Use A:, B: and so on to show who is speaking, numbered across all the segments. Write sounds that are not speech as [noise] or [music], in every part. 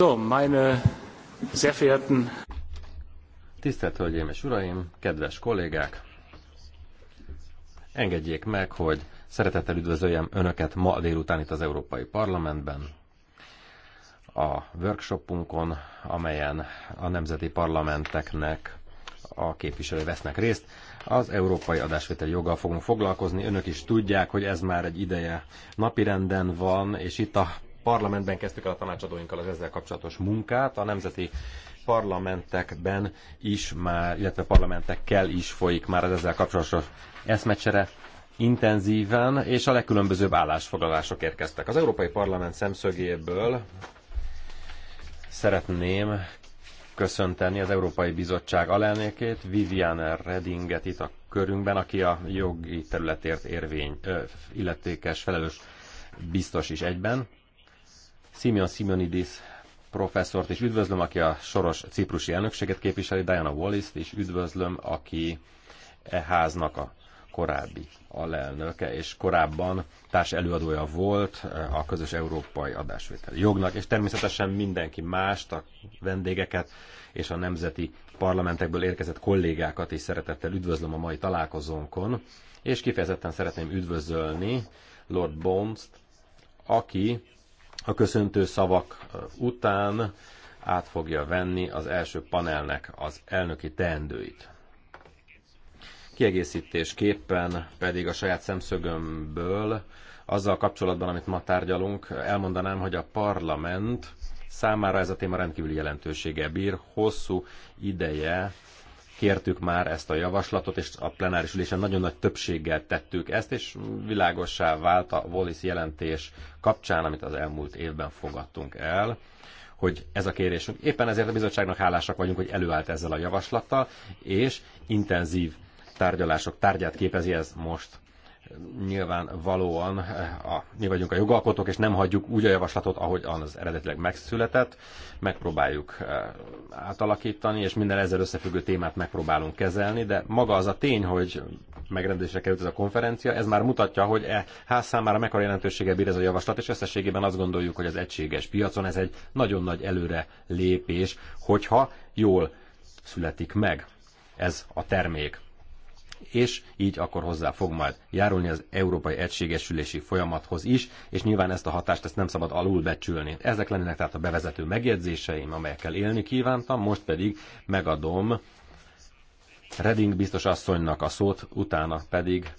A: So, meine sehr verehrten Tisztelt Hölgyeim és Uraim, kedves kollégák! Engedjék meg, hogy szeretettel üdvözöljem Önöket ma délután itt az Európai Parlamentben, a workshopunkon, amelyen a nemzeti parlamenteknek a képviselői vesznek részt. Az európai adásvételi joggal fogunk foglalkozni. Önök is tudják, hogy ez már egy ideje napirenden van, és itt a parlamentben kezdtük el a tanácsadóinkkal az ezzel kapcsolatos munkát, a nemzeti parlamentekben is már, illetve parlamentekkel is folyik már az ezzel kapcsolatos eszmecsere intenzíven, és a legkülönbözőbb állásfoglalások érkeztek. Az Európai Parlament szemszögéből szeretném köszönteni az Európai Bizottság alelnökét, Viviane Redinget itt a körünkben, aki a jogi területért érvény, ö, illetékes, felelős biztos is egyben. Simeon Simonidis professzort is üdvözlöm, aki a soros ciprusi elnökséget képviseli, Diana Wallis-t is üdvözlöm, aki e háznak a korábbi alelnöke, és korábban társ előadója volt eh, a közös európai adásvételi jognak, és természetesen mindenki mást, a vendégeket és a nemzeti parlamentekből érkezett kollégákat is szeretettel üdvözlöm a mai találkozónkon, és kifejezetten szeretném üdvözölni Lord bones aki a köszöntő szavak után át fogja venni az első panelnek az elnöki teendőit. Kiegészítésképpen pedig a saját szemszögömből azzal kapcsolatban, amit ma tárgyalunk, elmondanám, hogy a parlament számára ez a téma rendkívüli jelentősége bír, hosszú ideje kértük már ezt a javaslatot, és a plenáris ülésen nagyon nagy többséggel tettük ezt, és világossá vált a Wallis jelentés kapcsán, amit az elmúlt évben fogadtunk el, hogy ez a kérésünk. Éppen ezért a bizottságnak hálásak vagyunk, hogy előállt ezzel a javaslattal, és intenzív tárgyalások tárgyát képezi ez most nyilván valóan eh, a, mi vagyunk a jogalkotók, és nem hagyjuk úgy a javaslatot, ahogy az eredetileg megszületett, megpróbáljuk eh, átalakítani, és minden ezzel összefüggő témát megpróbálunk kezelni, de maga az a tény, hogy megrendezésre került ez a konferencia, ez már mutatja, hogy e ház számára mekkora jelentősége bír ez a javaslat, és összességében azt gondoljuk, hogy az egységes piacon ez egy nagyon nagy előre lépés, hogyha jól születik meg ez a termék és így akkor hozzá fog majd járulni az európai egységesülési folyamathoz is, és nyilván ezt a hatást ezt nem szabad alulbecsülni. Ezek lennének tehát a bevezető megjegyzéseim, amelyekkel élni kívántam, most pedig megadom Reding biztos asszonynak a szót, utána pedig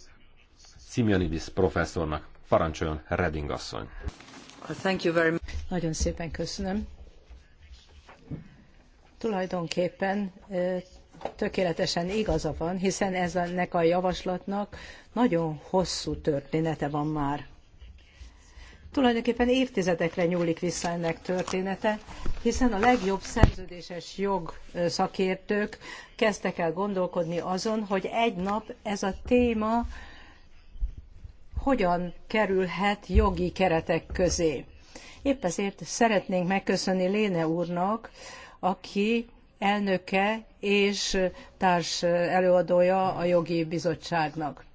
A: Simeonidis professzornak. Parancsoljon, Reding
B: asszony! Thank you very much. Nagyon szépen köszönöm. Tulajdonképpen eh, tökéletesen igaza van, hiszen ennek a javaslatnak nagyon hosszú története van már. Tulajdonképpen évtizedekre nyúlik vissza ennek története, hiszen a legjobb szerződéses jogszakértők kezdtek el gondolkodni azon, hogy egy nap ez a téma hogyan kerülhet jogi keretek közé. Épp ezért szeretnénk megköszönni Léne úrnak, aki elnöke és társ előadója a jogi bizottságnak.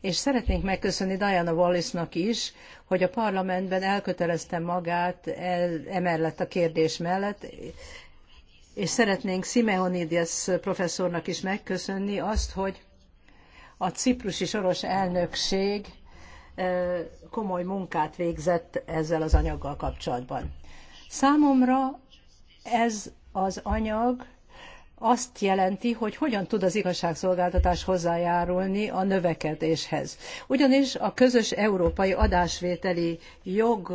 B: És szeretnénk megköszönni Diana Wallace-nak is, hogy a parlamentben elkötelezte magát emellett a kérdés mellett, és szeretnénk Simeonidis professzornak is megköszönni azt, hogy a ciprusi soros elnökség komoly munkát végzett ezzel az anyaggal kapcsolatban. Számomra ez az anyag azt jelenti, hogy hogyan tud az igazságszolgáltatás hozzájárulni a növekedéshez. Ugyanis a közös európai adásvételi jog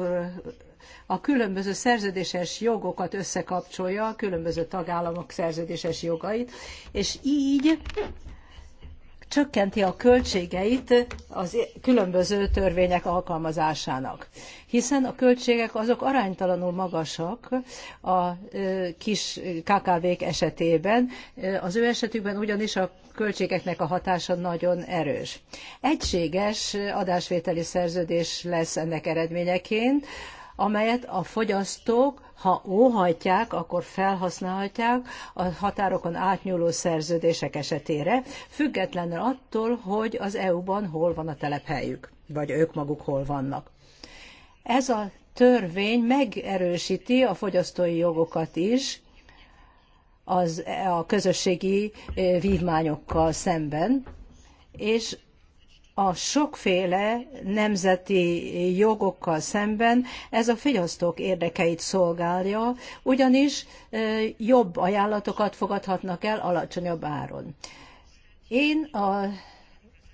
B: a különböző szerződéses jogokat összekapcsolja, a különböző tagállamok szerződéses jogait, és így csökkenti a költségeit az különböző törvények alkalmazásának. Hiszen a költségek azok aránytalanul magasak a kis KKV-k esetében, az ő esetükben ugyanis a költségeknek a hatása nagyon erős. Egységes adásvételi szerződés lesz ennek eredményeként, amelyet a fogyasztók, ha óhajtják, akkor felhasználhatják a határokon átnyúló szerződések esetére, függetlenül attól, hogy az EU-ban hol van a telephelyük, vagy ők maguk hol vannak. Ez a törvény megerősíti a fogyasztói jogokat is az, a közösségi eh, vívmányokkal szemben, és a sokféle nemzeti jogokkal szemben ez a fogyasztók érdekeit szolgálja, ugyanis jobb ajánlatokat fogadhatnak el alacsonyabb áron. Én a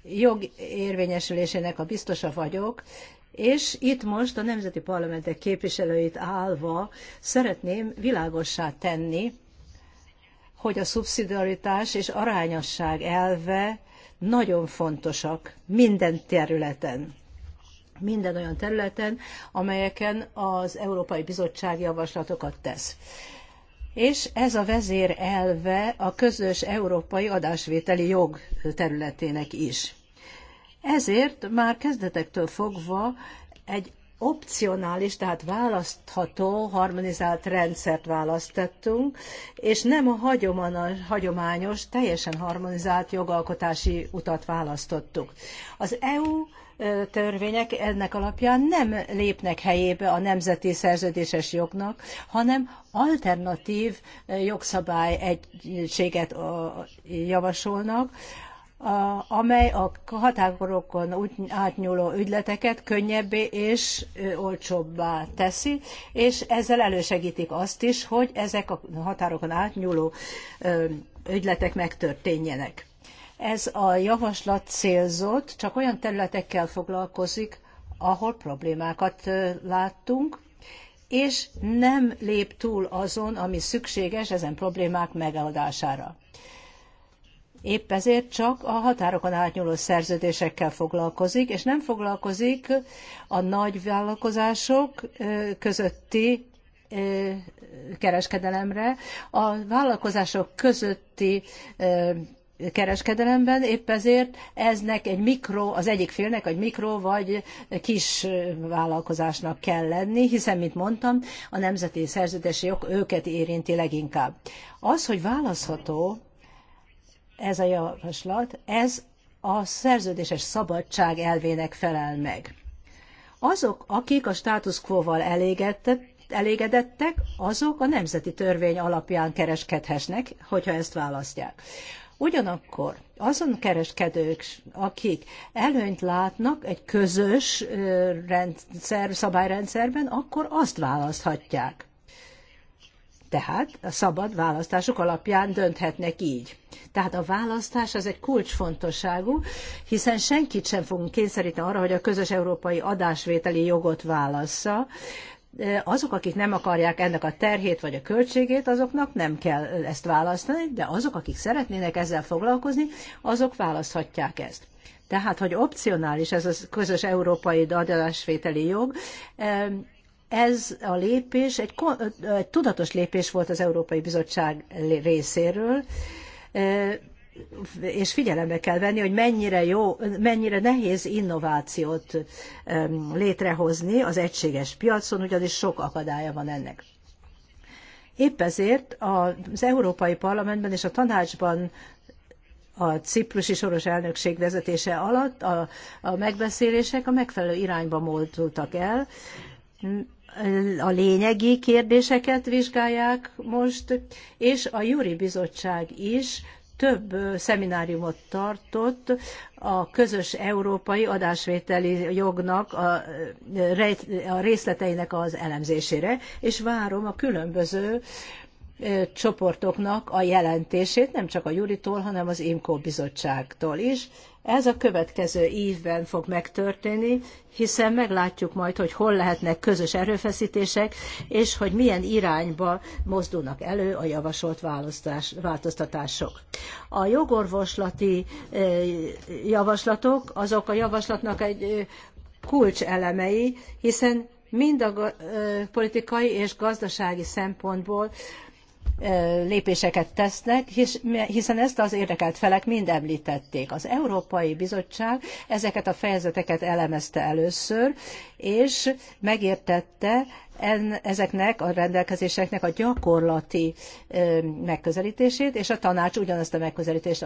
B: jog érvényesülésének a biztosa vagyok, és itt most a nemzeti parlamentek képviselőit állva szeretném világossá tenni, hogy a szubszidiaritás és arányosság elve nagyon fontosak minden területen minden olyan területen, amelyeken az Európai Bizottság javaslatokat tesz. És ez a vezér elve a közös európai adásvételi jog területének is. Ezért már kezdetektől fogva egy opcionális, tehát választható, harmonizált rendszert választottunk, és nem a hagyományos, teljesen harmonizált jogalkotási utat választottuk. Az EU törvények ennek alapján nem lépnek helyébe a nemzeti szerződéses jognak, hanem alternatív jogszabály egységet javasolnak, amely a határokon átnyúló ügyleteket könnyebbé és olcsóbbá teszi, és ezzel elősegítik azt is, hogy ezek a határokon átnyúló ügyletek megtörténjenek. Ez a javaslat célzott, csak olyan területekkel foglalkozik, ahol problémákat láttunk, és nem lép túl azon, ami szükséges ezen problémák megoldására épp ezért csak a határokon átnyúló szerződésekkel foglalkozik, és nem foglalkozik a nagy vállalkozások közötti kereskedelemre. A vállalkozások közötti kereskedelemben, épp ezért eznek egy mikro, az egyik félnek egy mikro vagy kis vállalkozásnak kell lenni, hiszen, mint mondtam, a nemzeti szerződési jog őket érinti leginkább. Az, hogy választható ez a javaslat, ez a szerződéses szabadság elvének felel meg. Azok, akik a status quo-val elégedettek, azok a nemzeti törvény alapján kereskedhesnek, hogyha ezt választják. Ugyanakkor azon kereskedők, akik előnyt látnak egy közös rendszer, szabályrendszerben, akkor azt választhatják. Tehát a szabad választások alapján dönthetnek így. Tehát a választás az egy kulcsfontosságú, hiszen senkit sem fogunk kényszeríteni arra, hogy a közös európai adásvételi jogot válassza. Azok, akik nem akarják ennek a terhét vagy a költségét, azoknak nem kell ezt választani, de azok, akik szeretnének ezzel foglalkozni, azok választhatják ezt. Tehát, hogy opcionális ez a közös európai adásvételi jog, ez a lépés egy, egy tudatos lépés volt az Európai Bizottság részéről, e, és figyelembe kell venni, hogy mennyire jó, mennyire nehéz innovációt e, létrehozni az egységes piacon, ugyanis sok akadálya van ennek. Épp ezért az Európai Parlamentben és a tanácsban a ciprusi soros elnökség vezetése alatt a, a megbeszélések a megfelelő irányba mozdultak el, a lényegi kérdéseket vizsgálják most, és a Júri Bizottság is több szemináriumot tartott a közös európai adásvételi jognak a, részleteinek az elemzésére, és várom a különböző csoportoknak a jelentését, nem csak a Juritól, hanem az IMCO bizottságtól is. Ez a következő évben fog megtörténni, hiszen meglátjuk majd, hogy hol lehetnek közös erőfeszítések, és hogy milyen irányba mozdulnak elő a javasolt változtatások. A jogorvoslati javaslatok, azok a javaslatnak egy kulcselemei, hiszen mind a politikai és gazdasági szempontból lépéseket tesznek, hiszen ezt az érdekelt felek mind említették. Az Európai Bizottság ezeket a fejezeteket elemezte először, és megértette en, ezeknek a rendelkezéseknek a gyakorlati ö, megközelítését, és a tanács ugyanazt a megközelítést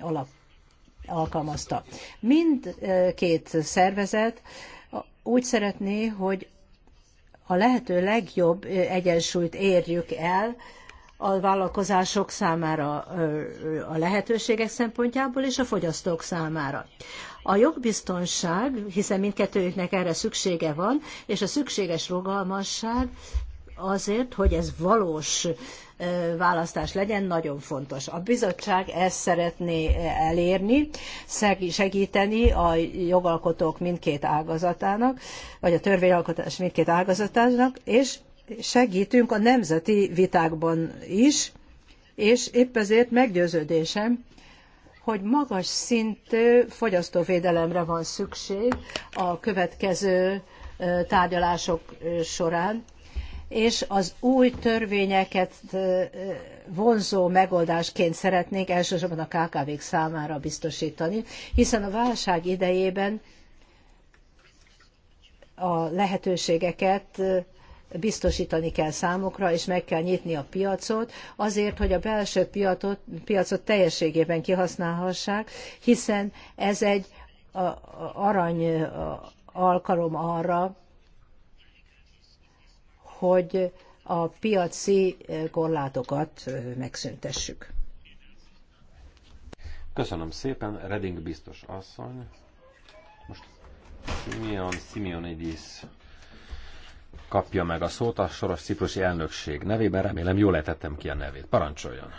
B: alap alkalmazta. Mind két szervezet úgy szeretné, hogy a lehető legjobb egyensúlyt érjük el a vállalkozások számára a lehetőségek szempontjából és a fogyasztók számára. A jogbiztonság, hiszen mindkettőjüknek erre szüksége van, és a szükséges rugalmasság azért, hogy ez valós választás legyen, nagyon fontos. A bizottság ezt szeretné elérni, segíteni a jogalkotók mindkét ágazatának, vagy a törvényalkotás mindkét ágazatának, és segítünk a nemzeti vitákban is, és épp ezért meggyőződésem, hogy magas szintű fogyasztóvédelemre van szükség a következő tárgyalások során, és az új törvényeket vonzó megoldásként szeretnénk elsősorban a KKV-k számára biztosítani, hiszen a válság idejében a lehetőségeket biztosítani kell számukra, és meg kell nyitni a piacot, azért, hogy a belső piacot, piacot teljességében kihasználhassák, hiszen ez egy arany alkalom arra, hogy a piaci eh, korlátokat eh, megszüntessük.
A: Köszönöm szépen, Reding biztos asszony. Most Simeon Simeonidis kapja meg a szót a soros ciprusi elnökség nevében. Remélem jól letettem ki a nevét. Parancsoljon!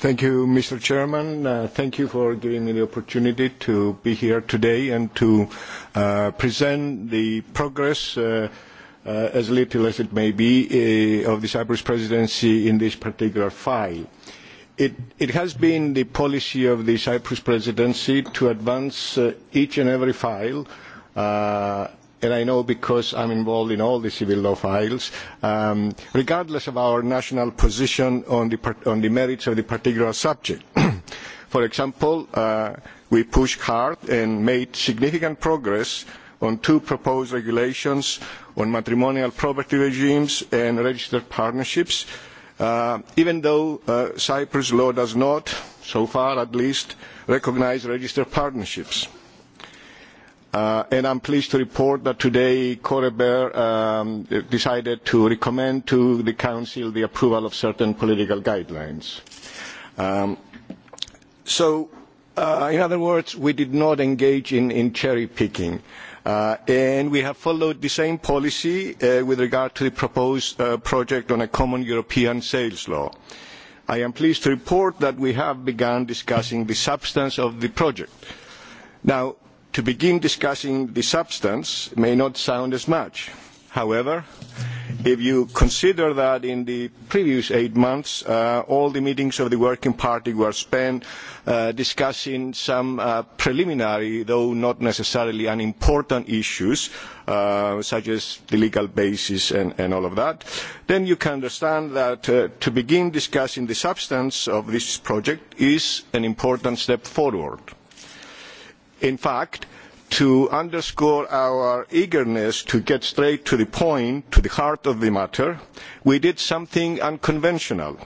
C: Thank you, Mr. Chairman. Uh, thank you for giving me the opportunity to be here today and to uh, present the progress, uh, uh, as little as it may be, uh, of the Cyprus presidency in this particular file. It, it has been the policy of the Cyprus presidency to advance uh, each and every file uh, and I know because I'm involved in all the civil law files, um, regardless of our national position on the, on the merits of the particular subject. [clears throat] For example, uh, we pushed hard and made significant progress on two proposed regulations on matrimonial property regimes and registered partnerships, uh, even though uh, Cyprus law does not, so far at least, recognize registered partnerships. Uh, and I'm pleased to report that today Coreper um, decided to recommend to the Council the approval of certain political guidelines. Um, so, uh, in other words, we did not engage in, in cherry picking. Uh, and we have followed the same policy uh, with regard to the proposed uh, project on a common European sales law. I am pleased to report that we have begun discussing the substance of the project. Now, to begin discussing the substance may not sound as much. However, if you consider that in the previous eight months, uh, all the meetings of the Working Party were spent uh, discussing some uh, preliminary, though not necessarily unimportant issues, uh, such as the legal basis and, and all of that, then you can understand that uh, to begin discussing the substance of this project is an important step forward in fact to underscore our eagerness to get straight to the point, to the heart of the matter, we did something unconventional.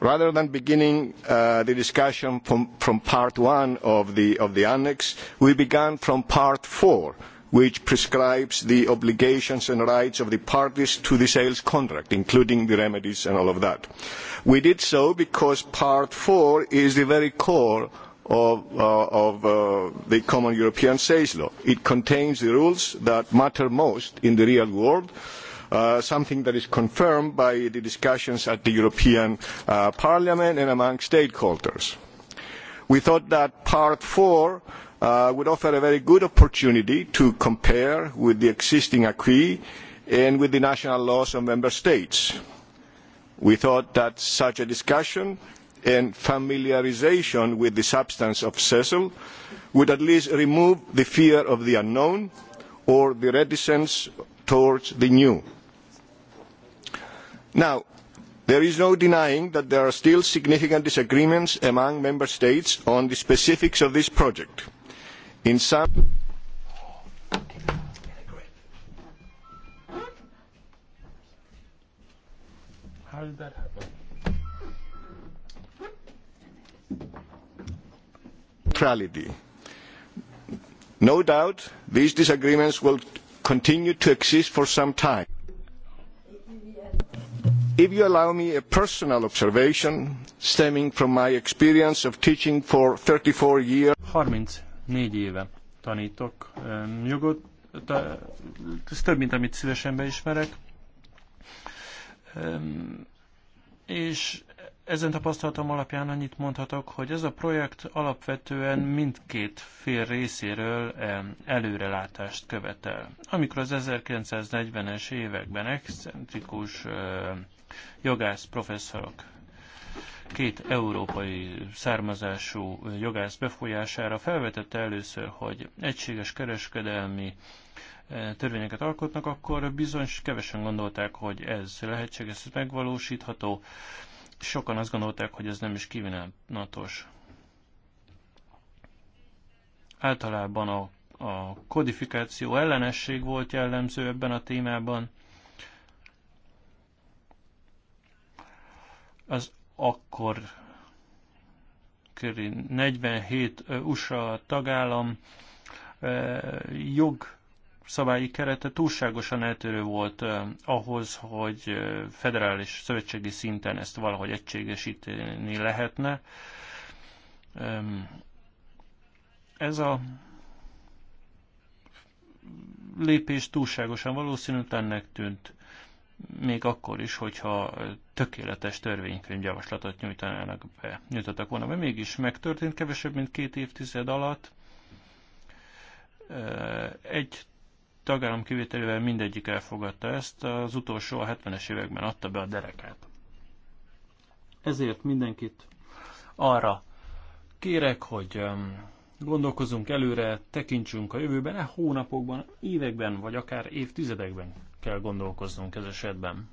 C: Rather than beginning uh, the discussion from, from part one of the, of the annex, we began from part four, which prescribes the obligations and rights of the parties to the sales contract, including the remedies and all of that. We did so because part four is the very core of, uh, of uh, the common European sales law. It contains the rules that matter most in the real world, uh, something that is confirmed by the discussions at the European uh, Parliament and among stakeholders. We thought that part four uh, would offer a very good opportunity to compare with the existing acquis and with the national laws of member states. We thought that such a discussion and familiarisation with the substance of CECL would at least remove the fear of the unknown or the reticence towards the new. Now, there is no denying that there are still significant disagreements among Member States on the specifics of this project. In some How did that happen? neutrality. No doubt these disagreements will continue to exist for some time. If you allow me a personal observation stemming from my experience of teaching for 34 years. 34 éve
D: tanítok um, jogot, ez több, mint amit szívesen beismerek. Um, és ezen tapasztalatom alapján annyit mondhatok, hogy ez a projekt alapvetően mindkét fél részéről előrelátást követel. Amikor az 1940-es években excentrikus jogász professzorok két európai származású jogász befolyására felvetette először, hogy egységes kereskedelmi törvényeket alkotnak, akkor bizony kevesen gondolták, hogy ez lehetséges, ez megvalósítható. Sokan azt gondolták, hogy ez nem is kívánatos. Általában a, a kodifikáció ellenesség volt jellemző ebben a témában. Az akkor körül 47 USA tagállam jog szabályi kerete túlságosan eltérő volt eh, ahhoz, hogy eh, federális szövetségi szinten ezt valahogy egységesíteni lehetne. Ez a lépés túlságosan valószínűtlennek tűnt, még akkor is, hogyha tökéletes törvénykönyvjavaslatot nyújtanának be, nyújtottak volna mert Mégis megtörtént kevesebb, mint két évtized alatt. Eh, egy tagállam kivételével mindegyik elfogadta ezt, az utolsó a 70-es években adta be a derekát. Ezért mindenkit arra kérek, hogy um, gondolkozunk előre, tekintsünk a jövőben, e hónapokban, években, vagy akár évtizedekben kell gondolkoznunk ez esetben.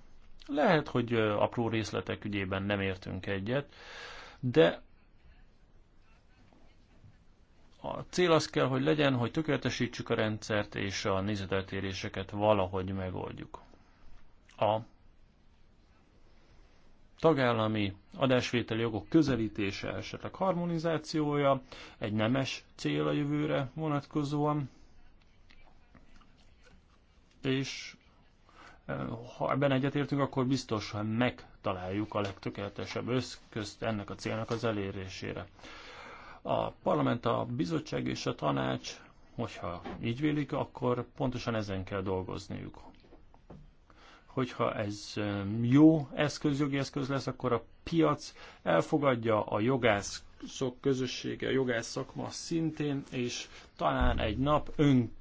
D: Lehet, hogy apró részletek ügyében nem értünk egyet, de a cél az kell, hogy legyen, hogy tökéletesítsük a rendszert, és a nézeteltéréseket valahogy megoldjuk. A tagállami adásvételi jogok közelítése, esetleg harmonizációja, egy nemes cél a jövőre vonatkozóan, és eh, ha ebben egyetértünk, akkor biztos, hogy megtaláljuk a legtökéletesebb összközt ennek a célnak az elérésére. A parlament, a bizottság és a tanács, hogyha így vélik, akkor pontosan ezen kell dolgozniuk. Hogyha ez jó eszköz, jogi eszköz lesz, akkor a piac elfogadja a jogászok közössége, a jogász szakma szintén, és talán egy nap ön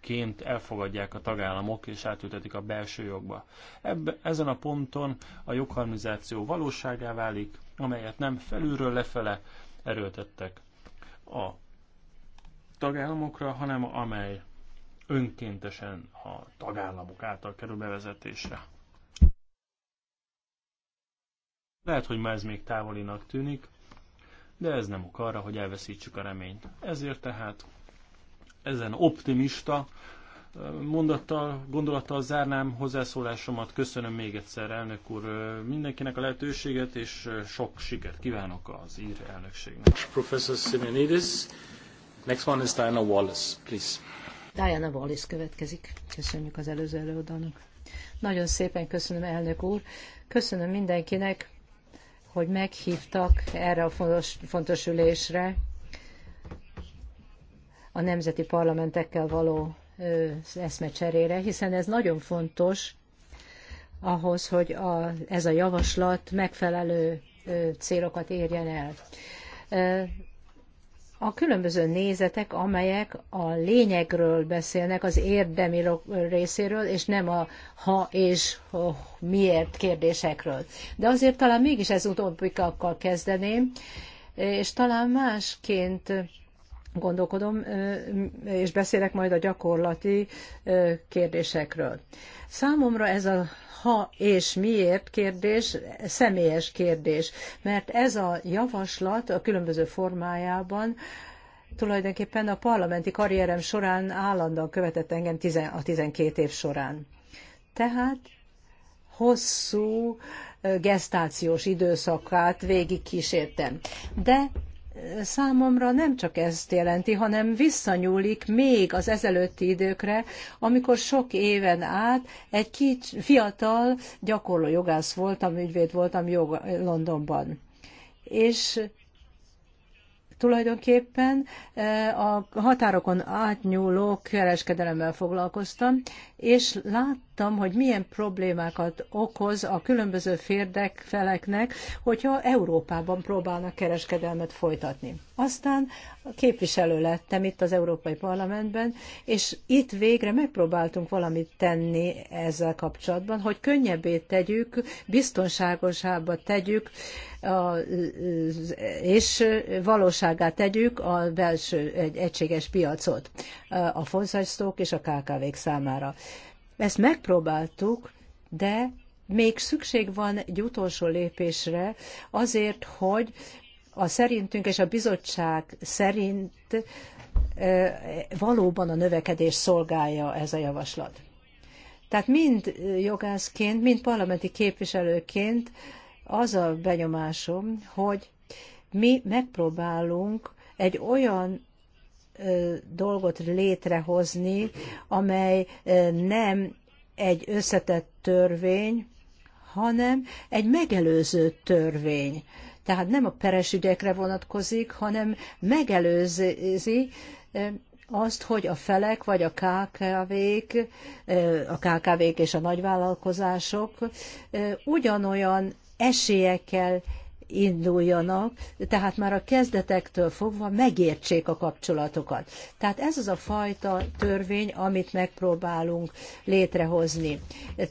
D: ként elfogadják a tagállamok és átültetik a belső jogba. Ebben, ezen a ponton a jogharmonizáció valóságá válik, amelyet nem felülről lefele, erőltettek a tagállamokra, hanem amely önkéntesen a tagállamok által kerül bevezetésre. Lehet, hogy ma ez még távolinak tűnik, de ez nem ok arra, hogy elveszítsük a reményt. Ezért tehát ezen optimista, mondattal, gondolattal zárnám hozzászólásomat. Köszönöm még egyszer, elnök úr, mindenkinek a lehetőséget, és sok sikert kívánok az ír elnökségnek. Professor Simonides, next one is Diana Wallace,
B: please. Diana Wallace következik. Köszönjük az előző előadónak. Nagyon szépen köszönöm, elnök úr. Köszönöm mindenkinek, hogy meghívtak erre a fontos, fontos ülésre a nemzeti parlamentekkel való eszmecserére, hiszen ez nagyon fontos ahhoz, hogy a, ez a javaslat megfelelő célokat érjen el. A különböző nézetek, amelyek a lényegről beszélnek, az érdemi részéről, és nem a ha és oh, miért kérdésekről. De azért talán mégis ez utóbbikakkal kezdeném, és talán másként gondolkodom, és beszélek majd a gyakorlati kérdésekről. Számomra ez a ha és miért kérdés személyes kérdés, mert ez a javaslat a különböző formájában tulajdonképpen a parlamenti karrierem során állandóan követett engem a 12 év során. Tehát hosszú gesztációs időszakát végig kísértem. De számomra nem csak ezt jelenti, hanem visszanyúlik még az ezelőtti időkre, amikor sok éven át egy kics, fiatal gyakorló jogász voltam, ügyvéd voltam jog, Londonban. És Tulajdonképpen e, a határokon átnyúló kereskedelemmel foglalkoztam, és láttam, hogy milyen problémákat okoz a különböző férdek feleknek, hogyha Európában próbálnak kereskedelmet folytatni. Aztán képviselő lettem itt az Európai Parlamentben, és itt végre megpróbáltunk valamit tenni ezzel kapcsolatban, hogy könnyebbé tegyük, biztonságosabbá tegyük, és valóságá tegyük a belső egységes piacot a fogyasztók és a KKV-k számára. Ezt megpróbáltuk, de még szükség van egy utolsó lépésre azért, hogy a szerintünk és a bizottság szerint valóban a növekedés szolgálja ez a javaslat. Tehát mind jogászként, mind parlamenti képviselőként az a benyomásom, hogy mi megpróbálunk egy olyan dolgot létrehozni, amely nem egy összetett törvény, hanem egy megelőző törvény tehát nem a peres ügyekre vonatkozik, hanem megelőzi eh, azt, hogy a felek vagy a KKV-k, eh, a KKV-k és a nagyvállalkozások eh, ugyanolyan esélyekkel induljanak, tehát már a kezdetektől fogva megértsék a kapcsolatokat. Tehát ez az a fajta törvény, amit megpróbálunk létrehozni.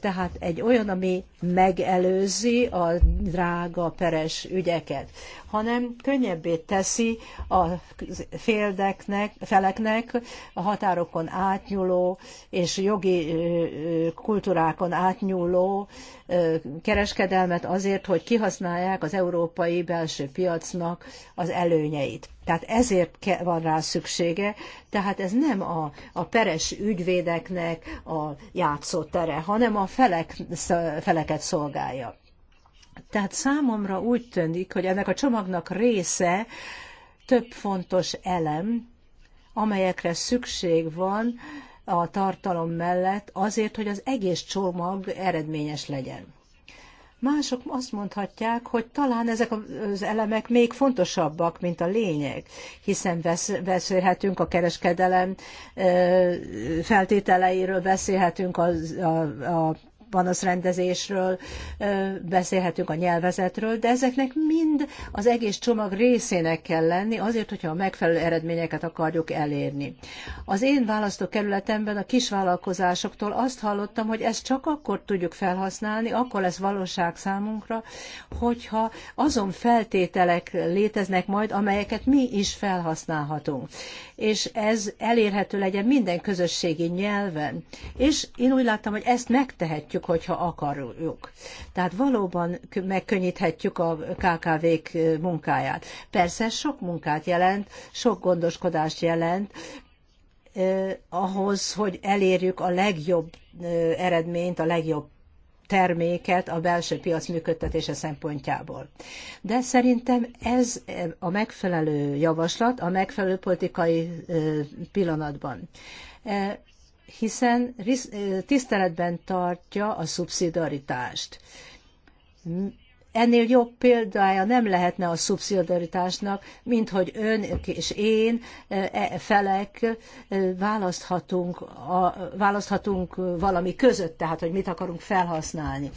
B: Tehát egy olyan, ami megelőzi a drága peres ügyeket hanem könnyebbé teszi a féldeknek, feleknek a határokon átnyúló és jogi kultúrákon átnyúló kereskedelmet azért, hogy kihasználják az európai belső piacnak az előnyeit. Tehát ezért van rá szüksége, tehát ez nem a, a peres ügyvédeknek a játszótere, hanem a felek, feleket szolgálja. Tehát számomra úgy tűnik, hogy ennek a csomagnak része több fontos elem, amelyekre szükség van a tartalom mellett azért, hogy az egész csomag eredményes legyen. Mások azt mondhatják, hogy talán ezek az elemek még fontosabbak, mint a lényeg, hiszen beszélhetünk a kereskedelem feltételeiről, beszélhetünk a, a, a panaszrendezésről, beszélhetünk a nyelvezetről, de ezeknek mind az egész csomag részének kell lenni, azért, hogyha a megfelelő eredményeket akarjuk elérni. Az én választókerületemben a kisvállalkozásoktól azt hallottam, hogy ezt csak akkor tudjuk felhasználni, akkor lesz valóság számunkra, hogyha azon feltételek léteznek majd, amelyeket mi is felhasználhatunk. És ez elérhető legyen minden közösségi nyelven. És én úgy láttam, hogy ezt megtehetjük megtehetjük, hogyha akarjuk. Tehát valóban megkönnyíthetjük a KKV-k munkáját. Persze sok munkát jelent, sok gondoskodást jelent, ahhoz, hogy elérjük a legjobb eredményt, a legjobb terméket a belső piac működtetése szempontjából. De szerintem ez a megfelelő javaslat a megfelelő politikai pillanatban hiszen tiszteletben tartja a szubszidaritást. Ennél jobb példája nem lehetne a szubszidaritásnak, mint hogy ön és én e, felek választhatunk, a, választhatunk valami között, tehát hogy mit akarunk felhasználni.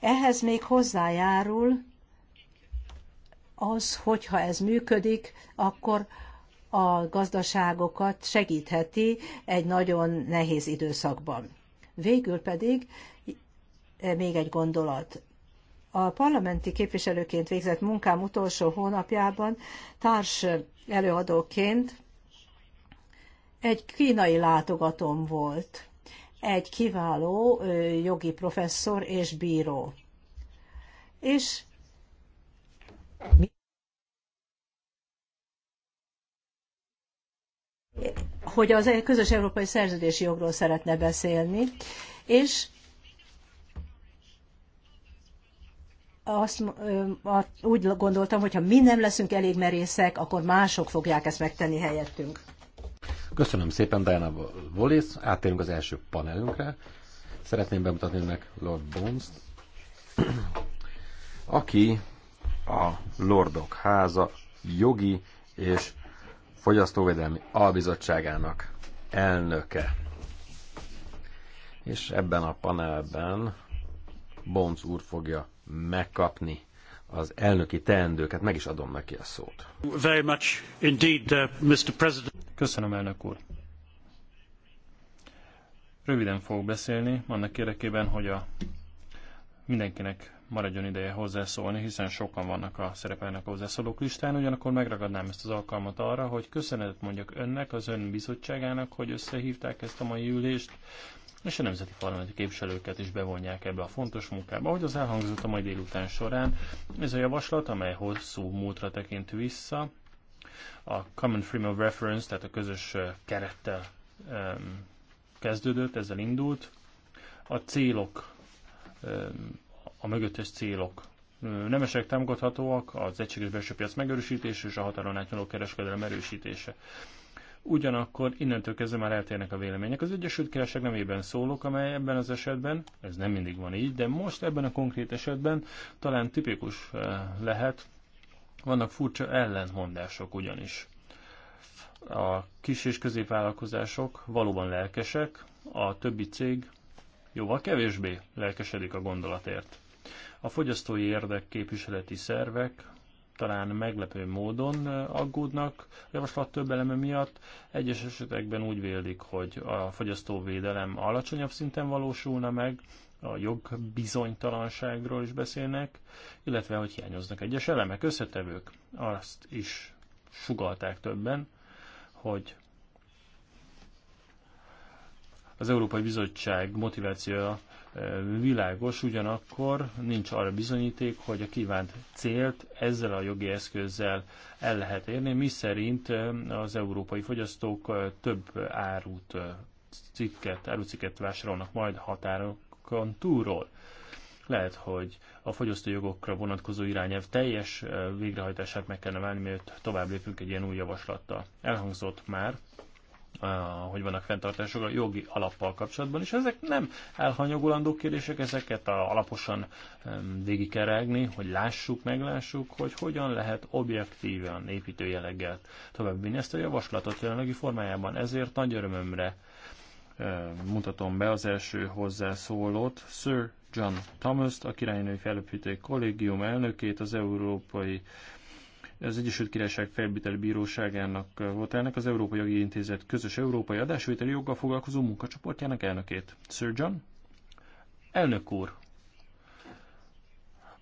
B: Ehhez még hozzájárul az, hogyha ez működik, akkor a gazdaságokat segítheti egy nagyon nehéz időszakban. Végül pedig e, még egy gondolat. A parlamenti képviselőként végzett munkám utolsó hónapjában társ előadóként egy kínai látogatom volt, egy kiváló jogi professzor és bíró. És hogy az közös európai szerződési jogról szeretne beszélni, és azt úgy gondoltam, hogy ha mi nem leszünk elég merészek, akkor mások fogják ezt megtenni helyettünk.
A: Köszönöm szépen, Diana Wallis. Áttérünk az első panelünkre. Szeretném bemutatni önnek Lord Bones, aki a Lordok háza jogi és Fogyasztóvédelmi Albizottságának elnöke. És ebben a panelben Bonc úr fogja megkapni az elnöki teendőket. Meg is
D: adom neki a szót. Very much indeed, uh, Mr. President. Köszönöm, elnök úr. Röviden fogok beszélni, annak érdekében, hogy a mindenkinek maradjon ideje hozzászólni, hiszen sokan vannak a szerepelnek a hozzászólók listán, ugyanakkor megragadnám ezt az alkalmat arra, hogy köszönetet mondjak önnek, az ön bizottságának, hogy összehívták ezt a mai ülést, és a nemzeti parlamenti képviselőket is bevonják ebbe a fontos munkába. Ahogy az elhangzott a mai délután során, ez a javaslat, amely hosszú múltra tekint vissza, a Common Frame of Reference, tehát a közös kerettel um, kezdődött, ezzel indult. A célok um, a mögöttes célok. Nemesek támogathatóak, az egységes belső piac megerősítése és a határon átnyúló kereskedelem erősítése. Ugyanakkor innentől kezdve már eltérnek a vélemények. Az Egyesült Királyság nemében szólok, amely ebben az esetben, ez nem mindig van így, de most ebben a konkrét esetben talán tipikus lehet, vannak furcsa ellentmondások ugyanis. A kis és középvállalkozások valóban lelkesek, a többi cég jóval kevésbé lelkesedik a gondolatért. A fogyasztói érdekképviseleti szervek talán meglepő módon aggódnak a javaslat több eleme miatt. Egyes esetekben úgy vélik, hogy a fogyasztóvédelem alacsonyabb szinten valósulna meg, a jogbizonytalanságról is beszélnek, illetve hogy hiányoznak egyes elemek, összetevők. Azt is sugalták többen, hogy az Európai Bizottság motivációja Világos ugyanakkor nincs arra bizonyíték, hogy a kívánt célt ezzel a jogi eszközzel el lehet érni, mi szerint az európai fogyasztók több árut, cikket, árucikket vásárolnak majd határokon túlról. Lehet, hogy a fogyasztójogokra vonatkozó irányelv teljes végrehajtását meg kellene válni, mielőtt tovább lépünk egy ilyen új javaslattal. Elhangzott már, hogy vannak fenntartások a jogi alappal kapcsolatban, és ezek nem elhanyagolandó kérdések, ezeket a, alaposan végig kell rágni, hogy lássuk, meglássuk, hogy hogyan lehet objektíven, építőjeleggel továbbvinni ezt a javaslatot jelenlegi formájában. Ezért nagy örömömre mutatom be az első hozzászólót, Sir John Thomas-t, a királynői felépíték kollégium elnökét, az Európai az Egyesült Királyság Felbíteli Bíróságának volt elnök az Európai Jogi Intézet közös európai adásvételi joggal foglalkozó munkacsoportjának elnökét. Sir John? Elnök úr!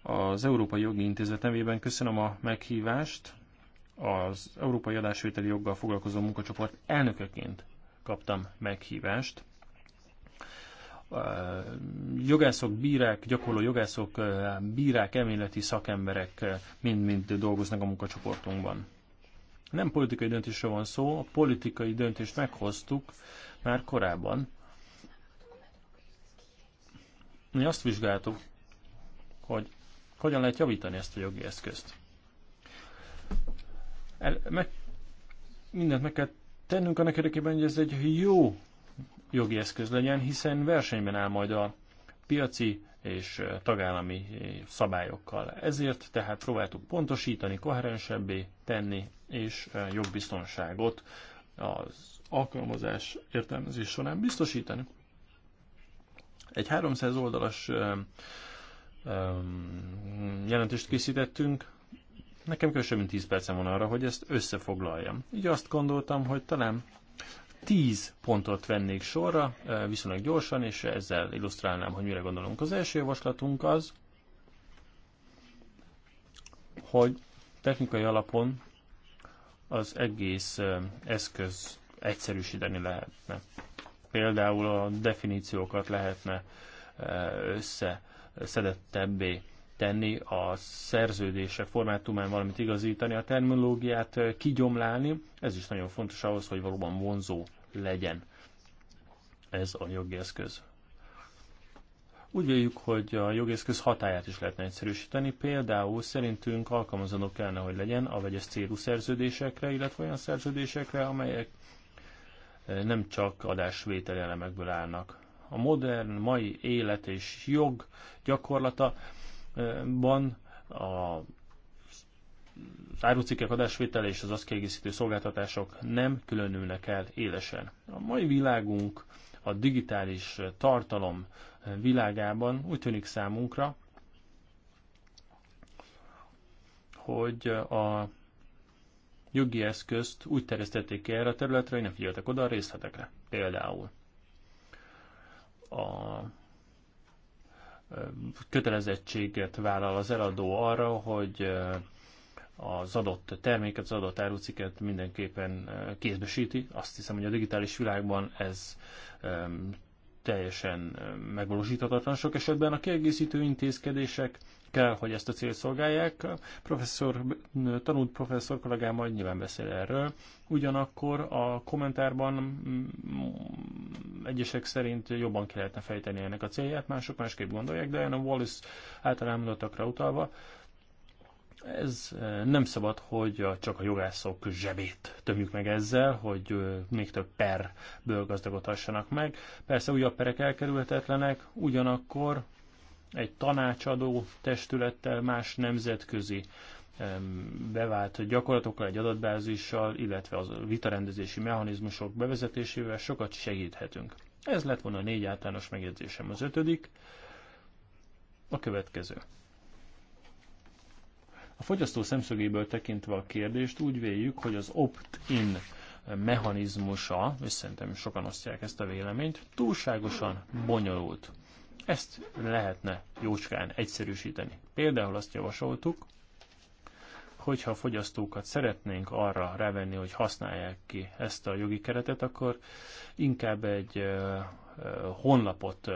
D: Az Európai Jogi Intézet nevében köszönöm a meghívást. Az Európai Adásvételi Joggal foglalkozó munkacsoport elnökeként kaptam meghívást jogászok, bírák, gyakorló jogászok, bírák, elméleti szakemberek mind-mind dolgoznak a munkacsoportunkban. Nem politikai döntésről van szó, a politikai döntést meghoztuk már korábban. Mi azt vizsgáltuk, hogy hogyan lehet javítani ezt a jogi eszközt. El, meg, mindent meg kell tennünk annak érdekében, hogy ez egy jó jogi eszköz legyen, hiszen versenyben áll majd a piaci és tagállami szabályokkal. Ezért tehát próbáltuk pontosítani, koherensebbé tenni, és jogbiztonságot az alkalmazás értelmezés során biztosítani. Egy 300 oldalas jelentést készítettünk, nekem kevesebb mint 10 percem van arra, hogy ezt összefoglaljam. Így azt gondoltam, hogy talán tíz pontot vennék sorra, viszonylag gyorsan, és ezzel illusztrálnám, hogy mire gondolunk. Az első javaslatunk az, hogy technikai alapon az egész eszköz egyszerűsíteni lehetne. Például a definíciókat lehetne összeszedettebbé tenni, a szerződése formátumán valamit igazítani, a terminológiát kigyomlálni, ez is nagyon fontos ahhoz, hogy valóban vonzó legyen ez a jogi eszköz. Úgy véljük, hogy a eszköz hatáját is lehetne egyszerűsíteni, például szerintünk alkalmazandó kellene, hogy legyen a vegyes célú szerződésekre, illetve olyan szerződésekre, amelyek nem csak adásvételi elemekből állnak. A modern mai élet és jog gyakorlata ban a az árucikkek adásvétele és az azt kiegészítő szolgáltatások nem különülnek el élesen. A mai világunk a digitális tartalom világában úgy tűnik számunkra, hogy a jogi eszközt úgy terjesztették ki erre a területre, hogy nem figyeltek oda a részletekre. Például a kötelezettséget vállal az eladó arra, hogy az adott terméket, az adott áruciket mindenképpen kézbesíti. Azt hiszem, hogy a digitális világban ez teljesen megvalósíthatatlan sok esetben. A kiegészítő intézkedések kell, hogy ezt a célt szolgálják. Professzor, tanult professzor kollégám majd nyilván beszél erről. Ugyanakkor a kommentárban egyesek szerint jobban ki lehetne fejteni ennek a célját, mások másképp gondolják, de én a Wallace által elmondottakra utalva ez nem szabad, hogy csak a jogászok zsebét tömjük meg ezzel, hogy még több perből gazdagodhassanak meg. Persze újabb perek elkerülhetetlenek, ugyanakkor egy tanácsadó testülettel, más nemzetközi bevált gyakorlatokkal, egy adatbázissal, illetve az vitarendezési mechanizmusok bevezetésével sokat segíthetünk. Ez lett volna a négy általános megjegyzésem. Az ötödik, a következő. A fogyasztó szemszögéből tekintve a kérdést úgy véljük, hogy az opt-in mechanizmusa, és szerintem sokan osztják ezt a véleményt, túlságosan bonyolult. Ezt lehetne jócskán egyszerűsíteni. Például azt javasoltuk, hogyha a fogyasztókat szeretnénk arra rávenni, hogy használják ki ezt a jogi keretet, akkor inkább egy honlapot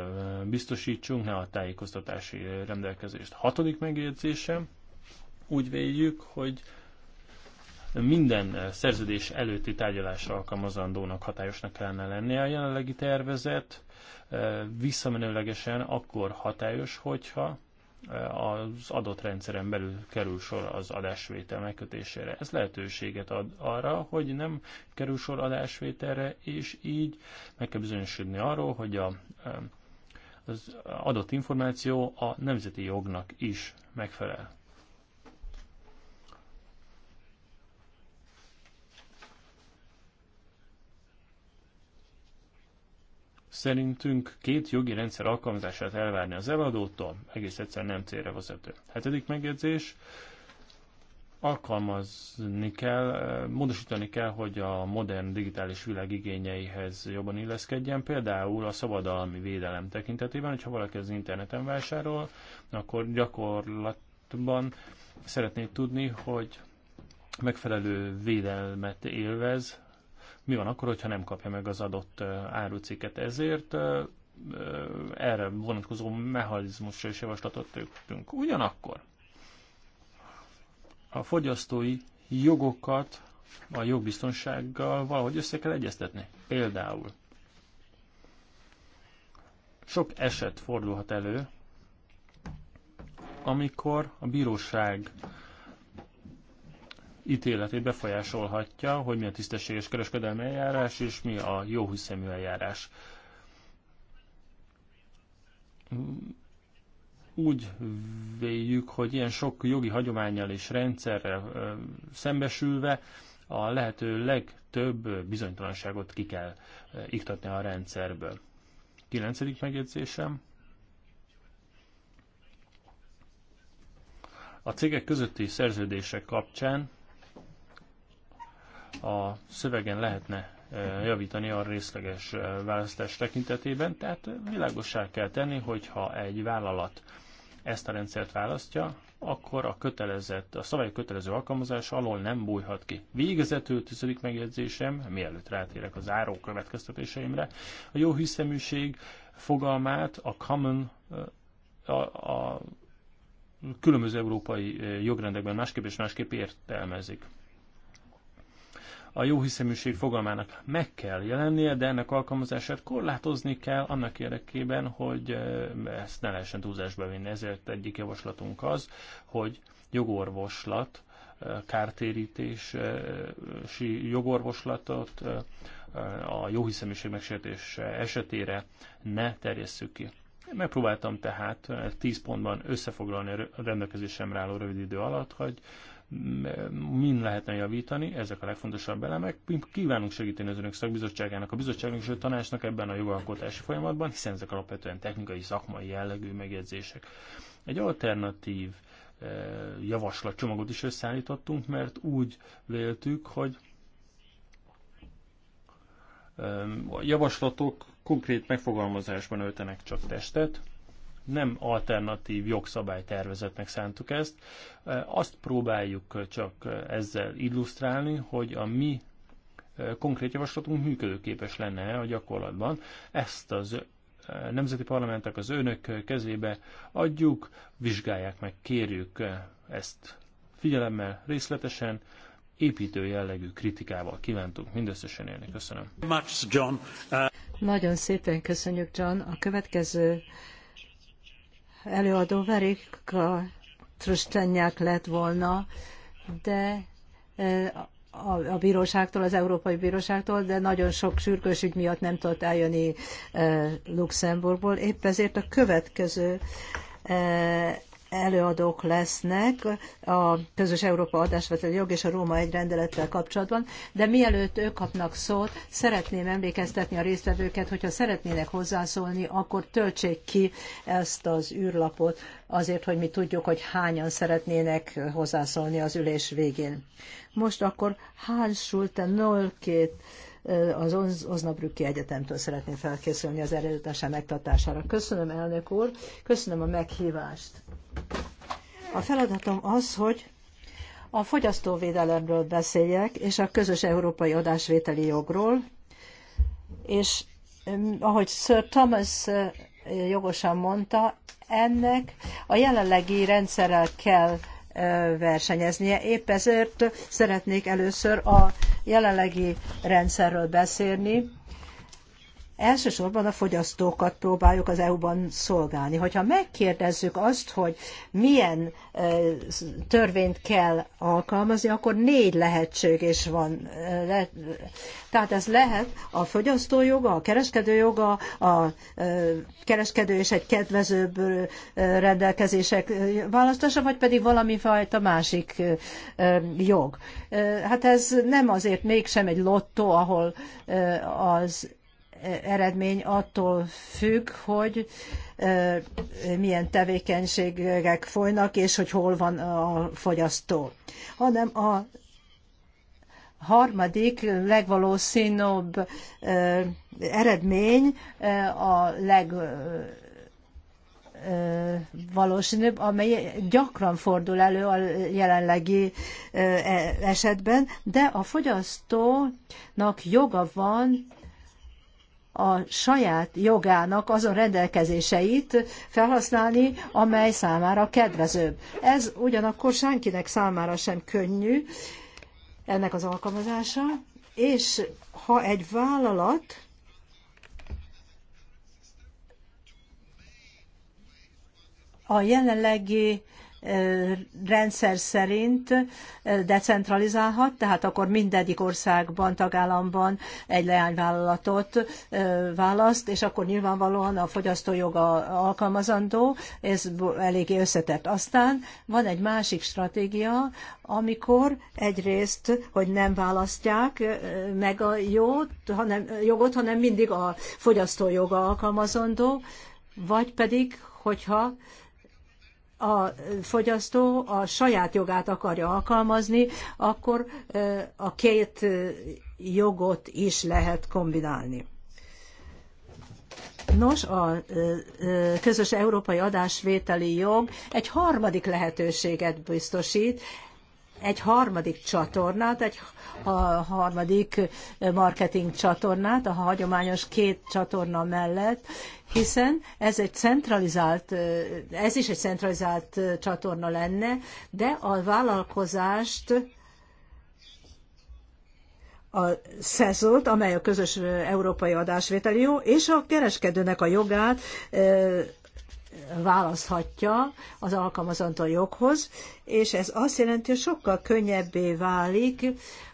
D: biztosítsunk, ne a tájékoztatási rendelkezést. Hatodik megjegyzésem, úgy véljük, hogy minden szerződés előtti tárgyalásra alkalmazandónak hatályosnak kellene lennie a jelenlegi tervezet, visszamenőlegesen akkor hatályos, hogyha az adott rendszeren belül kerül sor az adásvétel megkötésére. Ez lehetőséget ad arra, hogy nem kerül sor adásvételre, és így meg kell bizonyosodni arról, hogy a, az adott információ a nemzeti jognak is megfelel. Szerintünk két jogi rendszer alkalmazását elvárni az eladótól egész egyszerűen nem célra vezető. Hetedik megjegyzés, alkalmazni kell, eh, módosítani kell, hogy a modern digitális világ igényeihez jobban illeszkedjen. Például a szabadalmi védelem tekintetében, hogyha valaki az interneten vásárol, akkor gyakorlatban szeretnéd tudni, hogy megfelelő védelmet élvez mi van akkor, hogyha nem kapja meg az adott árucikket. Ezért erre vonatkozó mechanizmusra is javaslatot tettünk. Ugyanakkor a fogyasztói jogokat a jogbiztonsággal valahogy össze kell egyeztetni. Például sok eset fordulhat elő, amikor a bíróság ítéletét befolyásolhatja, hogy mi a tisztességes kereskedelmi eljárás és mi a hiszemű eljárás. Úgy véljük, hogy ilyen sok jogi hagyományjal és rendszerrel szembesülve a lehető legtöbb bizonytalanságot ki kell iktatni a rendszerből. Kilencedik megjegyzésem. A cégek közötti szerződések kapcsán a szövegen lehetne e, javítani a részleges e, választás tekintetében, tehát világossá kell tenni, hogyha egy vállalat ezt a rendszert választja, akkor a kötelezett, a szabály kötelező alkalmazás alól nem bújhat ki. Végezetül tizedik megjegyzésem, mielőtt rátérek az záró következtetéseimre, a jó hiszeműség fogalmát a common, e, a, a különböző európai jogrendekben másképp és másképp értelmezik a jóhiszeműség fogalmának meg kell jelennie, de ennek alkalmazását korlátozni kell annak érdekében, hogy ezt ne lehessen túlzásba vinni. Ezért egyik javaslatunk az, hogy jogorvoslat, kártérítési jogorvoslatot a jóhiszeműség megsértés esetére ne terjesszük ki. Megpróbáltam tehát 10 pontban összefoglalni a rendelkezésemre álló rövid idő alatt, hogy min lehetne javítani, ezek a legfontosabb elemek. Mi kívánunk segíteni az önök szakbizottságának, a bizottságnak és a tanácsnak ebben a jogalkotási folyamatban, hiszen ezek alapvetően technikai, szakmai jellegű megjegyzések. Egy alternatív eh, javaslatcsomagot is összeállítottunk, mert úgy véltük, hogy eh, a javaslatok konkrét megfogalmazásban öltenek csak testet, nem alternatív jogszabálytervezetnek szántuk ezt. Azt próbáljuk csak ezzel illusztrálni, hogy a mi konkrét javaslatunk működőképes lenne a gyakorlatban. Ezt az nemzeti parlamentek az önök kezébe adjuk, vizsgálják meg, kérjük ezt figyelemmel, részletesen, építő jellegű kritikával kívántunk mindösszesen élni. Köszönöm.
B: Nagyon szépen köszönjük, John. A következő előadó Verika Trustennyák lett volna, de e, a, a bíróságtól, az Európai Bíróságtól, de nagyon sok sürgős ügy miatt nem tudott eljönni e, Luxemburgból. Épp ezért a következő e, előadók lesznek a közös Európa adásvetel jog és a Róma egy rendelettel kapcsolatban, de mielőtt ők kapnak szót, szeretném emlékeztetni a résztvevőket, hogyha szeretnének hozzászólni, akkor töltsék ki ezt az űrlapot azért, hogy mi tudjuk, hogy hányan szeretnének hozzászólni az ülés végén. Most akkor Hans Schulte 02 eh, az Oznabrücki Egyetemtől szeretném felkészülni az előadása megtartására. Köszönöm, elnök úr, köszönöm a meghívást. A feladatom az, hogy a fogyasztóvédelemről beszéljek, és a közös európai adásvételi jogról, és ahogy Sir Thomas eh, jogosan mondta, ennek a jelenlegi rendszerrel kell eh, versenyeznie. Épp ezért szeretnék először a jelenlegi rendszerről beszélni, Elsősorban a fogyasztókat próbáljuk az EU-ban szolgálni. Hogyha megkérdezzük azt, hogy milyen törvényt kell alkalmazni, akkor négy lehetség is van. Tehát ez lehet a fogyasztójoga, a kereskedőjoga, a kereskedő és egy kedvezőbb rendelkezések választása, vagy pedig valami fajta másik jog. Hát ez nem azért mégsem egy lottó, ahol az eredmény attól függ, hogy milyen tevékenységek folynak, és hogy hol van a fogyasztó, hanem a harmadik, legvalószínűbb eredmény a leg valószínűbb, amely gyakran fordul elő a jelenlegi e-, esetben, de a fogyasztónak joga van a saját jogának azon rendelkezéseit felhasználni, amely számára kedvezőbb. Ez ugyanakkor senkinek számára sem könnyű, ennek az alkalmazása, és ha egy vállalat a jelenlegi rendszer szerint decentralizálhat, tehát akkor mindegyik országban, tagállamban egy leányvállalatot választ, és akkor nyilvánvalóan a fogyasztójoga alkalmazandó, ez eléggé összetett. Aztán van egy másik stratégia, amikor egyrészt, hogy nem választják meg a jót, hanem, jogot, hanem mindig a fogyasztójoga alkalmazandó, vagy pedig, hogyha a fogyasztó a saját jogát akarja alkalmazni, akkor a két jogot is lehet kombinálni. Nos, a közös európai adásvételi jog egy harmadik lehetőséget biztosít, egy harmadik csatornát, egy a harmadik marketing csatornát a hagyományos két csatorna mellett, hiszen ez egy centralizált, ez is egy centralizált csatorna lenne, de a vállalkozást a szezolt, amely a közös európai adásvétel jó, és a kereskedőnek a jogát választhatja az alkalmazandó joghoz, és ez azt jelenti, hogy sokkal könnyebbé válik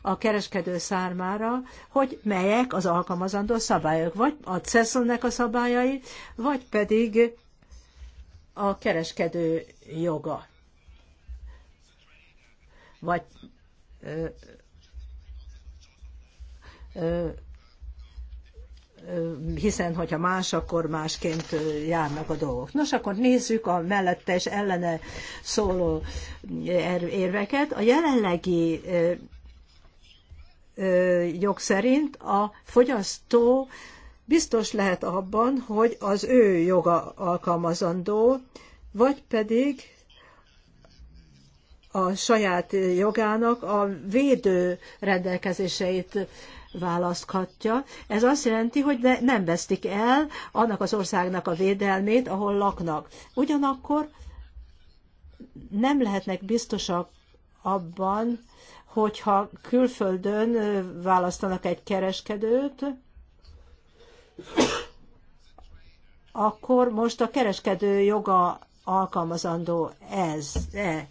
B: a kereskedő számára, hogy melyek az alkalmazandó szabályok, vagy a CESL-nek a szabályai, vagy pedig a kereskedő joga. Vagy ö, ö, hiszen hogyha más, akkor másként járnak a dolgok. Nos, akkor nézzük a mellette és ellene szóló eh, er-, érveket. A jelenlegi jog szerint a fogyasztó biztos lehet abban, hogy az ő joga alkalmazandó, vagy pedig a saját jogának a védő rendelkezéseit választhatja. Ez azt jelenti, hogy ne, nem vesztik el annak az országnak a védelmét, ahol laknak. Ugyanakkor nem lehetnek biztosak abban, hogyha külföldön választanak egy kereskedőt, akkor most a kereskedő joga alkalmazandó ez. E.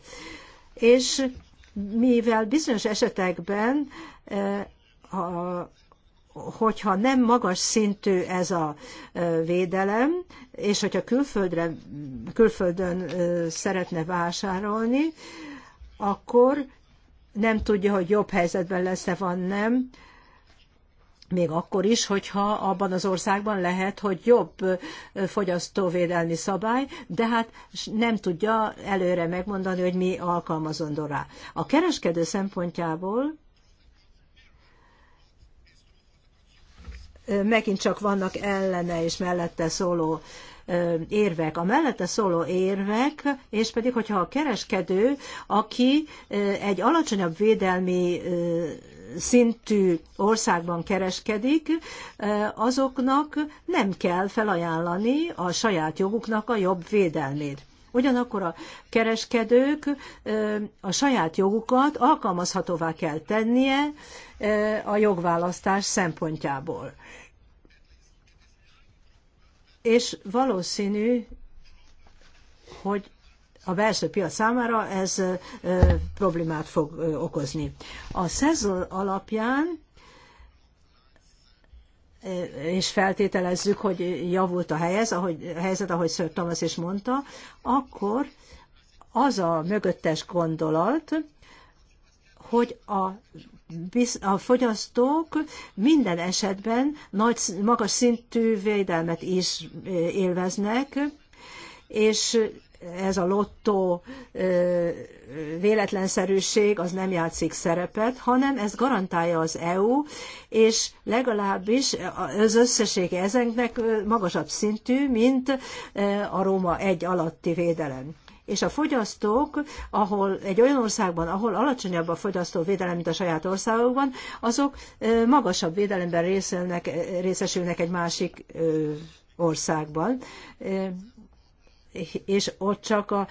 B: És mivel bizonyos esetekben hogyha nem magas szintű ez a védelem, és hogyha külföldre, külföldön szeretne vásárolni, akkor nem tudja, hogy jobb helyzetben lesz-e van nem, még akkor is, hogyha abban az országban lehet, hogy jobb fogyasztóvédelmi szabály, de hát nem tudja előre megmondani, hogy mi alkalmazandó rá. A kereskedő szempontjából megint csak vannak ellene és mellette szóló érvek. A mellette szóló érvek, és pedig, hogyha a kereskedő, aki egy alacsonyabb védelmi szintű országban kereskedik, azoknak nem kell felajánlani a saját joguknak a jobb védelmét. Ugyanakkor a kereskedők a saját jogukat alkalmazhatóvá kell tennie a jogválasztás szempontjából. És valószínű, hogy a belső piac számára ez problémát fog okozni. A szezon alapján és feltételezzük, hogy javult a, helyez, ahogy, a helyzet, ahogy Sir Thomas is mondta, akkor az a mögöttes gondolat, hogy a, a fogyasztók minden esetben nagy, magas szintű védelmet is élveznek, és ez a lottó véletlenszerűség az nem játszik szerepet, hanem ez garantálja az EU, és legalábbis az összessége ezeknek magasabb szintű, mint a Róma egy alatti védelem és a fogyasztók, ahol egy olyan országban, ahol alacsonyabb a fogyasztó védelem, mint a saját országokban, azok magasabb védelemben részesülnek egy másik országban és ott csak a,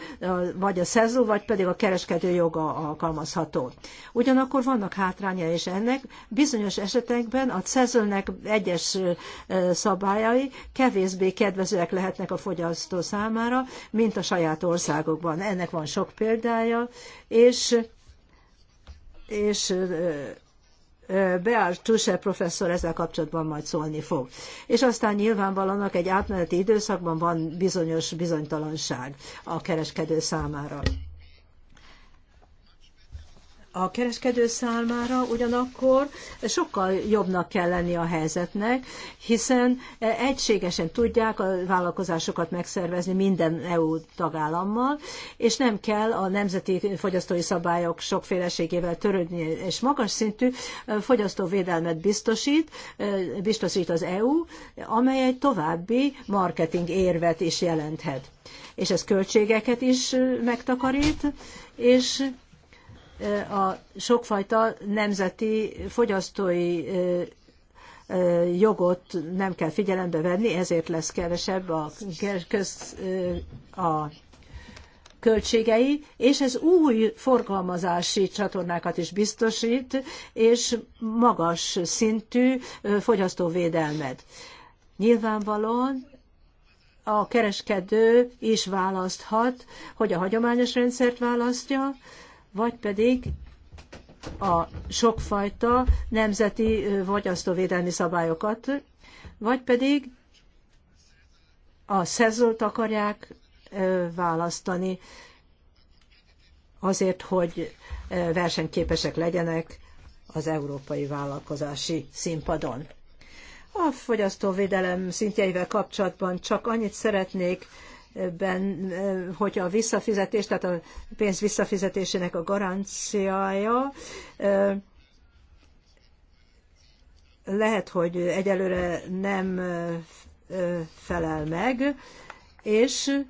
B: vagy a szerző, vagy pedig a kereskedő joga alkalmazható. Ugyanakkor vannak hátránya is ennek, bizonyos esetekben a szerzőnek egyes szabályai kevésbé kedvezőek lehetnek a fogyasztó számára, mint a saját országokban. Ennek van sok példája, és és Beár Tuse professzor ezzel kapcsolatban majd szólni fog. És aztán nyilvánvalóan egy átmeneti időszakban van bizonyos bizonytalanság a kereskedő számára a kereskedő számára ugyanakkor sokkal jobbnak kell lenni a helyzetnek, hiszen e, egységesen tudják a vállalkozásokat megszervezni minden EU tagállammal, és nem kell a nemzeti fogyasztói szabályok sokféleségével törődni, és magas szintű e, fogyasztóvédelmet biztosít, e, biztosít az EU, amely egy további marketing érvet is jelenthet. És ez költségeket is megtakarít, és a sokfajta nemzeti fogyasztói jogot nem kell figyelembe venni, ezért lesz kevesebb a, köz, a költségei, és ez új forgalmazási csatornákat is biztosít, és magas szintű fogyasztóvédelmet. Nyilvánvalóan a kereskedő is választhat, hogy a hagyományos rendszert választja, vagy pedig a sokfajta nemzeti fogyasztóvédelmi szabályokat, vagy pedig a szezolt akarják választani azért, hogy versenyképesek legyenek az európai vállalkozási színpadon. A fogyasztóvédelem szintjeivel kapcsolatban csak annyit szeretnék ben, eh, hogy a visszafizetés, tehát a pénz visszafizetésének a garanciája eh, lehet, hogy egyelőre nem eh, felel meg, és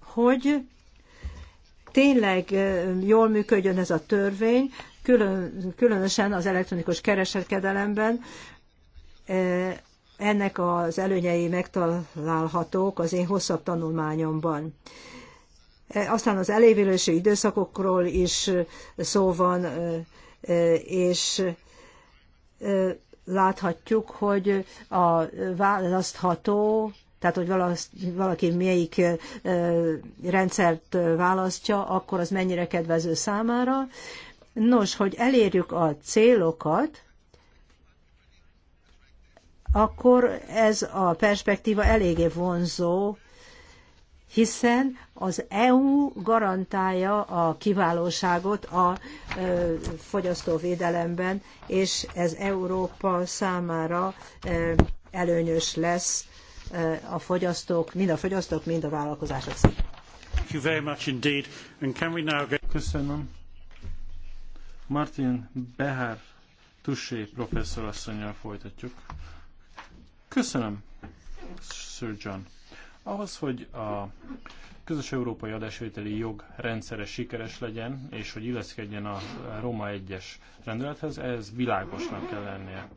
B: hogy tényleg jól működjön ez a törvény, külön, különösen az elektronikus kereskedelemben, ennek az előnyei megtalálhatók az én hosszabb tanulmányomban. Aztán az elévülési időszakokról is szó van, és láthatjuk, hogy a választható, tehát hogy valaki melyik rendszert választja, akkor az mennyire kedvező számára. Nos, hogy elérjük a célokat, akkor ez a perspektíva eléggé vonzó, hiszen az EU garantálja a kiválóságot a fogyasztóvédelemben, és ez Európa számára előnyös lesz a fogyasztók, mind a fogyasztók, mind a vállalkozások
D: számára. Köszönöm. Martin Behar Tussé asszonyjal folytatjuk. Köszönöm, Sir John. Ahhoz, hogy a közös európai adásvételi jog rendszere sikeres legyen, és hogy illeszkedjen a Roma 1-es rendelethez, ez világosnak kell lennie.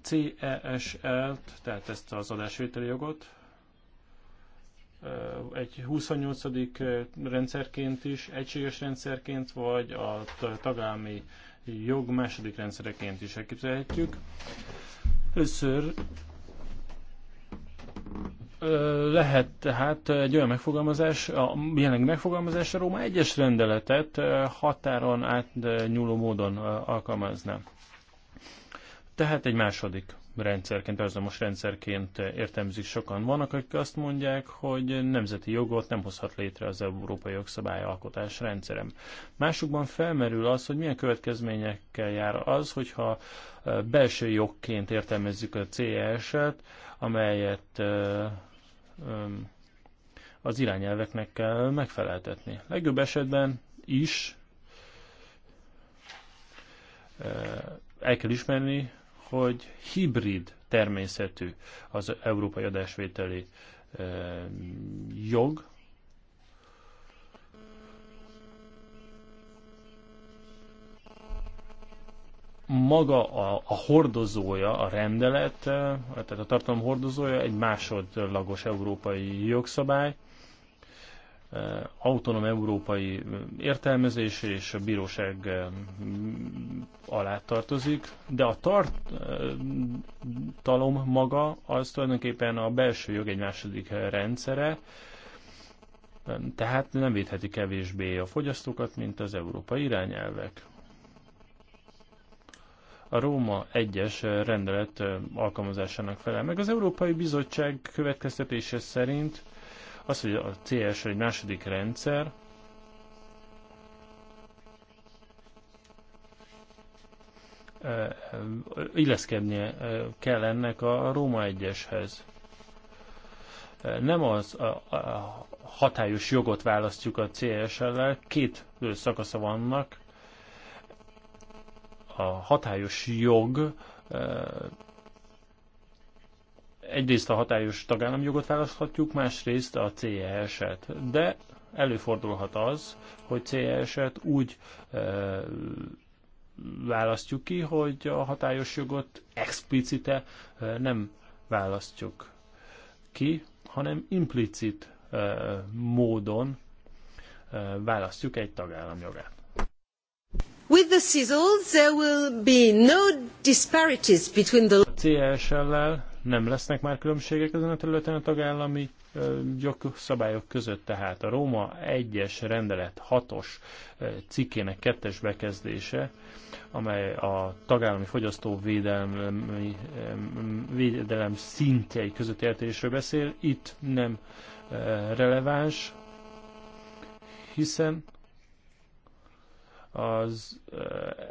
D: CESL-t, tehát ezt az adásvételi jogot, egy 28. rendszerként is, egységes rendszerként, vagy a tagállami jog második rendszereként is elképzelhetjük. Először lehet tehát egy olyan megfogalmazás, a jelenleg megfogalmazás a Róma egyes rendeletet határon átnyúló módon alkalmazna. Tehát egy második rendszerként, arzamos rendszerként értelmezik sokan. Vannak, akik azt mondják, hogy nemzeti jogot nem hozhat létre az európai jogszabályalkotás rendszerem. Másukban felmerül az, hogy milyen következményekkel jár az, hogyha belső jogként értelmezzük a ces et amelyet az irányelveknek kell megfeleltetni. Legjobb esetben is el kell ismerni hogy hibrid természetű az európai adásvételi jog, maga a, a hordozója, a rendelet, tehát a tartalom hordozója egy másodlagos európai jogszabály, Eh, autonóm európai eh, értelmezés és a bíróság eh, alá tartozik, de a tartalom maga az tulajdonképpen a belső jog egy második rendszere, tehát nem védheti kevésbé a fogyasztókat, mint az európai irányelvek. A Róma 1-es rendelet alkalmazásának felel meg. Az Európai Bizottság következtetése szerint az, hogy a CS egy második rendszer, illeszkednie kell ennek a Róma 1-eshez. Nem az a hatályos jogot választjuk a CSL-lel, két szakasza vannak. A hatályos jog egyrészt a hatályos tagállamjogot választhatjuk, másrészt a CES-et. De előfordulhat az, hogy CES-et úgy e, választjuk ki, hogy a hatályos jogot explicite e, nem választjuk ki, hanem implicit e, módon e, választjuk egy tagállam jogát.
B: With the CISL,
D: there will be no disparities between the... CSL-lel e nem lesznek már különbségek ezen a területen a tagállami jogszabályok között, tehát a Róma 1-es rendelet 6-os cikkének 2-es bekezdése, amely a tagállami fogyasztóvédelmi védelem szintjei közötti eltérésről beszél, itt nem releváns, hiszen az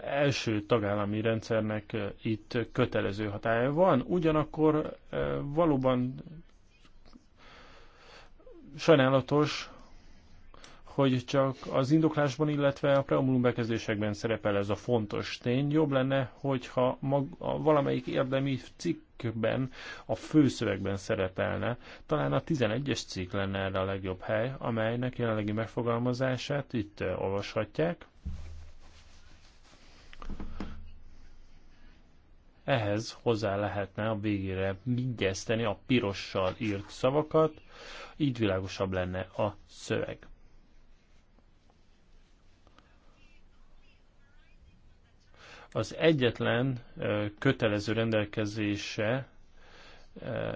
D: első tagállami rendszernek itt kötelező hatája van, ugyanakkor valóban sajnálatos, hogy csak az indoklásban, illetve a preambulum bekezdésekben szerepel ez a fontos tény. Jobb lenne, hogyha mag, a valamelyik érdemi cikkben, a főszövegben szerepelne. Talán a 11-es cikk lenne erre a legjobb hely, amelynek jelenlegi megfogalmazását itt olvashatják. Ehhez hozzá lehetne a végére mindjeszteni a pirossal írt szavakat, így világosabb lenne a szöveg. Az egyetlen kötelező rendelkezése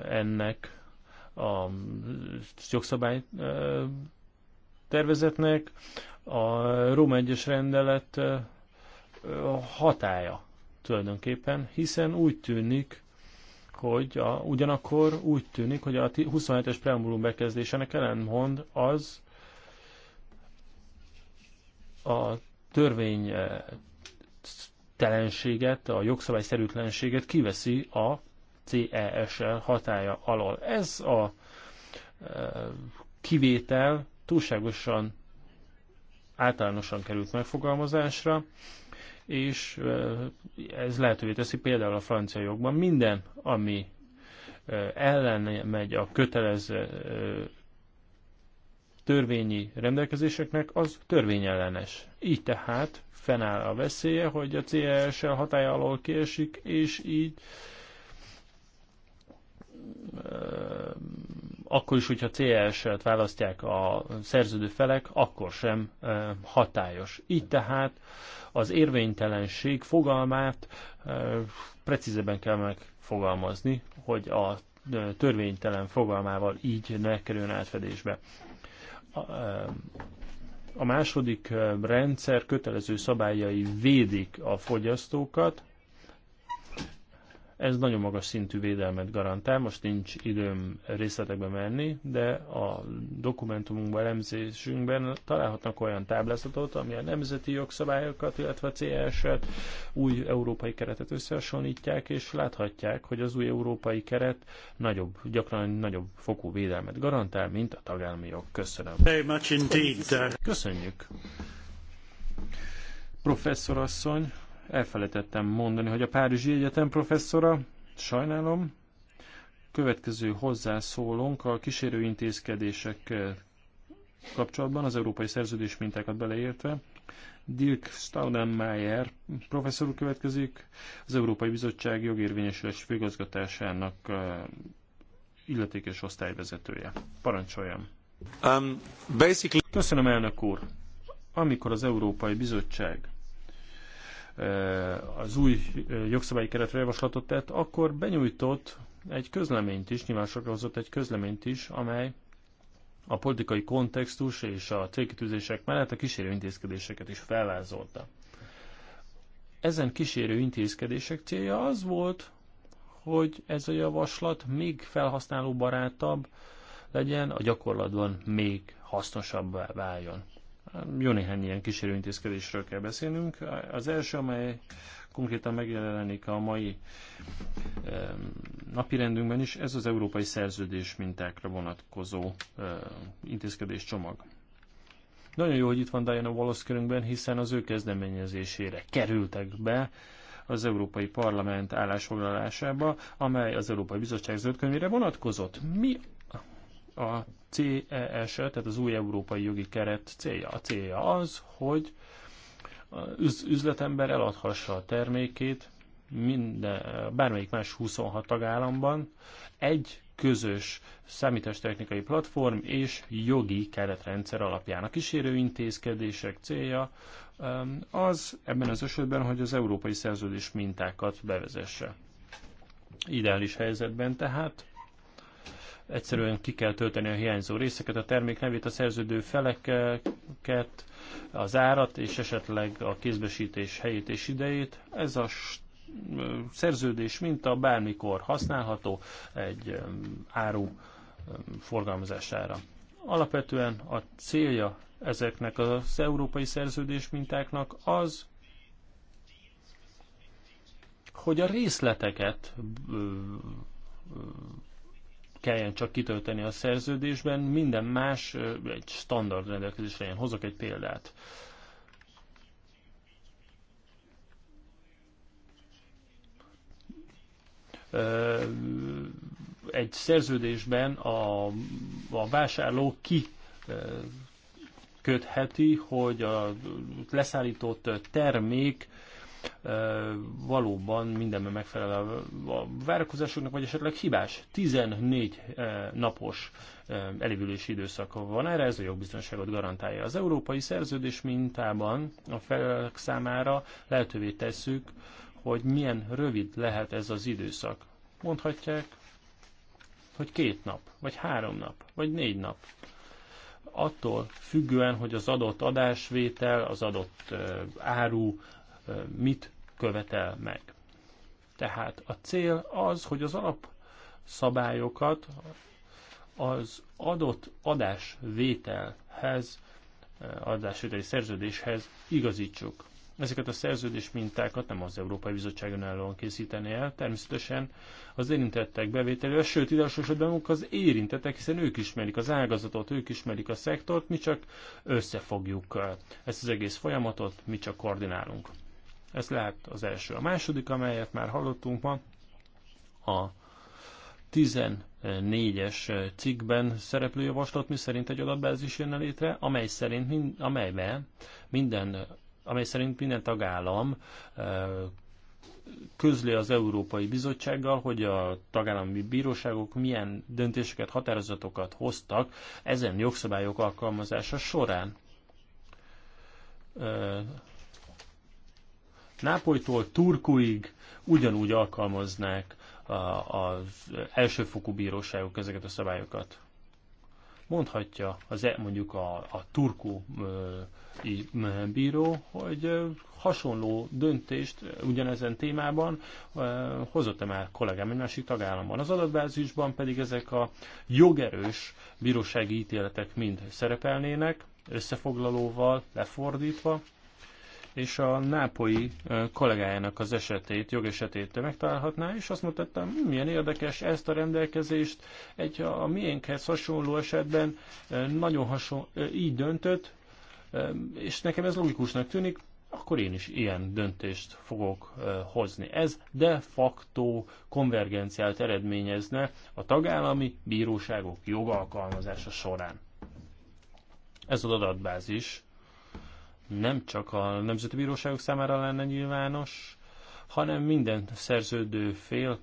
D: ennek a jogszabály tervezetnek a Róma 1 rendelet hatája tulajdonképpen, hiszen úgy tűnik, hogy a, ugyanakkor úgy tűnik, hogy a 27-es preambulum bekezdésének mond, az a törvény eh, telenséget, a jogszabályszerűtlenséget kiveszi a CESL hatája alól. Ez a eh, kivétel túlságosan általánosan került megfogalmazásra, és ez lehetővé teszi például a francia jogban minden, ami ellen megy a kötelező törvényi rendelkezéseknek, az törvényellenes. Így tehát fennáll a veszélye, hogy a CSL e hatája alól kiesik, és így akkor is, hogyha CLS-et választják a szerződő felek, akkor sem hatályos. Így tehát az érvénytelenség fogalmát precízebben kell megfogalmazni, hogy a törvénytelen fogalmával így ne kerüljön átfedésbe. A második rendszer kötelező szabályai védik a fogyasztókat, ez nagyon magas szintű védelmet garantál, most nincs időm részletekbe menni, de a dokumentumunkban, elemzésünkben találhatnak olyan táblázatot, ami a nemzeti jogszabályokat, illetve a cs et új európai keretet összehasonlítják, és láthatják, hogy az új európai keret nagyobb, gyakran nagyobb fokú védelmet garantál, mint a tagállami jog. Köszönöm. Very much indeed, Köszönjük. Professzor asszony, elfelejtettem mondani, hogy a Párizsi Egyetem professzora, sajnálom, következő hozzászólónk a kísérő intézkedések kapcsolatban, az európai szerződés mintákat beleértve. Dirk Staudenmayer professzor következik, az Európai Bizottság jogérvényesülés főgazgatásának illetékes osztályvezetője. Parancsoljam! Um, basically... Köszönöm, elnök úr! Amikor az Európai Bizottság Eh, az új eh, jogszabályi keretre javaslatot tett, akkor benyújtott egy közleményt is, nyilván hozott egy közleményt is, amely a politikai kontextus és a célkitűzések mellett a kísérő intézkedéseket is felvázolta. Ezen kísérő intézkedések célja az volt, hogy ez a javaslat még felhasználóbarátabb legyen, a gyakorlatban még hasznosabbá váljon. Jó néhány ilyen kísérőintézkedésről kell beszélnünk. Az első, amely konkrétan megjelenik a mai napirendünkben is, ez az európai szerződés mintákra vonatkozó intézkedés csomag. Nagyon jó, hogy itt van Diana Wallace körünkben, hiszen az ő kezdeményezésére kerültek be az Európai Parlament állásfoglalásába, amely az Európai Bizottság zöldkönyvére vonatkozott. Mi a CES, e, tehát az új európai jogi keret célja. A célja az, hogy az üzletember eladhassa a termékét minden, bármelyik más 26 tagállamban egy közös számítástechnikai platform és jogi keretrendszer alapján. A kísérő intézkedések célja um, az ebben az esetben, hogy az európai szerződés mintákat bevezesse. Ideális helyzetben tehát Egyszerűen ki kell tölteni a hiányzó részeket, a termék nevét, a szerződő feleket, az árat és esetleg a kézbesítés helyét és idejét. Ez a szerződés minta bármikor használható egy áru forgalmazására. Alapvetően a célja ezeknek az európai szerződés mintáknak az, hogy a részleteket kelljen csak kitölteni a szerződésben, minden más egy standard rendelkezés legyen. Hozok egy példát. Egy szerződésben a, a vásárló ki kötheti, hogy a leszállított termék valóban mindenben megfelel a várakozásoknak, vagy esetleg hibás. 14 napos elévülési időszak van erre, ez a jogbiztonságot garantálja. Az európai szerződés mintában a felelők számára lehetővé tesszük, hogy milyen rövid lehet ez az időszak. Mondhatják, hogy két nap, vagy három nap, vagy négy nap. Attól függően, hogy az adott adásvétel, az adott áru mit követel meg. Tehát a cél az, hogy az alapszabályokat az adott adásvételhez, eh, adásvételi szerződéshez igazítsuk. Ezeket a szerződés mintákat nem az Európai Bizottság önállóan készíteni el, természetesen az érintettek bevételével, sőt, idős esetben az érintettek, hiszen ők ismerik az ágazatot, ők ismerik a szektort, mi csak összefogjuk eh, ezt az egész folyamatot, mi csak koordinálunk. Ez lehet az első. A második, amelyet már hallottunk ma, a 14-es cikkben szereplő javaslat, mi szerint egy adatbázis jönne létre, amely szerint, amelybe minden, amely szerint minden tagállam közli az Európai Bizottsággal, hogy a tagállami bíróságok milyen döntéseket, határozatokat hoztak ezen jogszabályok alkalmazása során. Nápolytól Turkuig ugyanúgy alkalmaznák az elsőfokú bíróságok ezeket a szabályokat. Mondhatja az, e, mondjuk a, a turkó bíró, hogy hasonló döntést ugyanezen témában hozott-e már kollégám egy másik tagállamban. Az adatbázisban pedig ezek a jogerős bírósági ítéletek mind szerepelnének, összefoglalóval, lefordítva, és a nápoi kollégájának az esetét, jogesetét megtalálhatná, és azt mutattam, hm, milyen érdekes ezt a rendelkezést, egy a miénkhez hasonló esetben nagyon hasonló, így döntött, és nekem ez logikusnak tűnik, akkor én is ilyen döntést fogok hozni. Ez de facto konvergenciát eredményezne a tagállami bíróságok jogalkalmazása során. Ez az adatbázis nem csak a nemzeti bíróságok számára lenne nyilvános, hanem minden szerződő fél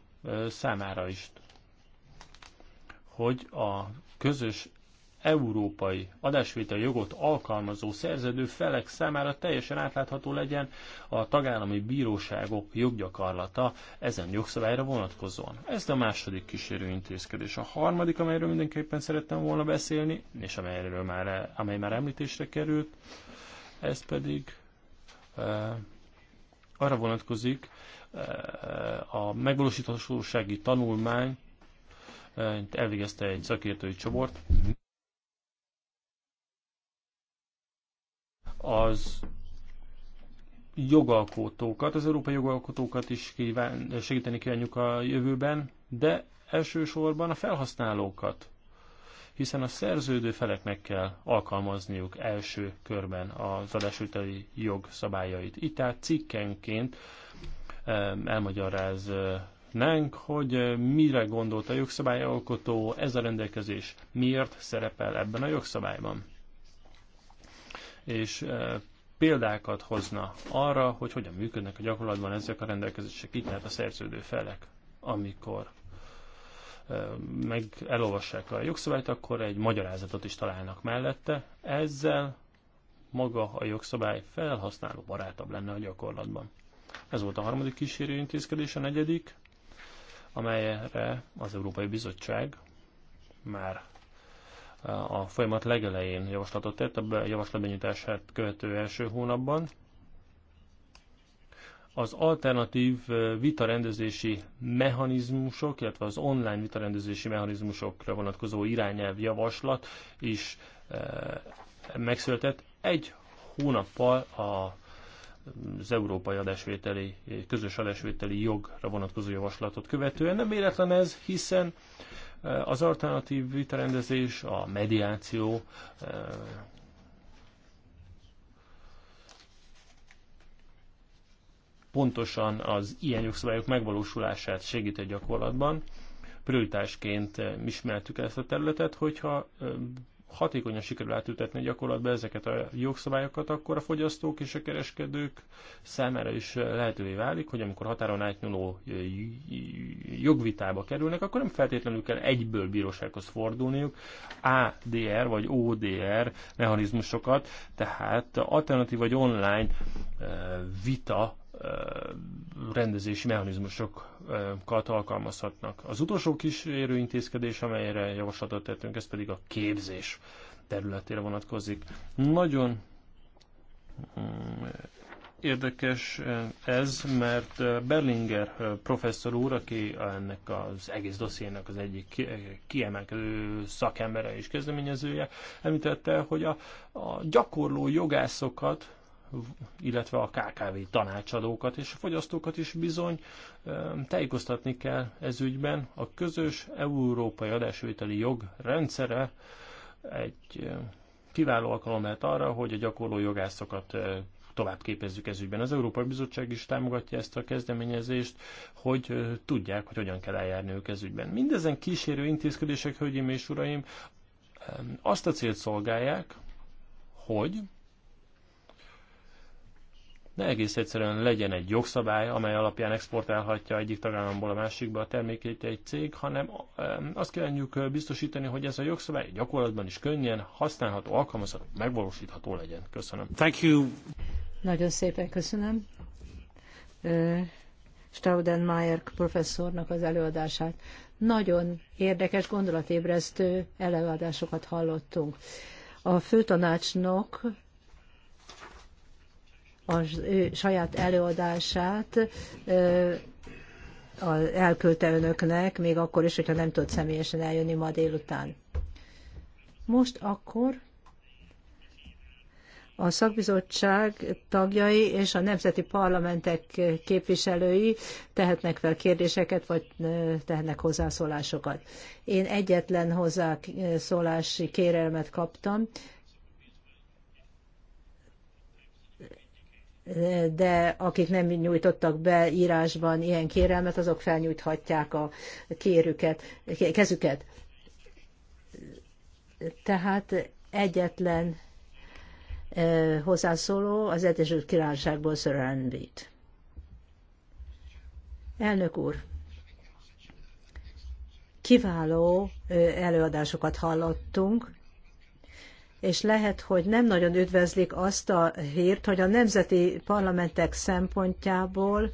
D: számára is. Hogy a közös európai adásvétel jogot alkalmazó szerződő felek számára teljesen átlátható legyen a tagállami bíróságok joggyakarlata ezen jogszabályra vonatkozóan. Ez a második kísérő intézkedés. A harmadik, amelyről mindenképpen szerettem volna beszélni, és amelyről már, amely már említésre került, ez pedig eh, arra vonatkozik, eh, a megvalósíthatósági tanulmány eh, elvégezte egy szakértői csoport. Az jogalkotókat, az európai jogalkotókat is kíván, segíteni kívánjuk a jövőben, de elsősorban a felhasználókat hiszen a szerződő feleknek kell alkalmazniuk első körben az adásvételi jog szabályait. Itt tehát cikkenként elmagyaráz Nánk, hogy mire gondolt a jogszabályalkotó, ez a rendelkezés miért szerepel ebben a jogszabályban. És példákat hozna arra, hogy hogyan működnek a gyakorlatban ezek a rendelkezések, itt a szerződő felek, amikor meg elolvassák a jogszabályt, akkor egy magyarázatot is találnak mellette. Ezzel maga a jogszabály felhasználó barátabb lenne a gyakorlatban. Ez volt a harmadik kísérő intézkedés, a negyedik, amelyre az Európai Bizottság már a folyamat legelején javaslatot tett, a javaslat benyújtását követő első hónapban, az alternatív vitarendezési mechanizmusok, illetve az online vitarendezési mechanizmusokra vonatkozó irányelv javaslat is megszületett egy hónappal a az európai adásvételi, közös adásvételi jogra vonatkozó javaslatot követően. Nem véletlen ez, hiszen az alternatív vitarendezés, a mediáció pontosan az ilyen jogszabályok megvalósulását segít a gyakorlatban. Prioritásként eh, ismertük ezt a területet, hogyha eh, hatékonyan sikerül átültetni a gyakorlatba ezeket a jogszabályokat, akkor a fogyasztók és a kereskedők számára is eh, lehetővé válik, hogy amikor határon átnyúló jogvitába kerülnek, akkor nem feltétlenül kell egyből bírósághoz fordulniuk ADR vagy ODR mechanizmusokat, tehát alternatív vagy online vita rendezési mechanizmusokat alkalmazhatnak. Az utolsó kísérő intézkedés, amelyre javaslatot tettünk, ez pedig a képzés területére vonatkozik. Nagyon mm, érdekes ez, mert Berlinger professzor úr, aki ennek az egész dossziénak az egyik kiemelkedő szakembere és kezdeményezője, említette, hogy a, a gyakorló jogászokat illetve a KKV tanácsadókat és a fogyasztókat is bizony tájékoztatni kell ez ügyben. A közös európai adásvételi jog rendszere egy kiváló alkalom lehet arra, hogy a gyakorló jogászokat tovább képezzük ez ügyben. Az Európai Bizottság is támogatja ezt a kezdeményezést, hogy tudják, hogy hogyan kell eljárni ők ez ügyben. Mindezen kísérő intézkedések, hölgyeim és uraim, azt a célt szolgálják, hogy de egész egyszerűen legyen egy jogszabály, amely alapján exportálhatja egyik tagállamból a másikba a termékét egy cég, hanem azt kívánjuk biztosítani, hogy ez a jogszabály gyakorlatban is könnyen használható, alkalmazható, megvalósítható legyen. Köszönöm. Thank you.
B: Nagyon szépen köszönöm. Staudenmayer professzornak az előadását. Nagyon érdekes, gondolatébresztő előadásokat hallottunk. A főtanácsnok a saját előadását elküldte önöknek, még akkor is, hogyha nem tud személyesen eljönni ma délután. Most akkor a szakbizottság tagjai és a nemzeti parlamentek képviselői tehetnek fel kérdéseket, vagy tehetnek hozzászólásokat. Én egyetlen hozzászólási kérelmet kaptam, de akik nem nyújtottak be írásban ilyen kérelmet, azok felnyújthatják a kérüket, kezüket. Tehát egyetlen e, hozzászóló az Egyesült Királyságból Szörönbít. Elnök úr, kiváló e, előadásokat hallottunk, és lehet, hogy nem nagyon üdvözlik azt a hírt, hogy a nemzeti parlamentek szempontjából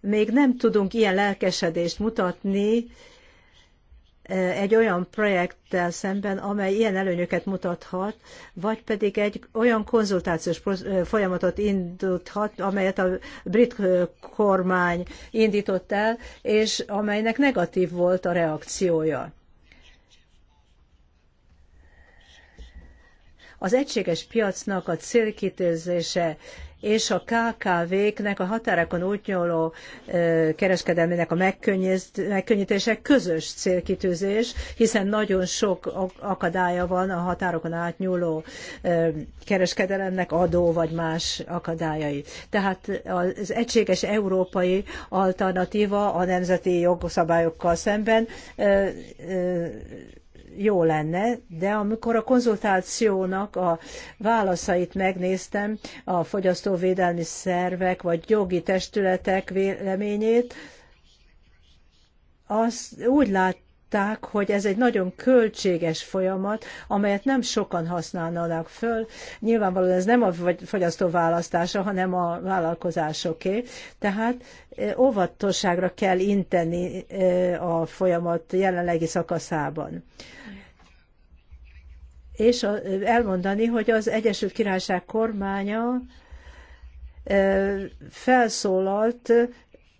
B: még nem tudunk ilyen lelkesedést mutatni egy olyan projekttel szemben, amely ilyen előnyöket mutathat, vagy pedig egy olyan konzultációs folyamatot indíthat, amelyet a brit kormány indított el, és amelynek negatív volt a reakciója Az egységes piacnak a célkitűzése és a KKV-knek a határokon útnyoló kereskedelmének a megkönnyítése közös célkitűzés, hiszen nagyon sok akadálya van a határokon átnyúló kereskedelemnek adó vagy más akadályai. Tehát az egységes európai alternatíva a nemzeti jogszabályokkal szemben jó lenne, de amikor a konzultációnak a válaszait megnéztem, a fogyasztóvédelmi szervek vagy jogi testületek véleményét, az úgy látták, hogy ez egy nagyon költséges folyamat, amelyet nem sokan használnának föl. Nyilvánvalóan ez nem a fogyasztó választása, hanem a vállalkozásoké. Tehát óvatosságra kell inteni a folyamat jelenlegi szakaszában és elmondani, hogy az Egyesült Királyság kormánya felszólalt,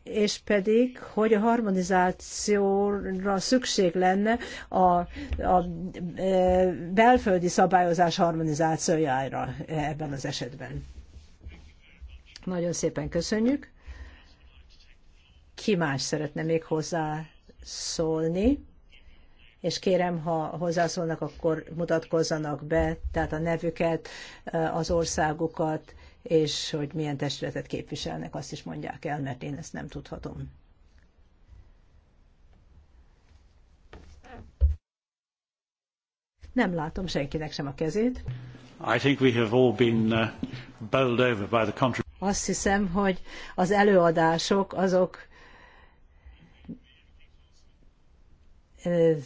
B: és pedig, hogy a harmonizációra szükség lenne a, a belföldi szabályozás harmonizációjára ebben az esetben. Nagyon szépen köszönjük. Ki más szeretne még hozzá szólni? és kérem, ha hozzászólnak, akkor mutatkozzanak be, tehát a nevüket, eh, az országukat, és hogy milyen testületet képviselnek, azt is mondják el, mert én ezt nem tudhatom. Nem látom senkinek sem a kezét.
D: I think we have all been uh, bowled over by the
B: Azt hiszem, hogy az előadások azok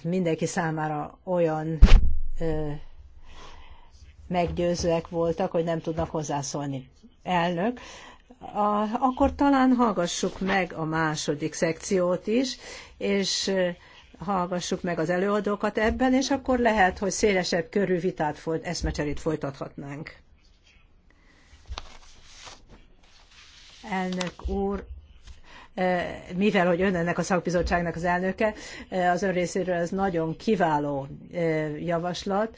B: mindenki számára olyan meggyőzőek voltak, hogy nem tudnak hozzászólni. Elnök, a, akkor talán hallgassuk meg a második szekciót is, és hallgassuk meg az előadókat ebben, és akkor lehet, hogy szélesebb körű vitát, folyt, eszmecserét folytathatnánk. Elnök úr, mivel hogy ön ennek a szakbizottságnak az elnöke, az ön részéről ez nagyon kiváló javaslat.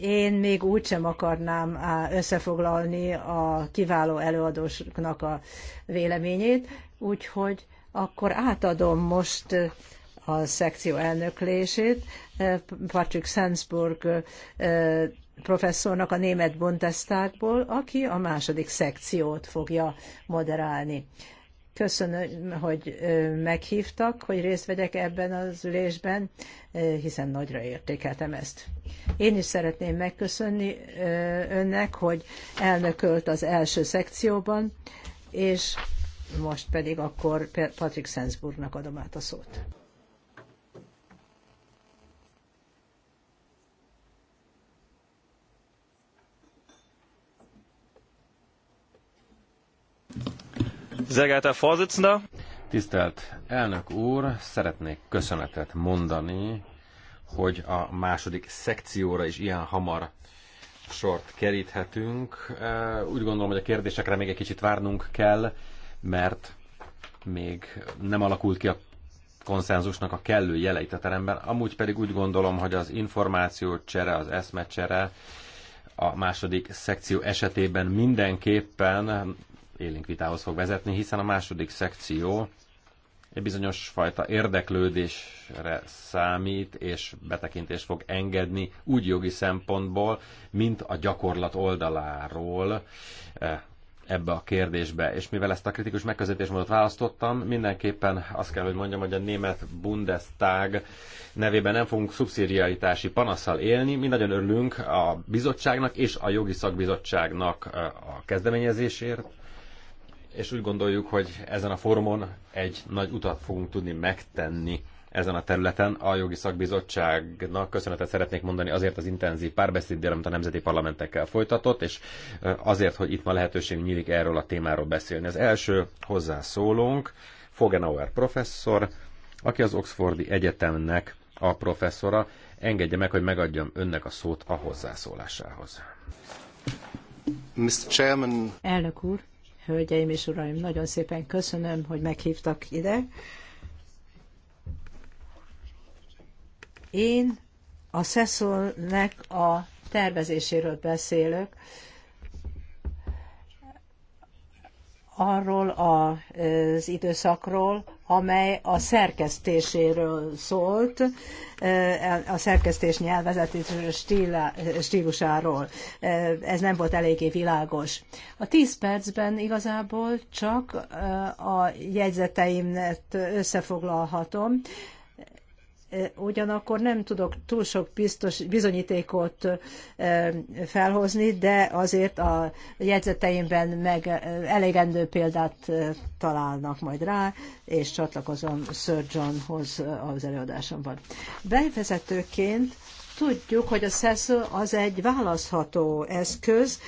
B: Én még úgysem akarnám összefoglalni a kiváló előadósoknak a véleményét, úgyhogy akkor átadom most a szekció elnöklését Patrick Sandsburg professzornak a német Bundestagból, aki a második szekciót fogja moderálni. Köszönöm, hogy meghívtak, hogy részt vegyek ebben az ülésben, hiszen nagyra értékeltem ezt. Én is szeretném megköszönni önnek, hogy elnökölt az első szekcióban, és most pedig akkor Patrick Sensburgnak adom át a szót.
A: Tisztelt elnök úr, szeretnék köszönetet mondani, hogy a második szekcióra is ilyen hamar sort keríthetünk. Úgy gondolom, hogy a kérdésekre még egy kicsit várnunk kell, mert még nem alakult ki a konszenzusnak a kellő jele itt a teremben. Amúgy pedig úgy gondolom, hogy az információ csere, az eszmecsere a második szekció esetében mindenképpen élénk vitához fog vezetni, hiszen a második szekció egy bizonyos fajta érdeklődésre számít, és betekintést fog engedni úgy jogi szempontból, mint a gyakorlat oldaláról eh, ebbe a kérdésbe. És mivel ezt a kritikus megközelítésmódot választottam, mindenképpen azt kell, hogy mondjam, hogy a német Bundestag nevében nem fogunk szubszidiaritási panasszal élni. Mi nagyon örülünk a bizottságnak és a jogi szakbizottságnak eh, a kezdeményezésért, és úgy gondoljuk, hogy ezen a fórumon egy nagy utat fogunk tudni megtenni ezen a területen. A jogi szakbizottságnak köszönetet szeretnék mondani azért az intenzív párbeszéddel, amit a nemzeti parlamentekkel folytatott, és azért, hogy itt ma lehetőség nyílik erről a témáról beszélni. Az első hozzászólónk Fogenauer professzor, aki az Oxfordi Egyetemnek a professzora. Engedje meg, hogy megadjam önnek a szót a hozzászólásához. Mr. Chairman.
B: Elnök úr, hölgyeim és uraim, nagyon szépen köszönöm, hogy meghívtak ide. Én a Szeszolnek a tervezéséről beszélök, arról az időszakról, amely a szerkesztéséről szólt, a szerkesztés nyelvezeti stílusáról. Ez nem volt eléggé világos. A tíz percben igazából csak a jegyzeteimet összefoglalhatom ugyanakkor nem tudok túl sok biztos, bizonyítékot felhozni, de azért a jegyzeteimben meg elegendő példát találnak majd rá, és csatlakozom Sir Johnhoz az előadásomban. Bevezetőként tudjuk, hogy a SESZ az egy választható eszköz,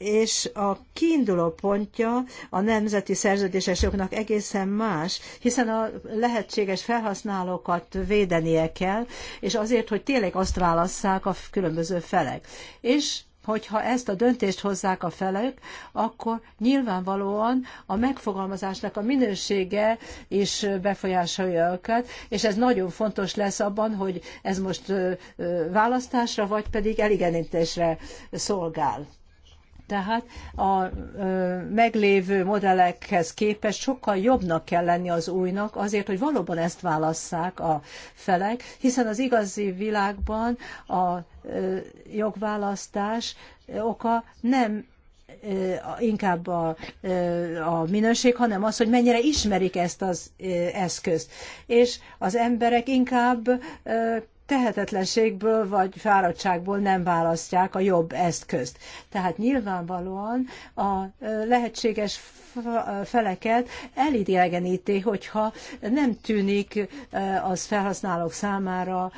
B: és a kiinduló pontja a nemzeti szerződéses jognak egészen más, hiszen a lehetséges felhasználókat védenie kell, és azért, hogy tényleg azt válasszák a különböző felek. És hogyha ezt a döntést hozzák a felek, akkor nyilvánvalóan a megfogalmazásnak a minősége is befolyásolja őket, és ez nagyon fontos lesz abban, hogy ez most választásra, vagy pedig eligenítésre szolgál. Tehát a meglévő modellekhez képest sokkal jobbnak kell lenni az újnak, azért, hogy valóban ezt válasszák a felek, hiszen az igazi világban a jogválasztás oka nem inkább a, a minőség, hanem az, hogy mennyire ismerik ezt az eszközt. És az emberek inkább tehetetlenségből vagy fáradtságból nem választják a jobb eszközt. Tehát nyilvánvalóan a lehetséges feleket elidegeníti, hogyha nem tűnik az felhasználók számára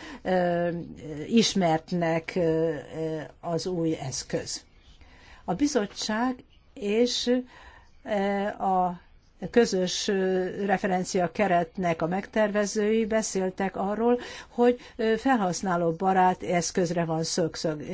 B: ismertnek az új eszköz. A bizottság és a közös referencia keretnek a megtervezői beszéltek arról, hogy felhasználó barát eszközre van szükség.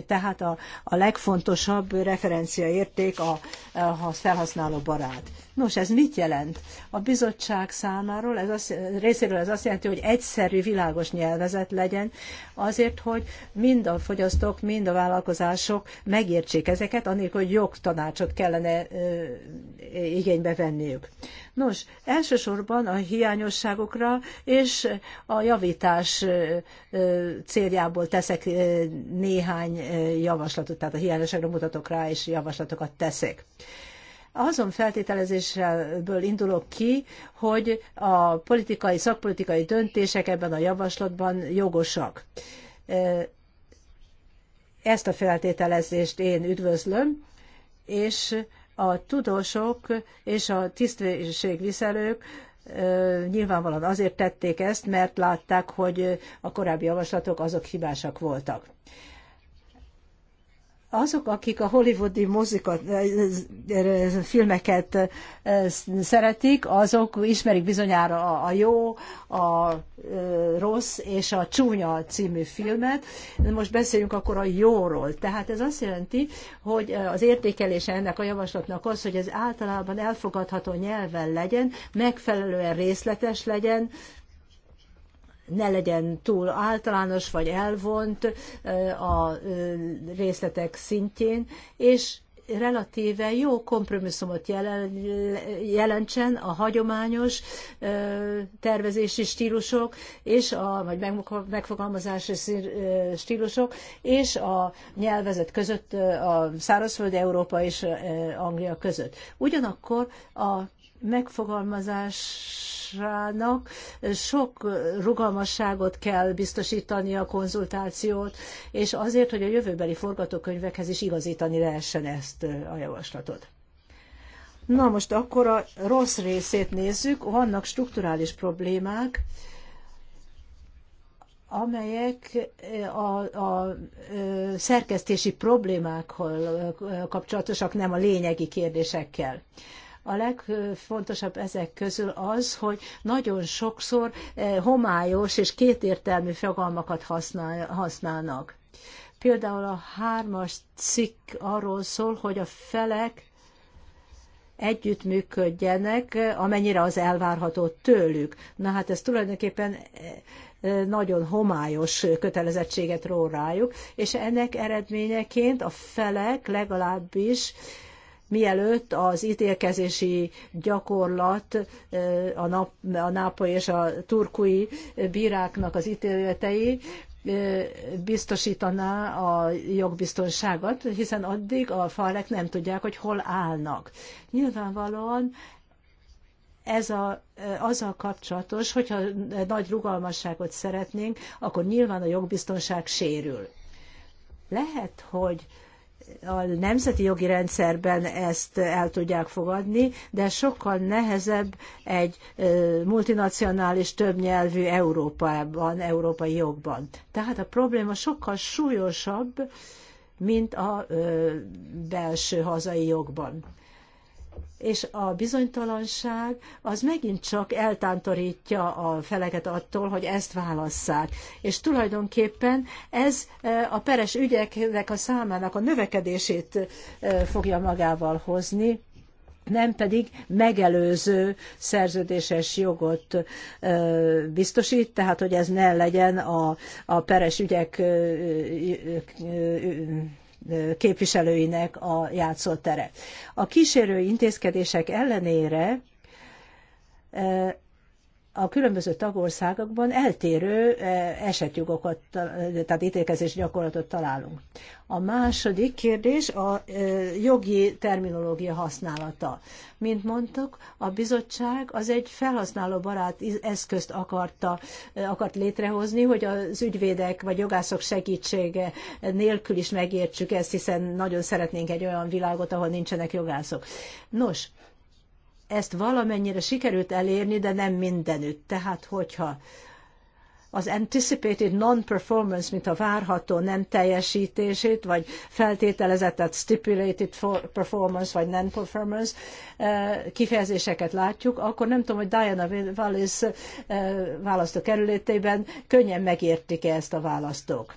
B: Tehát a, a legfontosabb referenciaérték a, a felhasználó barát. Nos, ez mit jelent? A bizottság számáról, ez az, részéről ez azt jelenti, hogy egyszerű, világos nyelvezet legyen, azért, hogy mind a fogyasztók, mind a vállalkozások megértsék ezeket, anélkül, hogy jogtanácsot kellene ö, igénybe venniük. Nos, elsősorban a hiányosságokra és a javítás céljából teszek néhány javaslatot, tehát a hiányosságra mutatok rá, és javaslatokat teszek azon feltételezésből indulok ki, hogy a politikai, szakpolitikai döntések ebben a javaslatban jogosak. Ezt a feltételezést én üdvözlöm, és a tudósok és a tisztviselők nyilvánvalóan azért tették ezt, mert látták, hogy a korábbi javaslatok azok hibásak voltak azok, akik a hollywoodi mozikat, eh, eh, eh, filmeket szeretik, azok ismerik bizonyára a jó, a rossz és a csúnya című filmet. Most beszéljünk akkor a jóról. Tehát ez azt jelenti, hogy az értékelése ennek a javaslatnak az, hogy ez általában elfogadható nyelven legyen, megfelelően részletes legyen, ne legyen túl általános vagy elvont a részletek szintjén, és relatíve jó kompromisszumot jelentsen a hagyományos tervezési stílusok, és a, vagy megfogalmazási stílusok, és a nyelvezet között, a szárazföld Európa és Anglia között. Ugyanakkor a megfogalmazásának sok rugalmasságot kell biztosítani a konzultációt, és azért, hogy a jövőbeli forgatókönyvekhez is igazítani lehessen ezt a javaslatot. Na most akkor a rossz részét nézzük, vannak strukturális problémák, amelyek a, a szerkesztési problémákkal kapcsolatosak, nem a lényegi kérdésekkel. A legfontosabb ezek közül az, hogy nagyon sokszor eh, homályos és kétértelmű fogalmakat használ, használnak. Például a hármas cikk arról szól, hogy a felek együttműködjenek, eh, amennyire az elvárható tőlük. Na hát ez tulajdonképpen eh, nagyon homályos kötelezettséget ró rájuk, és ennek eredményeként a felek legalábbis mielőtt az ítélkezési gyakorlat a, nap, a és a turkui bíráknak az ítéletei biztosítaná a jogbiztonságot, hiszen addig a falek nem tudják, hogy hol állnak. Nyilvánvalóan ez a, azzal kapcsolatos, hogyha nagy rugalmasságot szeretnénk, akkor nyilván a jogbiztonság sérül. Lehet, hogy a nemzeti jogi rendszerben ezt el tudják fogadni, de sokkal nehezebb egy multinacionális, többnyelvű Európában, európai jogban. Tehát a probléma sokkal súlyosabb, mint a belső hazai jogban és a bizonytalanság az megint csak eltántorítja a feleket attól, hogy ezt válasszák. És tulajdonképpen ez e, a peres ügyeknek a számának a növekedését e, fogja magával hozni, nem pedig megelőző szerződéses jogot e, biztosít, tehát hogy ez ne legyen a, a peres ügyek képviselőinek a játszótere. A kísérő intézkedések ellenére a különböző tagországokban eltérő eh, esetjogokat, tehát ítélkezés gyakorlatot találunk. A második kérdés a eh, jogi terminológia használata. Mint mondtuk, a bizottság az egy felhasználó barát eszközt akarta, eh, akart létrehozni, hogy az ügyvédek vagy jogászok segítsége nélkül is megértsük ezt, hiszen nagyon szeretnénk egy olyan világot, ahol nincsenek jogászok. Nos, ezt valamennyire sikerült elérni, de nem mindenütt. Tehát, hogyha az anticipated non-performance, mint a várható nem teljesítését, vagy feltételezett stipulated performance, vagy non-performance eh, kifejezéseket látjuk, akkor nem tudom, hogy Diana Wallis eh, választókerületében könnyen megértik -e ezt a választók.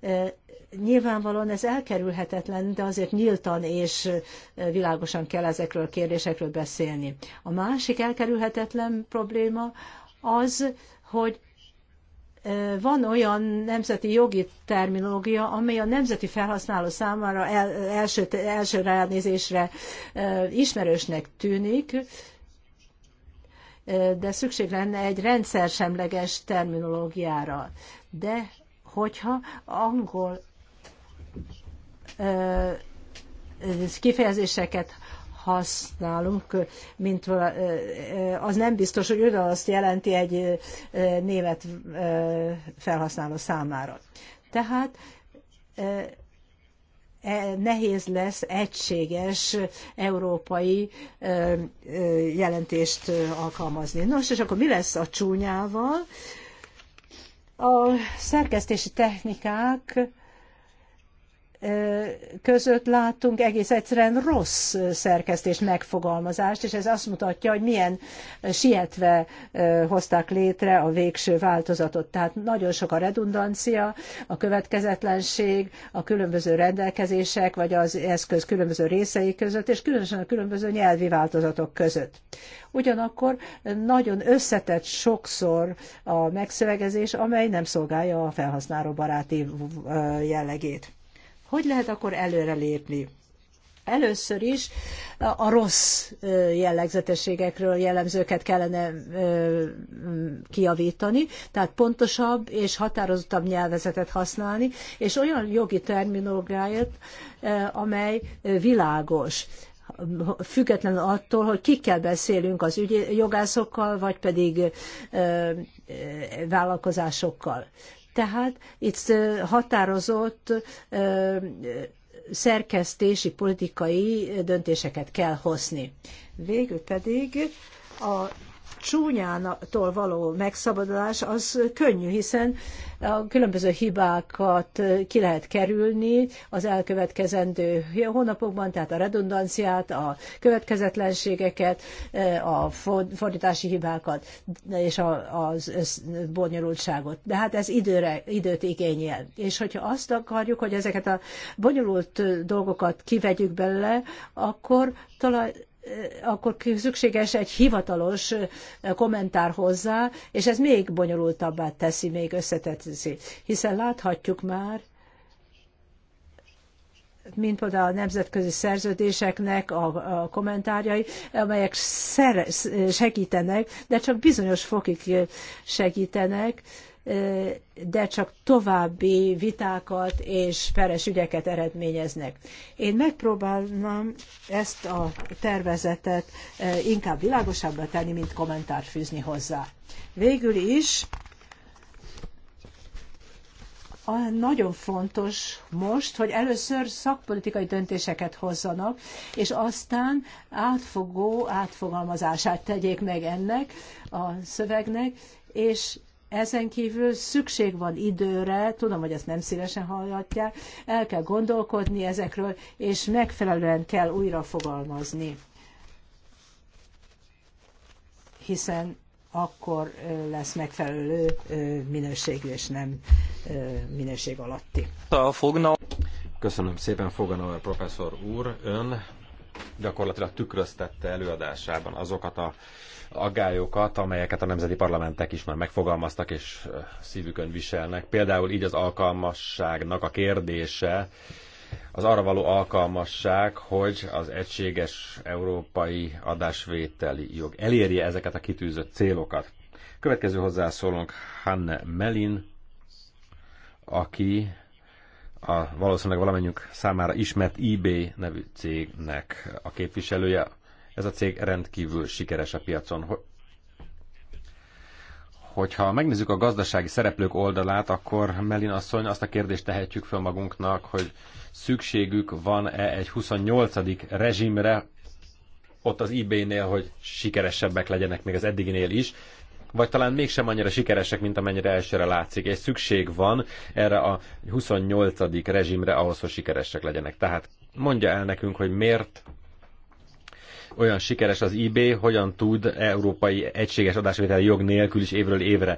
B: Eh, Nyilvánvalóan ez elkerülhetetlen, de azért nyíltan és világosan kell ezekről a kérdésekről beszélni. A másik elkerülhetetlen probléma az, hogy van olyan nemzeti jogi terminológia, amely a nemzeti felhasználó számára el, első, első ránézésre ismerősnek tűnik, de szükség lenne egy rendszer semleges terminológiára. De hogyha angol kifejezéseket használunk, mint az nem biztos, hogy azt jelenti egy német felhasználó számára. Tehát e, nehéz lesz egységes európai jelentést alkalmazni. Nos, és akkor mi lesz a csúnyával? A szerkesztési technikák között láttunk egész egyszerűen rossz szerkesztés megfogalmazást, és ez azt mutatja, hogy milyen sietve hozták létre a végső változatot. Tehát nagyon sok a redundancia, a következetlenség, a különböző rendelkezések, vagy az eszköz különböző részei között, és különösen a különböző nyelvi változatok között. Ugyanakkor nagyon összetett sokszor a megszövegezés, amely nem szolgálja a felhasználó baráti jellegét. Hogy lehet akkor előrelépni? Először is a rossz jellegzetességekről jellemzőket kellene kiavítani, tehát pontosabb és határozottabb nyelvezetet használni, és olyan jogi terminológiát, amely világos független attól, hogy kikkel beszélünk az ügy, jogászokkal, vagy pedig ö, ö, vállalkozásokkal. Tehát itt határozott szerkesztési, politikai döntéseket kell hozni. Végül pedig a csúnyától való megszabadulás az könnyű, hiszen a különböző hibákat ki lehet kerülni az elkövetkezendő hónapokban, tehát a redundanciát, a következetlenségeket, a fordítási hibákat és az bonyolultságot. De hát ez időre, időt igényel. És hogyha azt akarjuk, hogy ezeket a bonyolult dolgokat kivegyük belőle, akkor talán akkor szükséges egy hivatalos kommentár hozzá, és ez még bonyolultabbá teszi, még összetetzi. Hiszen láthatjuk már, mint például a nemzetközi szerződéseknek a, a kommentárjai, amelyek szer, segítenek, de csak bizonyos fokig segítenek, de csak további vitákat és peres ügyeket eredményeznek. Én megpróbálnám ezt a tervezetet e, inkább világosabbra tenni, mint kommentárt fűzni hozzá. Végül is nagyon fontos most, hogy először szakpolitikai döntéseket hozzanak, és aztán átfogó átfogalmazását tegyék meg ennek a szövegnek, és ezen kívül szükség van időre, tudom, hogy ezt nem szívesen hallhatják, el kell gondolkodni ezekről, és megfelelően kell újra fogalmazni. Hiszen akkor lesz megfelelő minőségű, és nem minőség alatti.
A: Köszönöm szépen, Foganauer professzor úr. Ön gyakorlatilag tükröztette előadásában azokat a aggályokat, amelyeket a nemzeti parlamentek is már megfogalmaztak és szívükön viselnek. Például így az alkalmasságnak a kérdése, az arra való alkalmasság, hogy az egységes európai adásvételi jog elérje ezeket a kitűzött célokat. Következő hozzászólónk Hanne Melin, aki a valószínűleg valamennyünk számára ismert eBay nevű cégnek a képviselője, ez a cég rendkívül sikeres a piacon. Hogyha megnézzük a gazdasági szereplők oldalát, akkor Melin asszony azt a kérdést tehetjük fel magunknak, hogy szükségük van-e egy 28. rezsimre ott az eBay-nél, hogy sikeresebbek legyenek még az eddiginél is, vagy talán mégsem annyira sikeresek, mint amennyire elsőre látszik, és szükség van erre a 28. rezsimre ahhoz, hogy sikeresek legyenek. Tehát mondja el nekünk, hogy miért olyan sikeres az eBay, hogyan tud európai egységes adásvételi jog nélkül is évről évre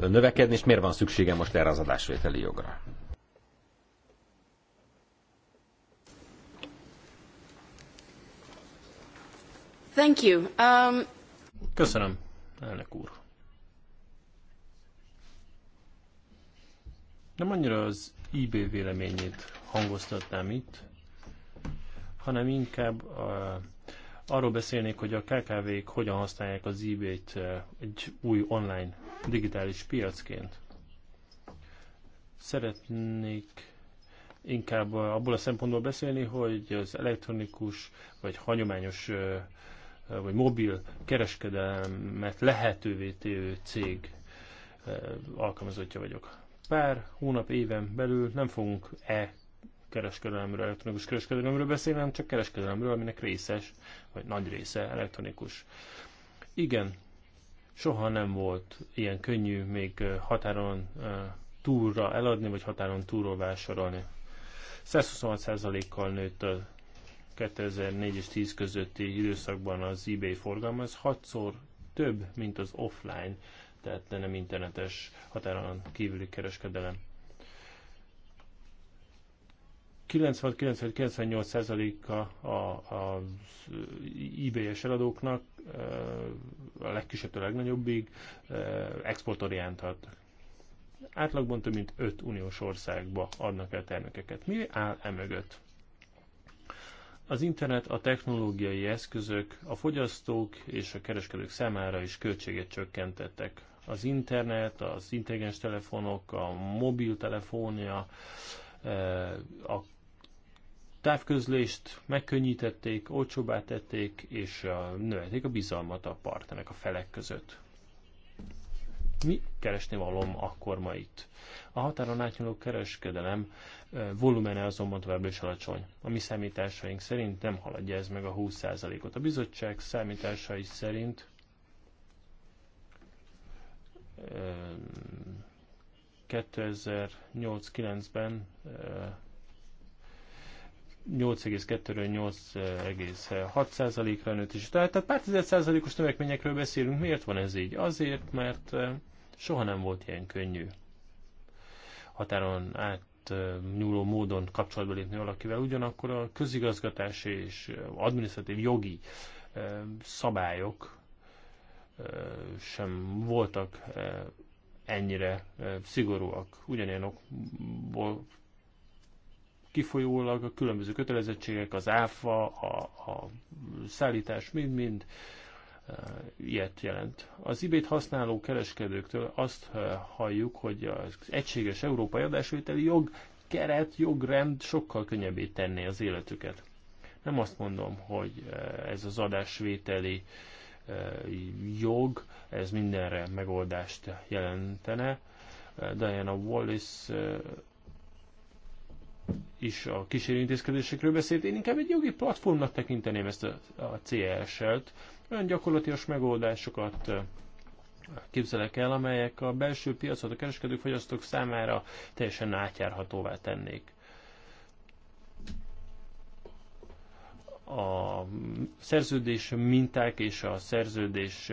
A: növekedni, és miért van szüksége most erre az adásvételi jogra?
B: Thank you. Um...
D: Köszönöm, elnök úr. Nem annyira az IB véleményét hangoztatnám itt, hanem inkább a Arról beszélnék, hogy a KKV-k hogyan használják az eBay-t eh, egy új online digitális piacként. Szeretnék inkább abból a szempontból beszélni, hogy az elektronikus vagy hagyományos eh, eh, vagy mobil kereskedelmet lehetővé tévő cég alkalmazottja vagyok. Pár hónap éven belül nem fogunk e kereskedelemről, elektronikus kereskedelemről beszélem, csak kereskedelemről, aminek részes, vagy nagy része elektronikus. Igen, soha nem volt ilyen könnyű még határon túlra eladni, vagy határon túlról vásárolni. 126%-kal nőtt a 2004 és 10 közötti időszakban az eBay forgalma, ez 6-szor több, mint az offline, tehát nem internetes határon kívüli kereskedelem. 96-98%-a az eBay-es eladóknak a a legnagyobbig exportorientált. Átlagban több mint 5 uniós országba adnak el termékeket. Mi áll e mögött? Az internet, a technológiai eszközök a fogyasztók és a kereskedők számára is költséget csökkentettek. Az internet, az intelligens telefonok, a mobiltelefonja, a távközlést megkönnyítették, olcsóbbá tették, és növelték a bizalmat a partnerek a felek között. Mi keresni valom akkor ma itt? A határon átnyúló kereskedelem volumene azonban továbbra is alacsony. A mi számításaink szerint nem haladja ez meg a 20%-ot. A bizottság számításai szerint 2008-9-ben 8,2-ről 8,6%-ra nőtt is. Tehát a pár százalékos növekményekről beszélünk. Miért van ez így? Azért, mert soha nem volt ilyen könnyű határon át nyúló módon kapcsolatba lépni valakivel, ugyanakkor a közigazgatási és adminisztratív jogi szabályok sem voltak ennyire szigorúak. Ugyanilyen kifolyólag a különböző kötelezettségek, az áfa, a, a szállítás mind-mind ilyet jelent. Az ibét használó kereskedőktől azt halljuk, hogy az egységes európai adásvételi jog, keret, jogrend sokkal könnyebbé tenné az életüket. Nem azt mondom, hogy ez az adásvételi jog, ez mindenre megoldást jelentene. Diana Wallis is a kísérő beszélt. Én inkább egy jogi platformnak tekinteném ezt a, a CLS-et. Olyan gyakorlatilag megoldásokat képzelek el, amelyek a belső piacot a kereskedők, fogyasztók számára teljesen átjárhatóvá tennék. A szerződés minták és a szerződés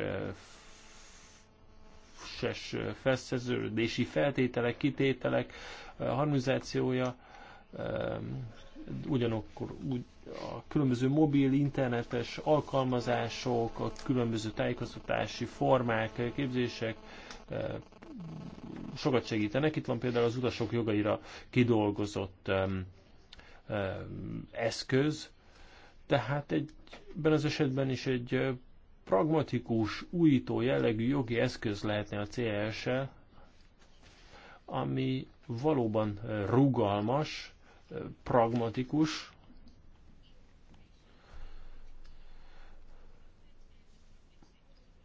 D: felszerződési feltételek, kitételek harmonizációja ugyanakkor úgy, a különböző mobil, internetes alkalmazások, a különböző tájékoztatási formák, képzések sokat segítenek. Itt van például az utasok jogaira kidolgozott eszköz, tehát egy, ebben az esetben is egy pragmatikus, újító jellegű jogi eszköz lehetne a CLS-e, ami valóban rugalmas, pragmatikus.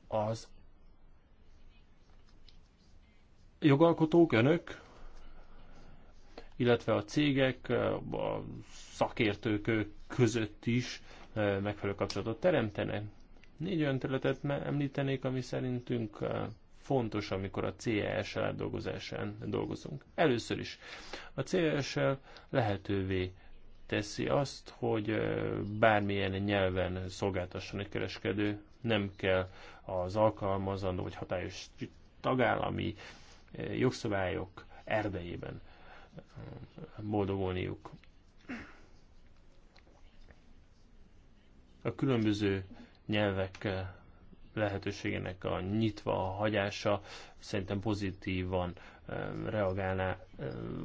D: Az jogalkotók, önök, illetve a cégek, a szakértők között is eh, megfelelő kapcsolatot teremtenek. Négy olyan területet említenék, ami szerintünk eh, fontos, amikor a CES dolgozásán dolgozunk. Először is a CES lehetővé teszi azt, hogy bármilyen nyelven szolgáltasson egy kereskedő, nem kell az alkalmazandó vagy hatályos tagállami jogszabályok erdejében boldogulniuk. A különböző nyelvek lehetőségének a nyitva a hagyása szerintem pozitívan reagálná,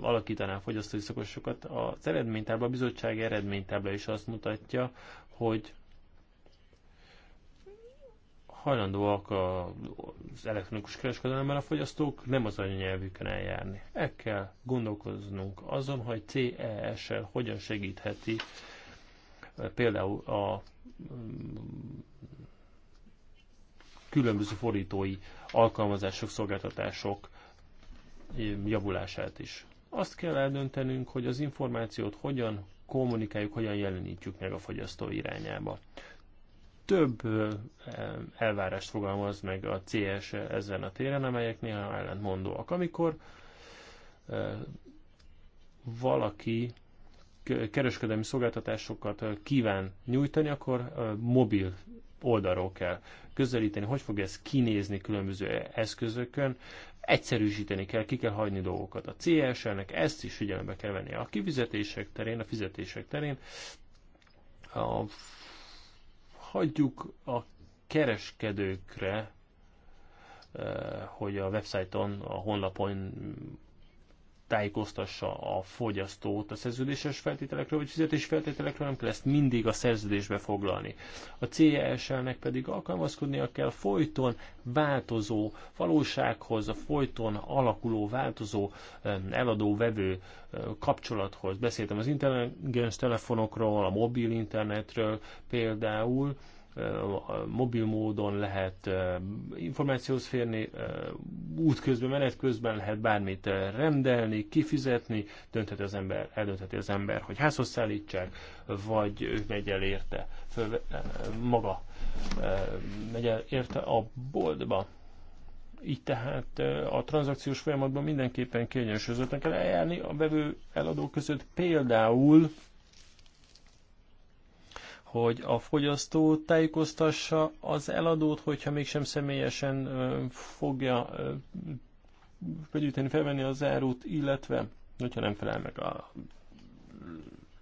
D: alakítaná a fogyasztói szokosokat. Az eredménytábla, a bizottság eredménytábla is azt mutatja, hogy hajlandóak az elektronikus kereskedelemben a fogyasztók nem az anyanyelvükön eljárni. El kell gondolkoznunk azon, hogy CES-el hogyan segítheti például a különböző fordítói alkalmazások, szolgáltatások eh, javulását is. Azt kell eldöntenünk, hogy az információt hogyan kommunikáljuk, hogyan jelenítjük meg a fogyasztó irányába. Több eh, elvárást fogalmaz meg a CS ezen a téren, amelyek néha ellentmondóak. Amikor eh, valaki kereskedelmi szolgáltatásokat kíván nyújtani, akkor mobil oldalról kell közelíteni, hogy fog ez kinézni különböző eszközökön, egyszerűsíteni kell, ki kell hagyni dolgokat. A CSL-nek ezt is figyelembe kell venni. A kifizetések terén, a fizetések terén a, hagyjuk a kereskedőkre, eh, hogy a websájton, a honlapon tájékoztassa a fogyasztót a szerződéses feltételekről vagy fizetés feltételekről, nem kell ezt mindig a szerződésbe foglalni. A CSL-nek e pedig alkalmazkodnia kell folyton változó valósághoz, a folyton alakuló, változó eladó-vevő kapcsolathoz. Beszéltem az intelligens telefonokról, a mobil internetről például, mobil módon lehet információhoz férni, útközben, menet közben lehet bármit rendelni, kifizetni, döntheti az ember, eldöntheti az ember, hogy házhoz szállítsák, vagy ő megy el érte, föl, maga megy el érte a boltba. Így tehát a tranzakciós folyamatban mindenképpen kiegyensúlyozottan kell eljárni a vevő eladó között például hogy a fogyasztó tájékoztassa az eladót, hogyha mégsem személyesen fogja begyűjteni, felvenni az árut, illetve hogyha nem felel meg a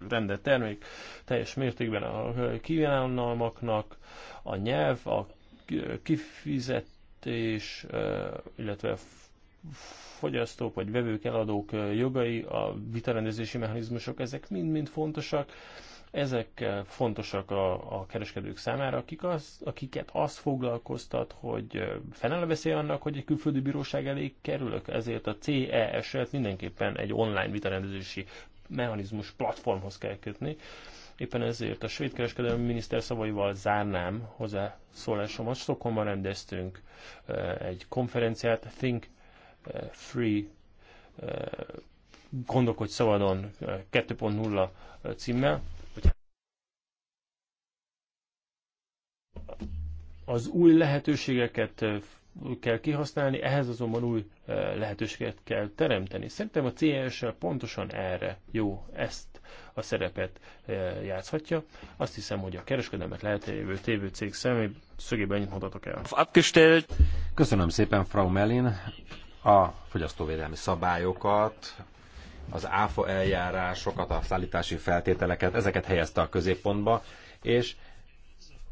D: rendelt termék teljes mértékben a kívánalmaknak, a nyelv, a kifizetés, illetve fogyasztók vagy vevők, eladók jogai, a vitarendezési mechanizmusok, ezek mind-mind fontosak ezek eh, fontosak a, a kereskedők számára, akik az, akiket az foglalkoztat, hogy eh, fennáll veszély annak, hogy egy külföldi bíróság elé kerülök, ezért a CES-et mindenképpen egy online vitarendezési mechanizmus platformhoz kell kötni. Éppen ezért a svéd kereskedelmi miniszter szavaival zárnám hozzá szólásomat. Stockholmban rendeztünk eh, egy konferenciát, Think Free Gondolkodj Szabadon 2.0 címmel. az új lehetőségeket eh, kell kihasználni, ehhez azonban új eh, lehetőséget kell teremteni. Szerintem a CS pontosan erre jó, ezt a szerepet eh, játszhatja. Azt hiszem, hogy a kereskedelmet lehetővé tévő cég személy szögében ennyit mondhatok el.
A: Köszönöm szépen, Frau Melin. A fogyasztóvédelmi szabályokat, az áfa eljárásokat, a szállítási feltételeket, ezeket helyezte a középpontba, és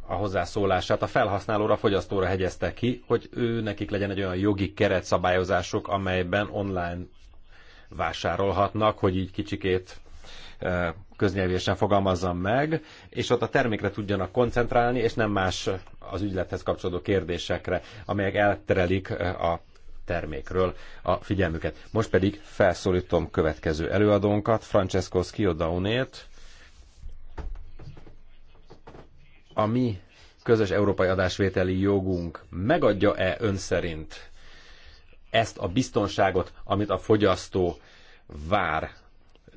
A: a hozzászólását a felhasználóra, a fogyasztóra hegyezte ki, hogy ő nekik legyen egy olyan jogi keret szabályozások, amelyben online vásárolhatnak, hogy így kicsikét e, köznyelvésen fogalmazzam meg, és ott a termékre tudjanak koncentrálni, és nem más az ügylethez kapcsolódó kérdésekre, amelyek elterelik e, a termékről a figyelmüket. Most pedig felszólítom következő előadónkat, Francesco Schiodaunét, a mi közös európai adásvételi jogunk megadja-e ön szerint ezt a biztonságot, amit a fogyasztó vár?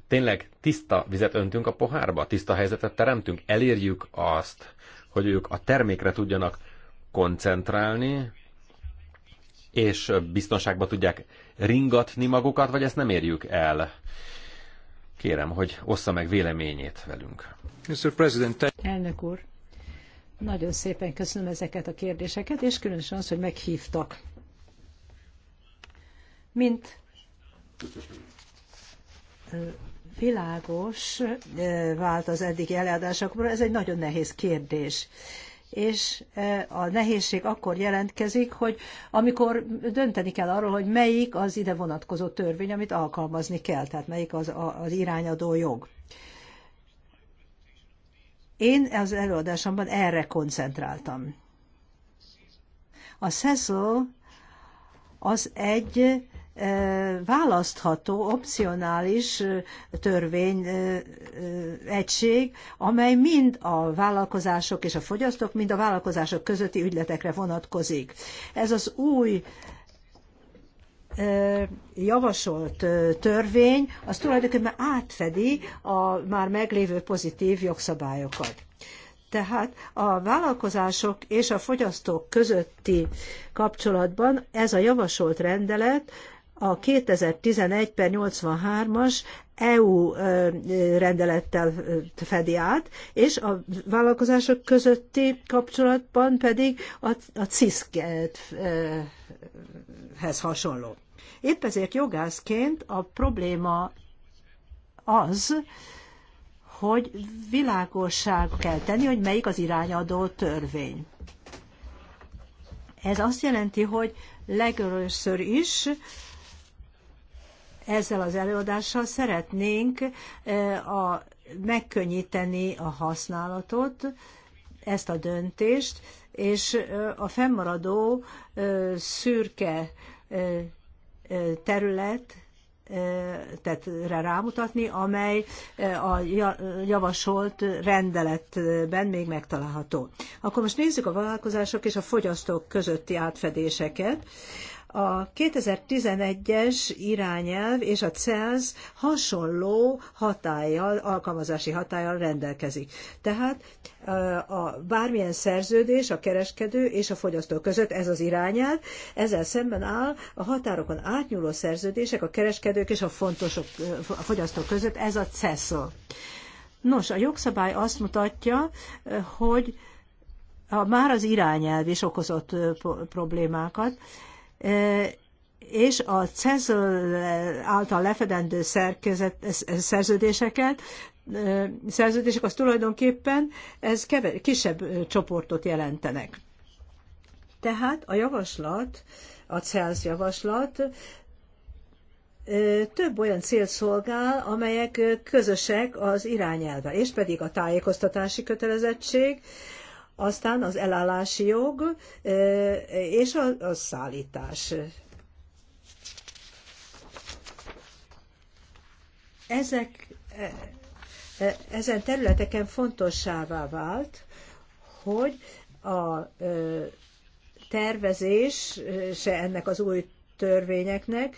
A: Tényleg tiszta vizet öntünk a pohárba, tiszta helyzetet teremtünk, elérjük azt, hogy ők a termékre tudjanak koncentrálni, és biztonságba tudják ringatni magukat, vagy ezt nem érjük el? Kérem, hogy ossza meg véleményét velünk.
B: Mr. President, Elnök úr, nagyon szépen köszönöm ezeket a kérdéseket, és különösen az, hogy meghívtak. Mint világos vált az eddigi előadásokból, ez egy nagyon nehéz kérdés. És a nehézség akkor jelentkezik, hogy amikor dönteni kell arról, hogy melyik az ide vonatkozó törvény, amit alkalmazni kell, tehát melyik az, az irányadó jog. Én az előadásomban erre koncentráltam. A SESO az egy választható, opcionális törvény egység, amely mind a vállalkozások és a fogyasztók, mind a vállalkozások közötti ügyletekre vonatkozik. Ez az új javasolt törvény az tulajdonképpen átfedi a már meglévő pozitív jogszabályokat. Tehát a vállalkozások és a fogyasztók közötti kapcsolatban ez a javasolt rendelet a 2011 per 83-as EU rendelettel fedi át, és a vállalkozások közötti kapcsolatban pedig a, a CISZ-hez hasonló. Épp ezért jogászként a probléma az, hogy világosság kell tenni, hogy melyik az irányadó törvény. Ez azt jelenti, hogy legelőször is ezzel az előadással szeretnénk e, a, megkönnyíteni a használatot, ezt a döntést, és e, a fennmaradó e, szürke terület, tehát rámutatni, amely a javasolt rendeletben még megtalálható. Akkor most nézzük a vállalkozások és a fogyasztók közötti átfedéseket. A 2011-es irányelv és a CELS hasonló hatállyal, alkalmazási hatállyal rendelkezik. Tehát a bármilyen szerződés a kereskedő és a fogyasztó között ez az irányelv, ezzel szemben áll a határokon átnyúló szerződések a kereskedők és a, fontosok, a fogyasztók között, ez a CESZA. Nos, a jogszabály azt mutatja, hogy már az irányelv is okozott problémákat, és a CESL által lefedendő szerkezet, szerződéseket, szerződések az tulajdonképpen ez keve, kisebb csoportot jelentenek. Tehát a javaslat, a CELSZ javaslat több olyan cél szolgál, amelyek közösek az irányelve, és pedig a tájékoztatási kötelezettség, aztán az elállási jog és a, szállítás. Ezek, ezen területeken fontossává vált, hogy a tervezés se ennek az új törvényeknek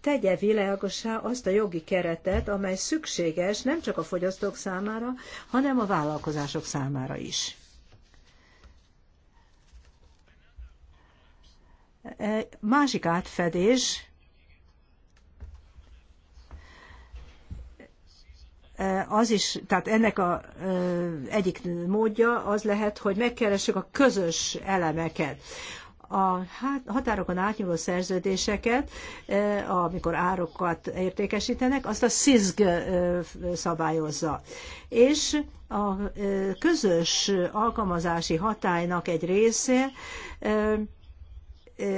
B: tegye világosá azt a jogi keretet, amely szükséges nem csak a fogyasztók számára, hanem a vállalkozások számára is. Másik átfedés az is, tehát ennek a egyik módja az lehet, hogy megkeressük a közös elemeket a hát, határokon átnyúló szerződéseket, amikor árokat értékesítenek, azt a SZIZG szabályozza. És a közös alkalmazási hatálynak egy része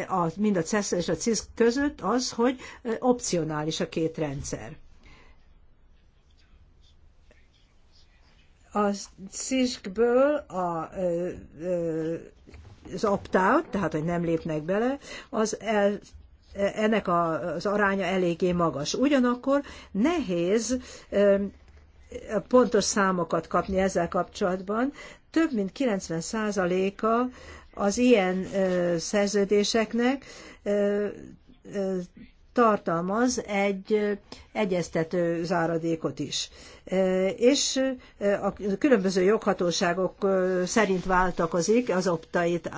B: a mind a CESZ és a CISZ között az, hogy opcionális a két rendszer. A CISZ-ből a, az opt-out, tehát hogy nem lépnek bele, az el, e, ennek a, az aránya eléggé magas. Ugyanakkor nehéz pontos számokat kapni ezzel kapcsolatban. Több mint 90 a az ilyen szerződéseknek tartalmaz egy egyeztető záradékot is. És a különböző joghatóságok szerint váltakozik az optait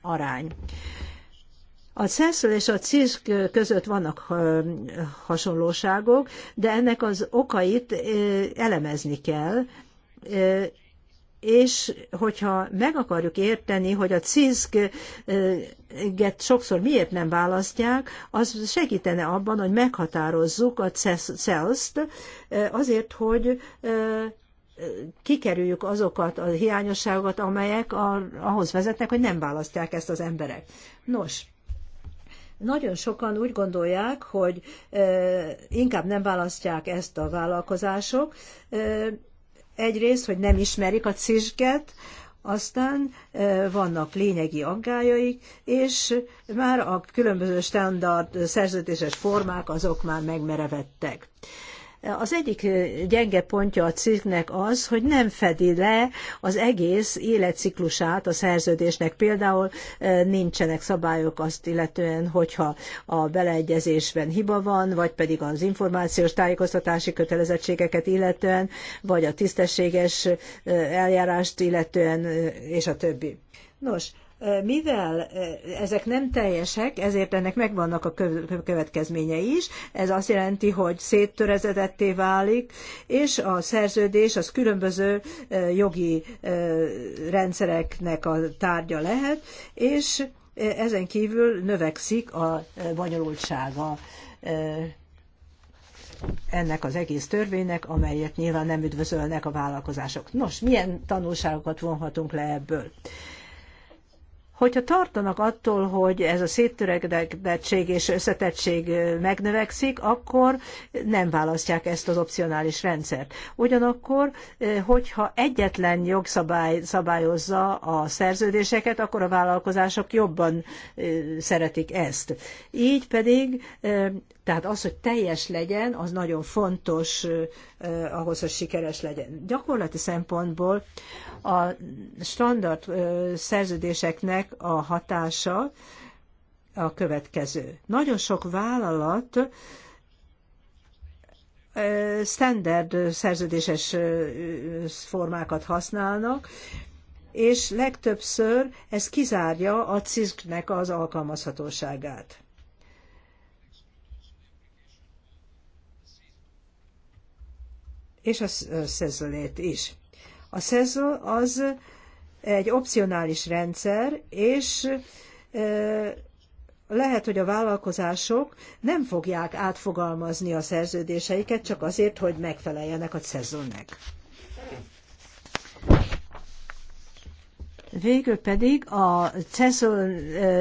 B: arány. A CESZL és a CISZK között vannak hasonlóságok, de ennek az okait elemezni kell, és hogyha meg akarjuk érteni, hogy a ciszk et sokszor miért nem választják, az segítene abban, hogy meghatározzuk a CELSZ-t azért, hogy kikerüljük azokat a hiányosságokat, amelyek ahhoz vezetnek, hogy nem választják ezt az emberek. Nos, nagyon sokan úgy gondolják, hogy inkább nem választják ezt a vállalkozások, egyrészt, hogy nem ismerik a cizsget, aztán vannak lényegi aggájaik, és már a különböző standard szerződéses formák azok már megmerevettek. Az egyik gyenge pontja a cikknek az, hogy nem fedi le az egész életciklusát a szerződésnek. Például nincsenek szabályok azt illetően, hogyha a beleegyezésben hiba van, vagy pedig az információs tájékoztatási kötelezettségeket illetően, vagy a tisztességes eljárást illetően, és a többi. Nos, mivel ezek nem teljesek, ezért ennek megvannak a következményei is. Ez azt jelenti, hogy széttörezetté válik, és a szerződés az különböző jogi rendszereknek a tárgya lehet, és ezen kívül növekszik a bonyolultsága ennek az egész törvénynek, amelyet nyilván nem üdvözölnek a vállalkozások. Nos, milyen tanulságokat vonhatunk le ebből? Hogyha tartanak attól, hogy ez a széttöregedettség és összetettség megnövekszik, akkor nem választják ezt az opcionális rendszert. Ugyanakkor, hogyha egyetlen jogszabály szabályozza a szerződéseket, akkor a vállalkozások jobban szeretik ezt. Így pedig, tehát az, hogy teljes legyen, az nagyon fontos ahhoz, hogy sikeres legyen. Gyakorlati szempontból a standard szerződéseknek a hatása a következő. Nagyon sok vállalat standard szerződéses formákat használnak, és legtöbbször ez kizárja a CISK-nek az alkalmazhatóságát. És a szezonét is. A SESO az egy opcionális rendszer, és lehet, hogy a vállalkozások nem fogják átfogalmazni a szerződéseiket csak azért, hogy megfeleljenek a szezonnek. Végül pedig a CESZÖ,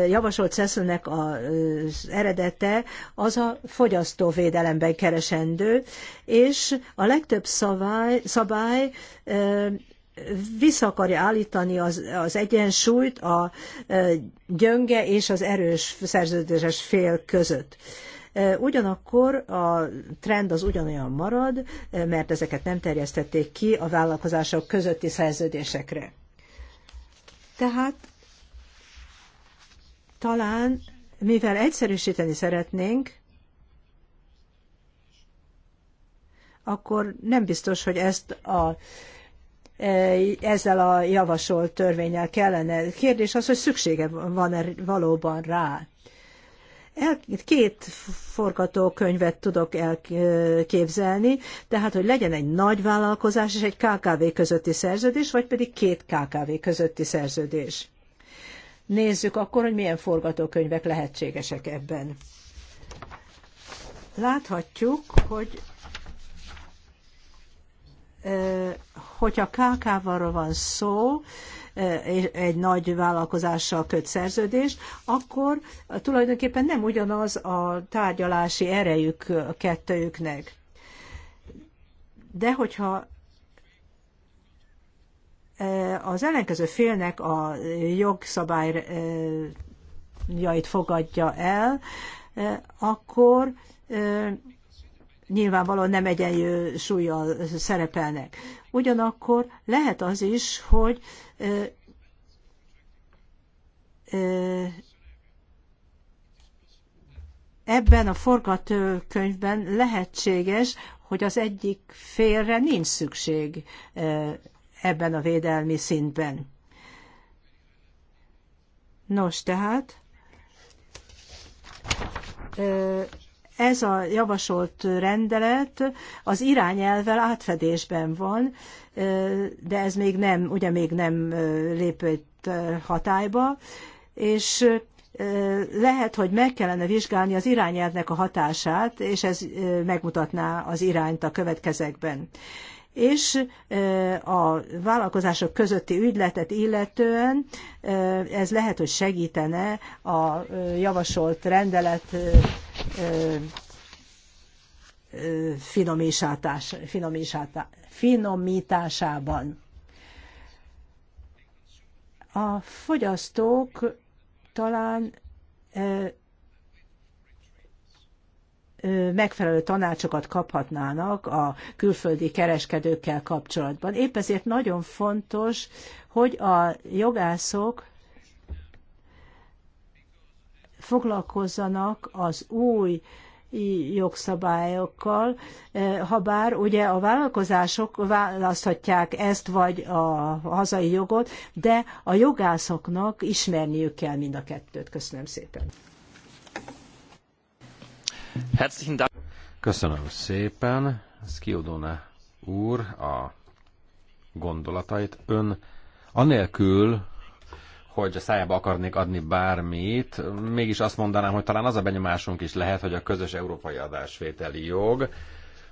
B: javasolt CESZÖ-nek az eredete az a fogyasztóvédelemben keresendő, és a legtöbb szabály, szabály vissza akarja állítani az, az egyensúlyt a gyönge és az erős szerződéses fél között. Ugyanakkor a trend az ugyanolyan marad, mert ezeket nem terjesztették ki a vállalkozások közötti szerződésekre. Tehát talán, mivel egyszerűsíteni szeretnénk, akkor nem biztos, hogy ezt a, e, ezzel a javasolt törvényel kellene. Kérdés az, hogy szüksége van-e valóban rá. El, két forgatókönyvet tudok elképzelni, tehát hogy legyen egy nagy vállalkozás és egy KKV közötti szerződés, vagy pedig két KKV közötti szerződés. Nézzük akkor, hogy milyen forgatókönyvek lehetségesek ebben. Láthatjuk, hogy hogyha KK-val van szó, egy nagy vállalkozással köt szerződést, akkor tulajdonképpen nem ugyanaz a tárgyalási erejük a kettőjüknek. De hogyha az ellenkező félnek a jogszabályjait fogadja el, akkor nyilvánvalóan nem egyenlő súlyjal szerepelnek. Ugyanakkor lehet az is, hogy ebben a forgatókönyvben lehetséges, hogy az egyik félre nincs szükség ebben a védelmi szintben. Nos, tehát ez a javasolt rendelet az irányelvel átfedésben van, de ez még nem, ugye még nem lépett hatályba, és lehet, hogy meg kellene vizsgálni az irányelvnek a hatását, és ez megmutatná az irányt a következekben. És a vállalkozások közötti ügyletet illetően ez lehet, hogy segítene a javasolt rendelet finomításában. A fogyasztók talán megfelelő tanácsokat kaphatnának a külföldi kereskedőkkel kapcsolatban. Épp ezért nagyon fontos, hogy a jogászok foglalkozzanak az új jogszabályokkal, eh, ha bár ugye a vállalkozások választhatják ezt vagy a hazai jogot, de a jogászoknak ismerniük kell mind a kettőt. Köszönöm szépen.
A: Köszönöm szépen, Skiodone úr, a gondolatait. Ön anélkül, hogy a szájába akarnék adni bármit, mégis azt mondanám, hogy talán az a benyomásunk is lehet, hogy a közös európai adásvételi jog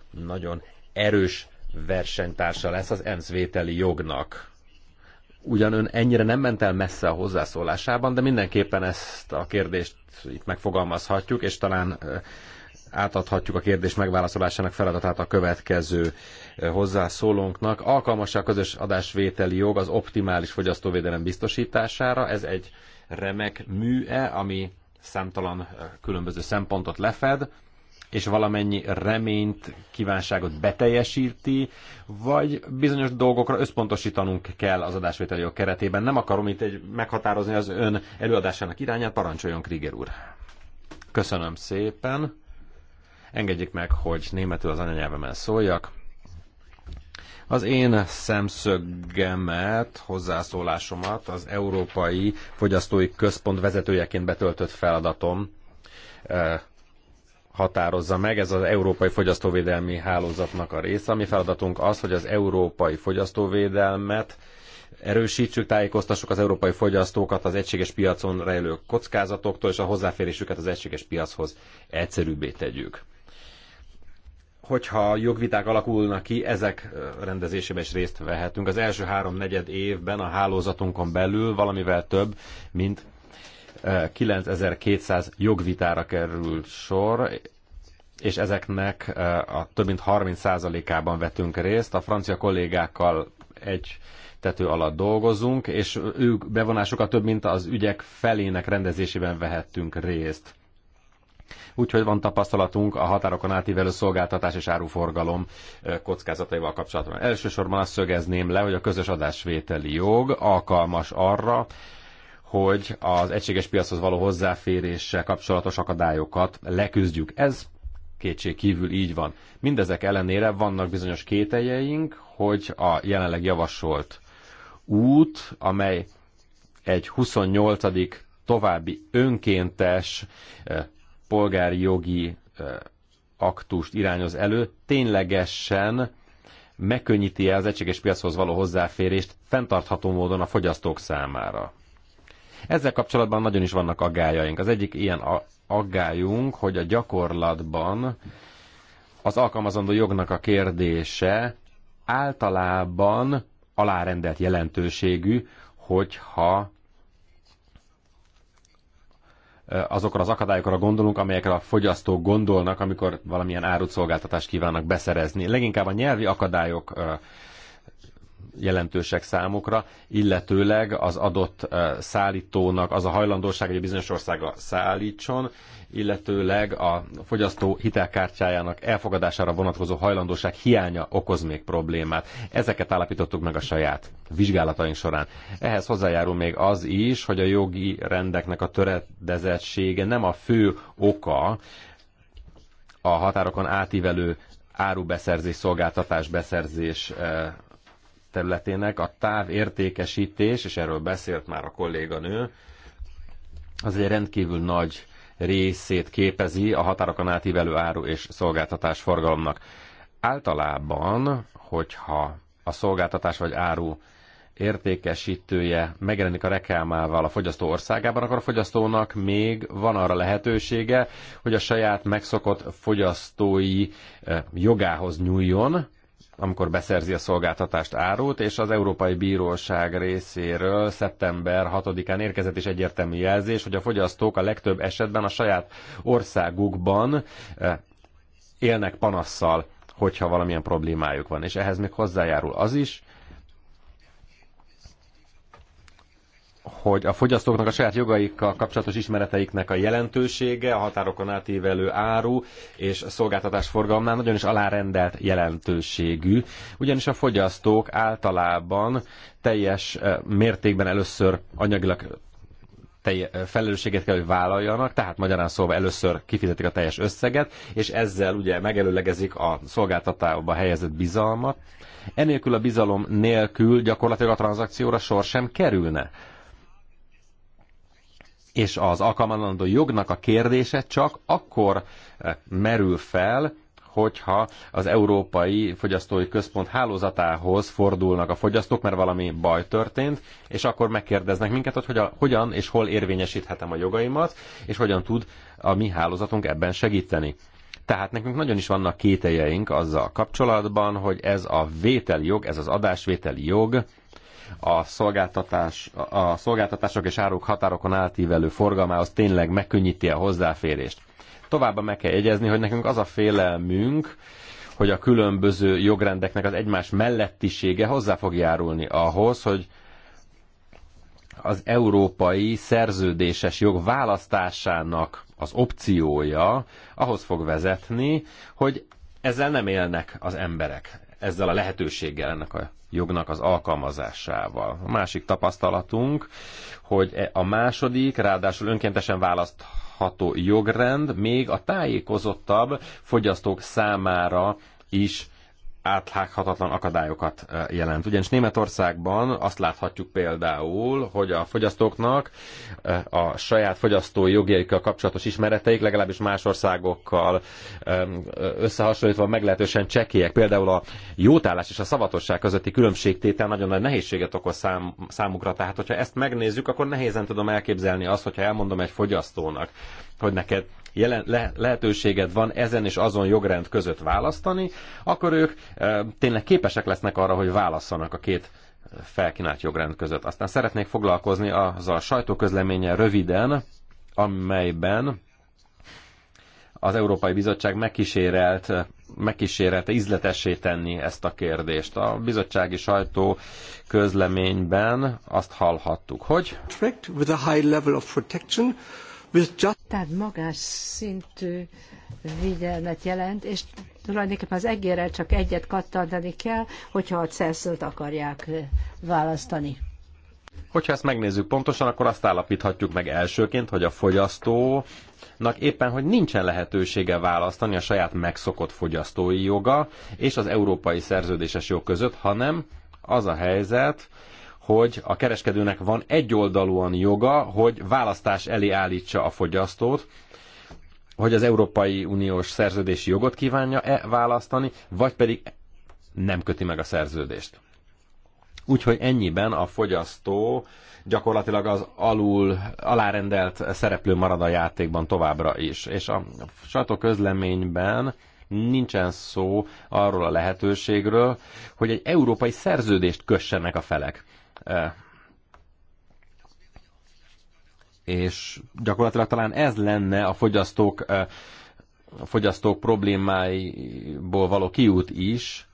A: nagyon erős versenytársa lesz az ENSZ vételi jognak. Ugyan ön ennyire nem ment el messze a hozzászólásában, de mindenképpen ezt a kérdést itt megfogalmazhatjuk, és talán átadhatjuk a kérdés megválaszolásának feladatát a következő hozzászólónknak. Alkalmas a közös adásvételi jog az optimális fogyasztóvédelem biztosítására. Ez egy remek műe, ami számtalan különböző szempontot lefed, és valamennyi reményt, kívánságot beteljesíti, vagy bizonyos dolgokra összpontosítanunk kell az adásvételi jog keretében. Nem akarom itt egy meghatározni az ön előadásának irányát, parancsoljon Krieger úr. Köszönöm szépen. Engedjék meg, hogy németül az anyanyelvemen szóljak. Az én szemszögemet, hozzászólásomat az Európai Fogyasztói Központ vezetőjeként betöltött feladatom eh, határozza meg. Ez az Európai Fogyasztóvédelmi Hálózatnak a része. A mi feladatunk az, hogy az európai fogyasztóvédelmet erősítsük, tájékoztassuk az európai fogyasztókat az egységes piacon rejlő kockázatoktól, és a hozzáférésüket az egységes piachoz egyszerűbbé tegyük hogyha jogviták alakulnak ki, ezek rendezésében is részt vehetünk. Az első három negyed évben a hálózatunkon belül valamivel több, mint 9200 jogvitára kerül sor, és ezeknek a több mint 30%-ában vetünk részt. A francia kollégákkal egy tető alatt dolgozunk, és ők bevonásukat több mint az ügyek felének rendezésében vehettünk részt úgyhogy van tapasztalatunk a határokon átívelő szolgáltatás és áruforgalom kockázataival kapcsolatban. Elsősorban azt szögezném le, hogy a közös adásvételi jog alkalmas arra, hogy az egységes piachoz való hozzáféréssel kapcsolatos akadályokat leküzdjük. Ez kétség kívül így van. Mindezek ellenére vannak bizonyos kételjeink, hogy a jelenleg javasolt út, amely egy 28. további önkéntes polgári jogi aktust irányoz elő, ténylegesen megkönnyíti -e az egységes piachoz való hozzáférést fenntartható módon a fogyasztók számára. Ezzel kapcsolatban nagyon is vannak aggájaink. Az egyik ilyen aggályunk, hogy a gyakorlatban az alkalmazandó jognak a kérdése általában alárendelt jelentőségű, hogyha azokra az akadályokra gondolunk, amelyekre a fogyasztók gondolnak, amikor valamilyen árut szolgáltatást kívánnak beszerezni. Leginkább a nyelvi akadályok jelentősek számukra, illetőleg az adott szállítónak az a hajlandóság, hogy a bizonyos országa szállítson, illetőleg a fogyasztó hitelkártyájának elfogadására vonatkozó hajlandóság hiánya okoz még problémát. Ezeket állapítottuk meg a saját vizsgálataink során. Ehhez hozzájárul még az is, hogy a jogi rendeknek a töredezettsége nem a fő oka a határokon átívelő árubeszerzés, szolgáltatás beszerzés területének a távértékesítés, és erről beszélt már a kolléganő, az egy rendkívül nagy részét képezi a határokon átívelő áru és szolgáltatás forgalomnak. Általában, hogyha a szolgáltatás vagy áru értékesítője megjelenik a reklámával a fogyasztó országában, akkor a fogyasztónak még van arra lehetősége, hogy a saját megszokott fogyasztói eh, jogához nyúljon, amikor beszerzi a szolgáltatást árut, és az Európai Bíróság részéről szeptember 6-án érkezett is egyértelmű jelzés, hogy a fogyasztók a legtöbb esetben a saját országukban eh, élnek panasszal, hogyha valamilyen problémájuk van. És ehhez még hozzájárul az is, hogy a fogyasztóknak a saját jogaikkal kapcsolatos ismereteiknek a jelentősége, a határokon átívelő áru és a szolgáltatás forgalmán nagyon is alárendelt jelentőségű, ugyanis a fogyasztók általában teljes eh, mértékben először anyagilag eh, felelősséget kell, hogy vállaljanak, tehát magyarán szóval először kifizetik a teljes összeget, és ezzel ugye megelőlegezik a szolgáltatába helyezett bizalmat. Enélkül a bizalom nélkül gyakorlatilag a tranzakcióra sor sem kerülne és az alkalmazandó jognak a kérdése csak akkor eh, merül fel, hogyha az Európai Fogyasztói Központ hálózatához fordulnak a fogyasztók, mert valami baj történt, és akkor megkérdeznek minket, hogy hogyan és hol érvényesíthetem a jogaimat, és hogyan tud a mi hálózatunk ebben segíteni. Tehát nekünk nagyon is vannak kételjeink azzal kapcsolatban, hogy ez a vételi jog, ez az adásvételi jog, a, szolgáltatás, a szolgáltatások és áruk határokon átívelő forgalmához tényleg megkönnyíti a hozzáférést. Továbbá meg kell jegyezni, hogy nekünk az a félelmünk, hogy a különböző jogrendeknek az egymás mellettisége hozzá fog járulni ahhoz, hogy az európai szerződéses jog választásának az opciója ahhoz fog vezetni, hogy ezzel nem élnek az emberek, ezzel a lehetőséggel ennek a jognak az alkalmazásával. A másik tapasztalatunk, hogy e- a második, ráadásul önkéntesen választható jogrend még a tájékozottabb fogyasztók számára is átláthatatlan akadályokat jelent. Ugyanis Németországban azt láthatjuk például, hogy a fogyasztóknak a saját fogyasztói jogjaikkal kapcsolatos ismereteik legalábbis más országokkal összehasonlítva meglehetősen csekélyek. Például a jótállás és a szavatosság közötti különbségtétel nagyon nagy nehézséget okoz szám, számukra. Tehát, hogyha ezt megnézzük, akkor nehézen tudom elképzelni azt, hogyha elmondom egy fogyasztónak, hogy neked jelen, le, lehetőséged van ezen és azon jogrend között választani, akkor ők e, tényleg képesek lesznek arra, hogy válasszanak a két felkínált jogrend között. Aztán szeretnék foglalkozni azzal a sajtóközleménnyel röviden, amelyben az Európai Bizottság megkísérelt, megkísérelte izletessé tenni ezt a kérdést. A bizottsági sajtó közleményben azt hallhattuk, hogy
B: with a high level of protection tehát magas szintű vigyelmet jelent, és tulajdonképpen az egérrel csak egyet kattantani kell, hogyha a celszolt akarják eh, választani.
A: Hogyha ezt megnézzük pontosan, akkor azt állapíthatjuk meg elsőként, hogy a fogyasztónak éppen, hogy nincsen lehetősége választani a saját megszokott fogyasztói joga és az európai szerződéses jog között, hanem az a helyzet, hogy a kereskedőnek van egyoldalúan joga, hogy választás elé állítsa a fogyasztót, hogy az Európai Uniós szerződési jogot kívánja-e választani, vagy pedig nem köti meg a szerződést. Úgyhogy ennyiben a fogyasztó gyakorlatilag az alul, alárendelt szereplő marad a játékban továbbra is. És a sajtóközleményben nincsen szó arról a lehetőségről, hogy egy európai szerződést kössenek a felek. E, és gyakorlatilag talán ez lenne a fogyasztók, e, a fogyasztók problémáiból való kiút is,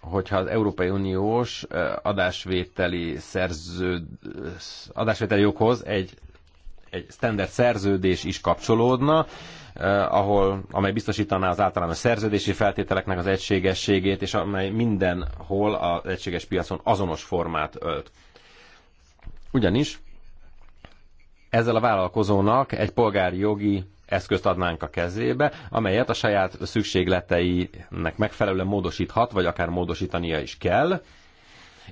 A: hogyha az Európai Uniós e, adásvételi szerződ, adásvételi joghoz egy, egy standard szerződés is kapcsolódna, Eh, ahol, amely biztosítaná az általános szerződési feltételeknek az egységességét, és amely mindenhol az egységes piacon azonos formát ölt. Ugyanis ezzel a vállalkozónak egy polgári jogi eszközt adnánk a kezébe, amelyet a saját szükségleteinek megfelelően módosíthat, vagy akár módosítania is kell,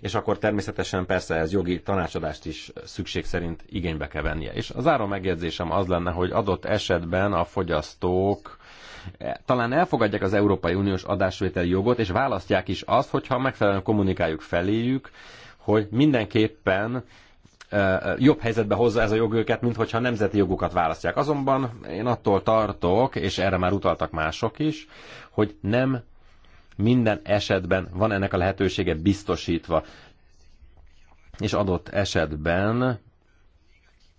A: és akkor természetesen persze ez jogi tanácsadást is szükség szerint igénybe kell vennie. És az áron megjegyzésem az lenne, hogy adott esetben a fogyasztók eh, talán elfogadják az Európai Uniós adásvételi jogot, és választják is azt, hogyha megfelelően kommunikáljuk feléjük, hogy mindenképpen eh, eh, jobb helyzetbe hozza ez a jog őket, mint hogyha nemzeti jogokat választják. Azonban én attól tartok, és erre már utaltak mások is, hogy nem minden esetben van ennek a lehetősége biztosítva. És adott esetben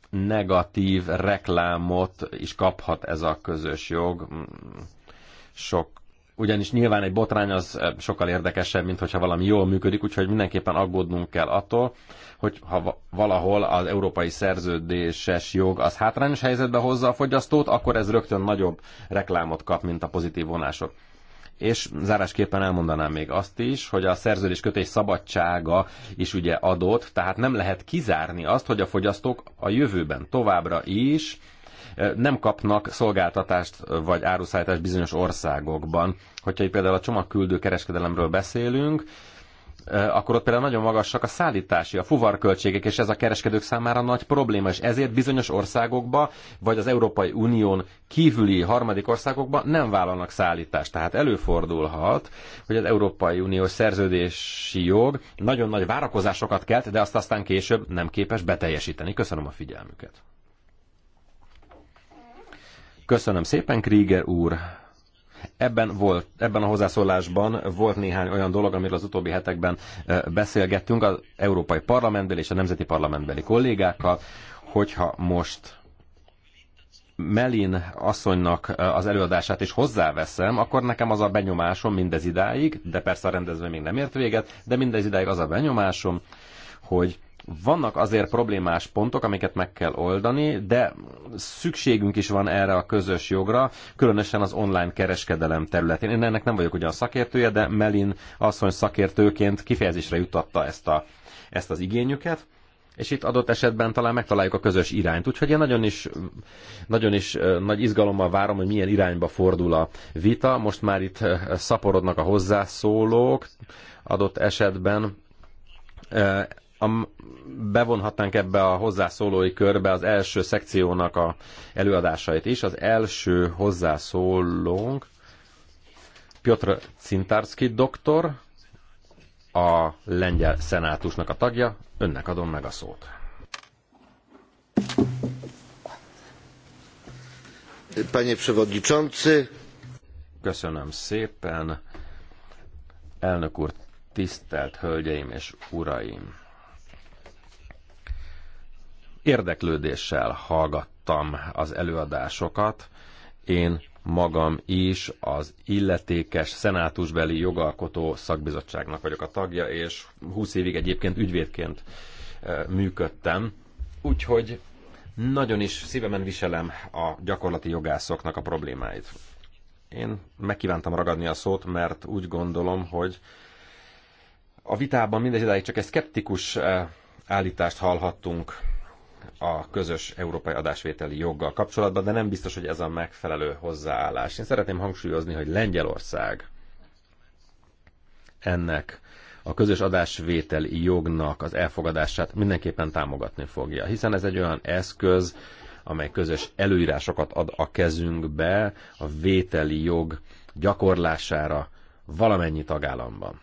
A: negatív reklámot is kaphat ez a közös jog. Sok ugyanis nyilván egy botrány az eh, sokkal érdekesebb, mint hogyha valami jól működik, úgyhogy mindenképpen aggódnunk kell attól, hogy ha valahol az európai szerződéses jog az hátrányos helyzetbe hozza a fogyasztót, akkor ez rögtön nagyobb reklámot kap, mint a pozitív vonások. És zárásképpen elmondanám még azt is, hogy a szerződés kötés szabadsága is ugye adott, tehát nem lehet kizárni azt, hogy a fogyasztók a jövőben továbbra is nem kapnak szolgáltatást vagy áruszállítást bizonyos országokban. Hogyha itt például a csomagküldő kereskedelemről beszélünk, Eh, akkor ott például nagyon magasak a szállítási, a fuvarköltségek, és ez a kereskedők számára nagy probléma, és ezért bizonyos országokba, vagy az Európai Unión kívüli harmadik országokba nem vállalnak szállítást. Tehát előfordulhat, hogy az Európai Uniós szerződési jog nagyon nagy várakozásokat kelt, de azt aztán később nem képes beteljesíteni. Köszönöm a figyelmüket. Köszönöm szépen, Krieger úr! Ebben, volt, ebben a hozzászólásban volt néhány olyan dolog, amiről az utóbbi hetekben beszélgettünk az Európai Parlamentbeli és a Nemzeti Parlamentbeli kollégákkal, hogyha most Melin asszonynak az előadását is hozzáveszem, akkor nekem az a benyomásom mindez idáig, de persze a rendezvény még nem ért véget, de mindez idáig az a benyomásom, hogy vannak azért problémás pontok, amiket meg kell oldani, de szükségünk is van erre a közös jogra, különösen az online kereskedelem területén. Én ennek nem vagyok ugyan szakértője, de Melin asszony szakértőként kifejezésre jutatta ezt, a, ezt az igényüket és itt adott esetben talán megtaláljuk a közös irányt. Úgyhogy én nagyon is, nagyon is nagy izgalommal várom, hogy milyen irányba fordul a vita. Most már itt szaporodnak a hozzászólók, adott esetben a, bevonhatnánk ebbe a hozzászólói körbe az első szekciónak a előadásait is. Az első hozzászólónk Piotr Cintarski doktor, a lengyel szenátusnak a tagja. Önnek adom meg a szót. Panie Przewodniczący. Köszönöm szépen. Elnök úr, tisztelt hölgyeim és uraim! Érdeklődéssel hallgattam az előadásokat. Én magam is az illetékes szenátusbeli jogalkotó szakbizottságnak vagyok a tagja, és 20 évig egyébként ügyvédként működtem. Úgyhogy nagyon is szívemen viselem a gyakorlati jogászoknak a problémáit. Én megkívántam ragadni a szót, mert úgy gondolom, hogy a vitában mindegy csak egy szkeptikus állítást hallhattunk a közös európai adásvételi joggal kapcsolatban, de nem biztos, hogy ez a megfelelő hozzáállás. Én szeretném hangsúlyozni, hogy Lengyelország ennek a közös adásvételi jognak az elfogadását mindenképpen támogatni fogja, hiszen ez egy olyan eszköz, amely közös előírásokat ad a kezünkbe a vételi jog gyakorlására valamennyi tagállamban.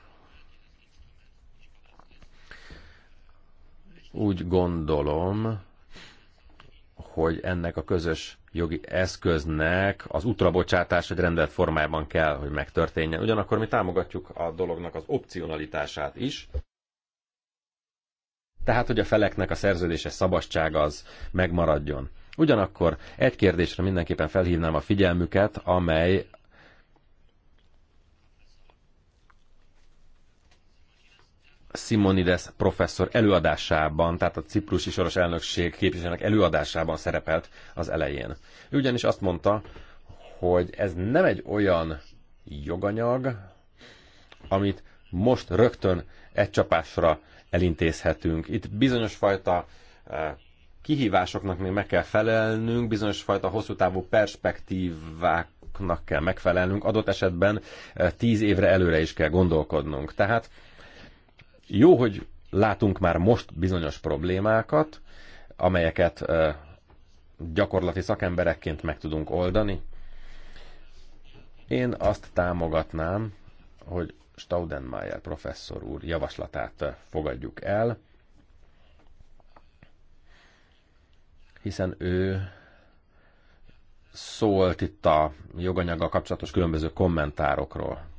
A: Úgy gondolom, hogy ennek a közös jogi eszköznek az utrabocsátás egy rendelt formájában kell, hogy megtörténjen. Ugyanakkor mi támogatjuk a dolognak az opcionalitását is, tehát, hogy a feleknek a szerződése szabadság az megmaradjon. Ugyanakkor egy kérdésre mindenképpen felhívnám a figyelmüket, amely Simonides professzor előadásában, tehát a ciprusi soros elnökség képviselőnek előadásában szerepelt az elején. Ő ugyanis azt mondta, hogy ez nem egy olyan joganyag, amit most rögtön egy csapásra elintézhetünk. Itt bizonyos fajta eh, kihívásoknak még meg kell felelnünk, bizonyos fajta hosszú távú perspektíváknak kell megfelelnünk, adott esetben eh, tíz évre előre is kell gondolkodnunk. Tehát jó, hogy látunk már most bizonyos problémákat, amelyeket gyakorlati szakemberekként meg tudunk oldani. Én azt támogatnám, hogy Staudenmayer professzor úr javaslatát fogadjuk el, hiszen ő szólt itt a joganyaggal kapcsolatos különböző kommentárokról.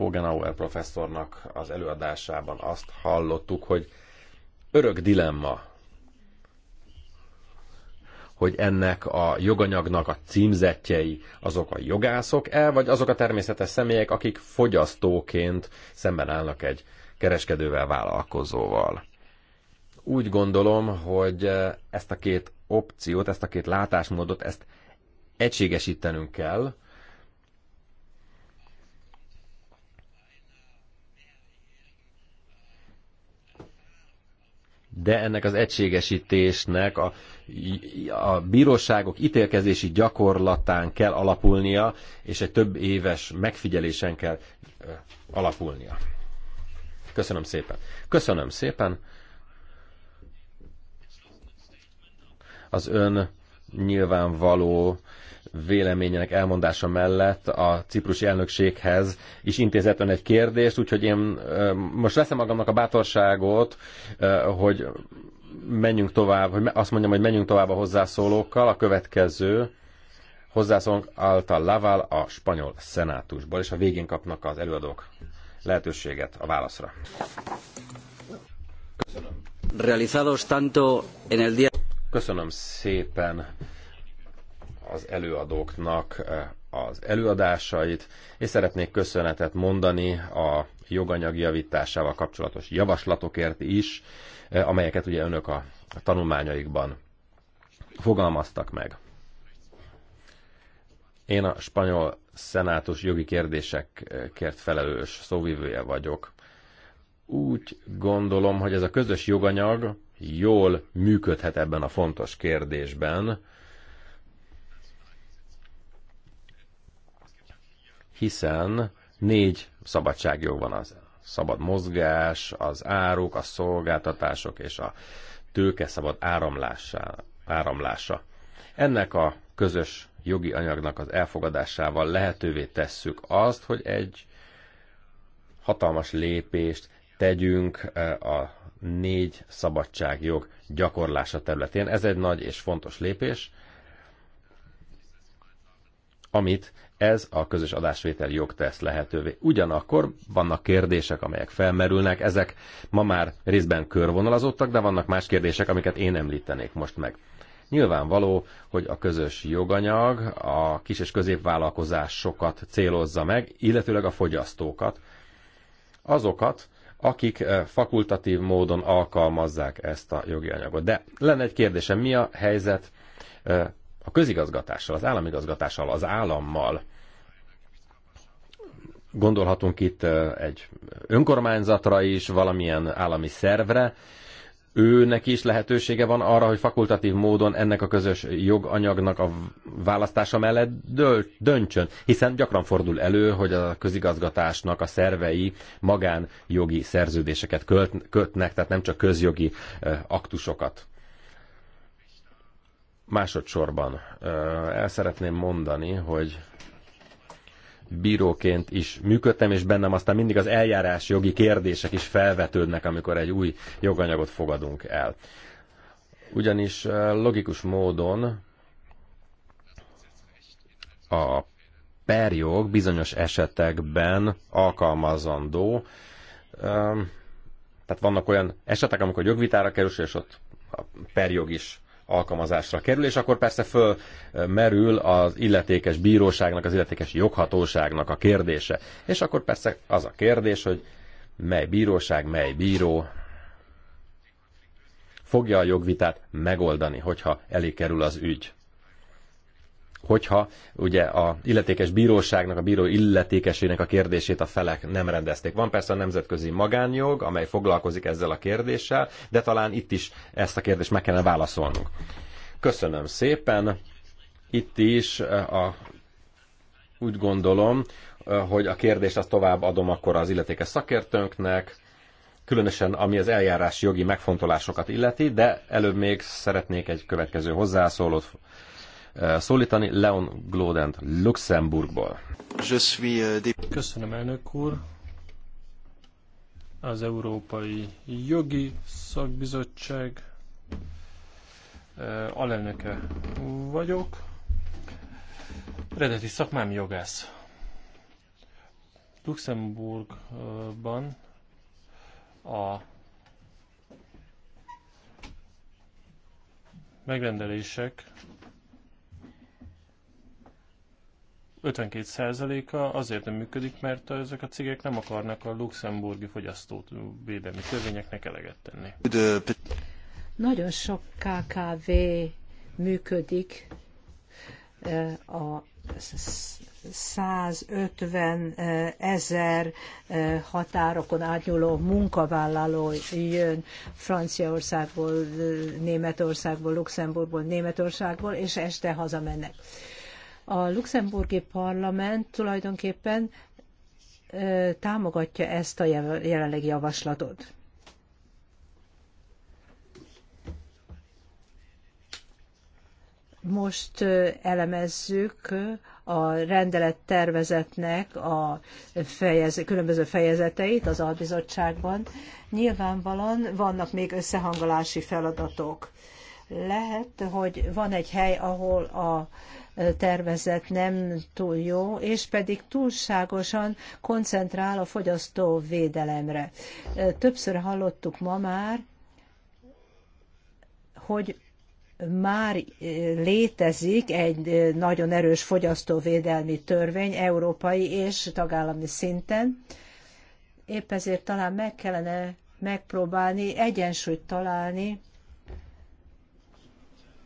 A: Fogenauer professzornak az előadásában azt hallottuk, hogy örök dilemma, hogy ennek a joganyagnak a címzetjei azok a jogászok el vagy azok a természetes személyek, akik fogyasztóként szemben állnak egy kereskedővel, vállalkozóval. Úgy gondolom, hogy ezt a két opciót, ezt a két látásmódot, ezt egységesítenünk kell, de ennek az egységesítésnek a, a bíróságok ítélkezési gyakorlatán kell alapulnia, és egy több éves megfigyelésen kell alapulnia. Köszönöm szépen. Köszönöm szépen. Az ön nyilvánvaló véleményének elmondása mellett a ciprusi elnökséghez is intézett ön egy kérdést, úgyhogy én most veszem magamnak a bátorságot, hogy menjünk tovább, hogy azt mondjam, hogy menjünk tovább a hozzászólókkal. A következő hozzászólónk által Laval a spanyol szenátusból, és a végén kapnak az előadók lehetőséget a válaszra. Köszönöm. Realizados tanto en el día... Köszönöm szépen az előadóknak eh, az előadásait, és szeretnék köszönetet mondani a joganyag javításával kapcsolatos javaslatokért is, eh, amelyeket ugye önök a tanulmányaikban fogalmaztak meg. Én a spanyol szenátus jogi kérdésekért felelős szóvivője vagyok. Úgy gondolom, hogy ez a közös joganyag jól működhet ebben a fontos kérdésben, hiszen négy szabadságjog van az szabad mozgás, az áruk, a szolgáltatások és a tőke szabad áramlása. áramlása. Ennek a közös jogi anyagnak az elfogadásával lehetővé tesszük azt, hogy egy hatalmas lépést tegyünk e, a négy szabadságjog gyakorlása területén. Ez egy nagy és fontos lépés, amit ez a közös adásvétel jog tesz lehetővé. Ugyanakkor vannak kérdések, amelyek felmerülnek, ezek ma már részben körvonalazottak, de vannak más kérdések, amiket én említenék most meg. Nyilvánvaló, hogy a közös joganyag a kis és középvállalkozásokat célozza meg, illetőleg a fogyasztókat, azokat, akik eh, fakultatív módon alkalmazzák ezt a jogi anyagot. De lenne egy kérdésem, mi a helyzet eh, a közigazgatással, az államigazgatással, az állammal. Gondolhatunk itt egy önkormányzatra is, valamilyen állami szervre. Őnek is lehetősége van arra, hogy fakultatív módon ennek a közös joganyagnak a választása mellett döntsön, hiszen gyakran fordul elő, hogy a közigazgatásnak a szervei magánjogi szerződéseket kötnek, tehát nem csak közjogi aktusokat Másodszorban el szeretném mondani, hogy bíróként is működtem, és bennem aztán mindig az eljárás jogi kérdések is felvetődnek, amikor egy új joganyagot fogadunk el. Ugyanis logikus módon a perjog bizonyos esetekben alkalmazandó, tehát vannak olyan esetek, amikor jogvitára kerül, és ott a perjog is alkalmazásra kerül, és akkor persze fölmerül az illetékes bíróságnak, az illetékes joghatóságnak a kérdése. És akkor persze az a kérdés, hogy mely bíróság, mely bíró fogja a jogvitát megoldani, hogyha elé kerül az ügy hogyha ugye a illetékes bíróságnak, a bíró illetékesének a kérdését a felek nem rendezték. Van persze a nemzetközi magánjog, amely foglalkozik ezzel a kérdéssel, de talán itt is ezt a kérdést meg kellene válaszolnunk. Köszönöm szépen. Itt is eh, a, úgy gondolom, eh, hogy a kérdést azt tovább adom akkor az illetékes szakértőnknek, különösen ami az eljárás jogi megfontolásokat illeti, de előbb még szeretnék egy következő hozzászólót Eh, szólítani, Leon Glodent Luxemburgból.
D: Eh, Köszönöm, elnök úr! Az Európai Jogi Szakbizottság eh, alelnöke vagyok. Eredeti szakmám jogász. Luxemburgban a megrendelések 52%-a azért nem működik, mert ezek a cégek nem akarnak a luxemburgi fogyasztót védelmi törvényeknek eleget tenni.
B: Nagyon sok KKV működik eh, a 150 ezer eh, határokon átnyúló munkavállaló jön Franciaországból, eh, Németországból, Luxemburgból, Németországból, és este hazamennek a luxemburgi parlament tulajdonképpen támogatja ezt a jelenlegi javaslatot. Most elemezzük a rendelet tervezetnek a fejez, különböző fejezeteit az albizottságban. Nyilvánvalóan vannak még összehangolási feladatok lehet, hogy van egy hely, ahol a tervezet nem túl jó, és pedig túlságosan koncentrál a fogyasztó védelemre. Többször hallottuk ma már, hogy már létezik egy nagyon erős fogyasztóvédelmi törvény európai és tagállami szinten. Épp ezért talán meg kellene megpróbálni egyensúlyt találni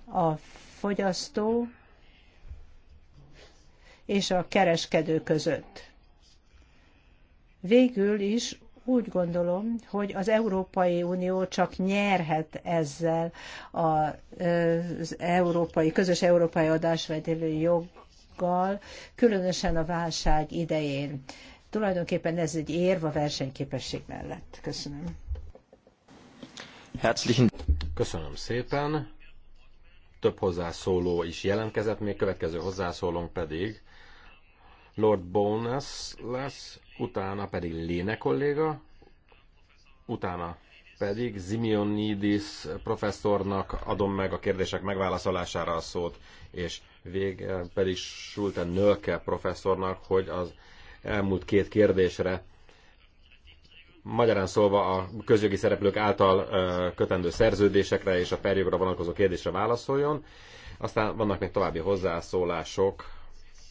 B: a fogyasztó és a kereskedő között. Végül is úgy gondolom, hogy az Európai Unió csak nyerhet ezzel az európai, közös európai adásvételő joggal, különösen a válság idején. Tulajdonképpen ez egy érv a versenyképesség mellett. Köszönöm.
A: Herzlichen. Köszönöm szépen több hozzászóló is jelentkezett, még következő hozzászólónk pedig Lord Bonus lesz, utána pedig Léne kolléga, utána pedig Zimionidis professzornak adom meg a kérdések megválaszolására a szót, és vége pedig Schulte Nölke professzornak, hogy az elmúlt két kérdésre magyarán szólva a közjogi szereplők által kötendő szerződésekre és a perjogra vonatkozó kérdésre válaszoljon. Aztán vannak még további hozzászólások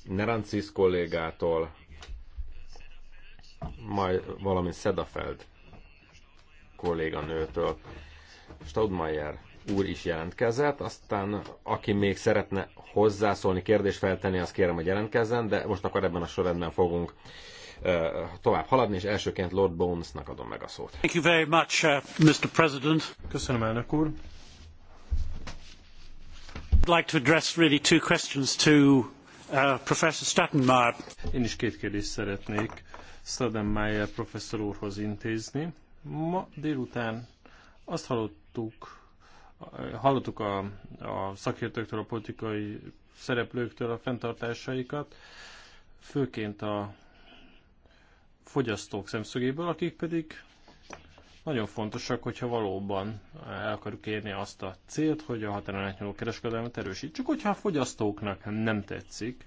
A: Nerancis kollégától, majd valamint Szedafeld kolléganőtől. Staudmayer úr is jelentkezett, aztán aki még szeretne hozzászólni, kérdést feltenni, azt kérem, hogy jelentkezzen, de most akkor ebben a sorrendben fogunk Eh, tovább haladni, és elsőként Lord Bonesnak adom meg a szót.
D: Thank you very much, uh, Mr. President. Köszönöm, elnök úr. I'd like to address really two questions to uh, Professor Stattenmeier. Én is két kérdést szeretnék Stattenmeier professzor úrhoz intézni. Ma délután azt hallottuk, hallottuk a, a szakértőktől, a politikai szereplőktől a fenntartásaikat, főként a fogyasztók szemszögéből, akik pedig nagyon fontosak, hogyha valóban el akarjuk érni azt a célt, hogy a határon átnyúló kereskedelmet erősítsük, hogyha a fogyasztóknak nem tetszik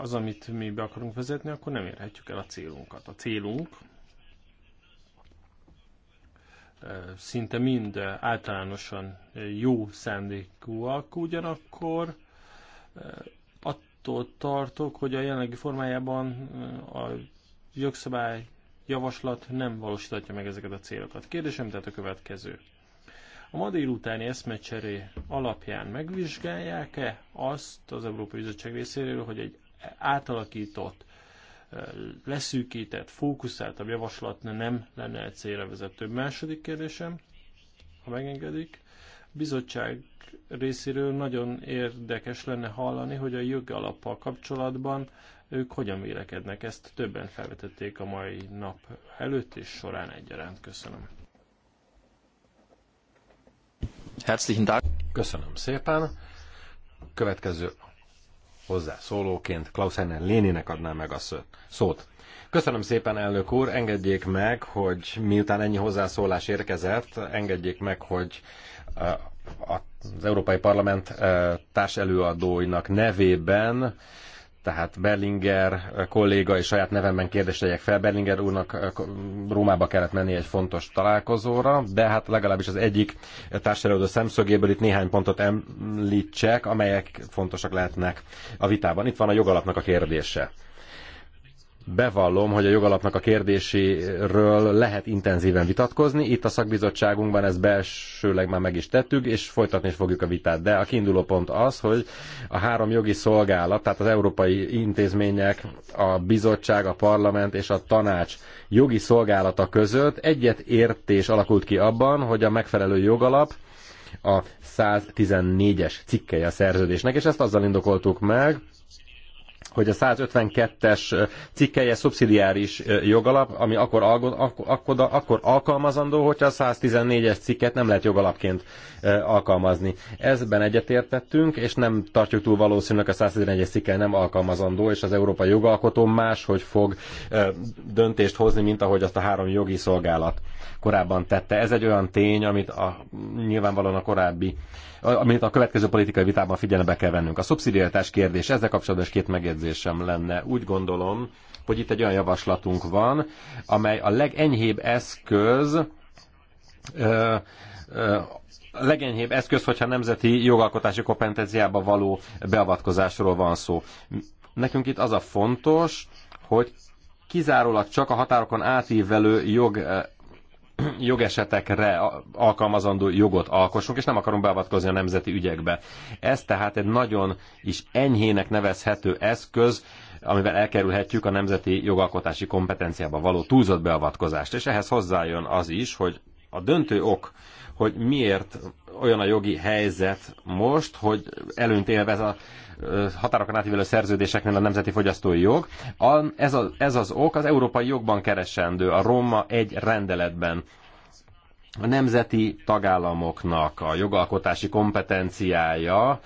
D: az, amit mi be akarunk vezetni, akkor nem érhetjük el a célunkat. A célunk szinte mind általánosan jó szándékúak, ugyanakkor attól tartok, hogy a jelenlegi formájában a jogszabály javaslat nem valósítatja meg ezeket a célokat. Kérdésem tehát a következő. A ma délutáni eszmecseré alapján megvizsgálják-e azt az Európai Bizottság részéről, hogy egy átalakított, leszűkített, fókuszáltabb javaslat nem lenne egy célra vezető. Második kérdésem, ha megengedik bizottság részéről nagyon érdekes lenne hallani, hogy a jogalappal kapcsolatban ők hogyan vélekednek. Ezt többen felvetették a mai nap előtt és során egyaránt. Köszönöm.
A: Herzlichen Dank. Köszönöm szépen. Következő hozzászólóként Klaus Heiner Léninek adnám meg a szót. Köszönöm szépen, elnök úr. Engedjék meg, hogy miután ennyi hozzászólás érkezett, engedjék meg, hogy az Európai Parlament eh, társ előadóinak nevében, tehát Berlinger kolléga és saját nevemben kérdéseljek fel. Berlinger úrnak eh, Rómába kellett menni egy fontos találkozóra, de hát legalábbis az egyik társadalmi szemszögéből itt néhány pontot említsek, amelyek fontosak lehetnek a vitában. Itt van a jogalapnak a kérdése bevallom, hogy a jogalapnak a kérdéséről lehet intenzíven vitatkozni. Itt a szakbizottságunkban ezt belsőleg már meg is tettük, és folytatni is fogjuk a vitát. De a kiinduló pont az, hogy a három jogi szolgálat, tehát az európai intézmények, a bizottság, a parlament és a tanács jogi szolgálata között egyet értés alakult ki abban, hogy a megfelelő jogalap a 114-es cikkeje a szerződésnek, és ezt azzal indokoltuk meg, hogy a 152-es cikkelje szubszidiáris jogalap, ami akkor, akkor, akkor alkalmazandó, hogyha a 114-es cikket nem lehet jogalapként alkalmazni. Ezben egyetértettünk, és nem tartjuk túl valószínűleg a 111-es cikkel nem alkalmazandó, és az európai jogalkotó máshogy fog döntést hozni, mint ahogy azt a három jogi szolgálat korábban tette. Ez egy olyan tény, amit a, nyilvánvalóan a korábbi amit a következő politikai vitában figyelembe kell vennünk. A szubszidiaritás kérdés, ezzel kapcsolatban is két megjegyzésem lenne. Úgy gondolom, hogy itt egy olyan javaslatunk van, amely a legenyhébb eszköz, ö, ö, legenyhébb eszköz, hogyha nemzeti jogalkotási kompetenciába való beavatkozásról van szó. Nekünk itt az a fontos, hogy kizárólag csak a határokon átívelő jog jogesetekre alkalmazandó jogot alkossunk, és nem akarunk beavatkozni a nemzeti ügyekbe. Ez tehát egy nagyon is enyhének nevezhető eszköz, amivel elkerülhetjük a nemzeti jogalkotási kompetenciába való túlzott beavatkozást. És ehhez hozzájön az is, hogy a döntő ok, hogy miért olyan a jogi helyzet most, hogy előnt élvez a határokon átívelő szerződéseknél a nemzeti fogyasztói jog. A, ez, a, ez az ok az európai jogban keresendő, a Roma egy rendeletben a nemzeti tagállamoknak a jogalkotási kompetenciája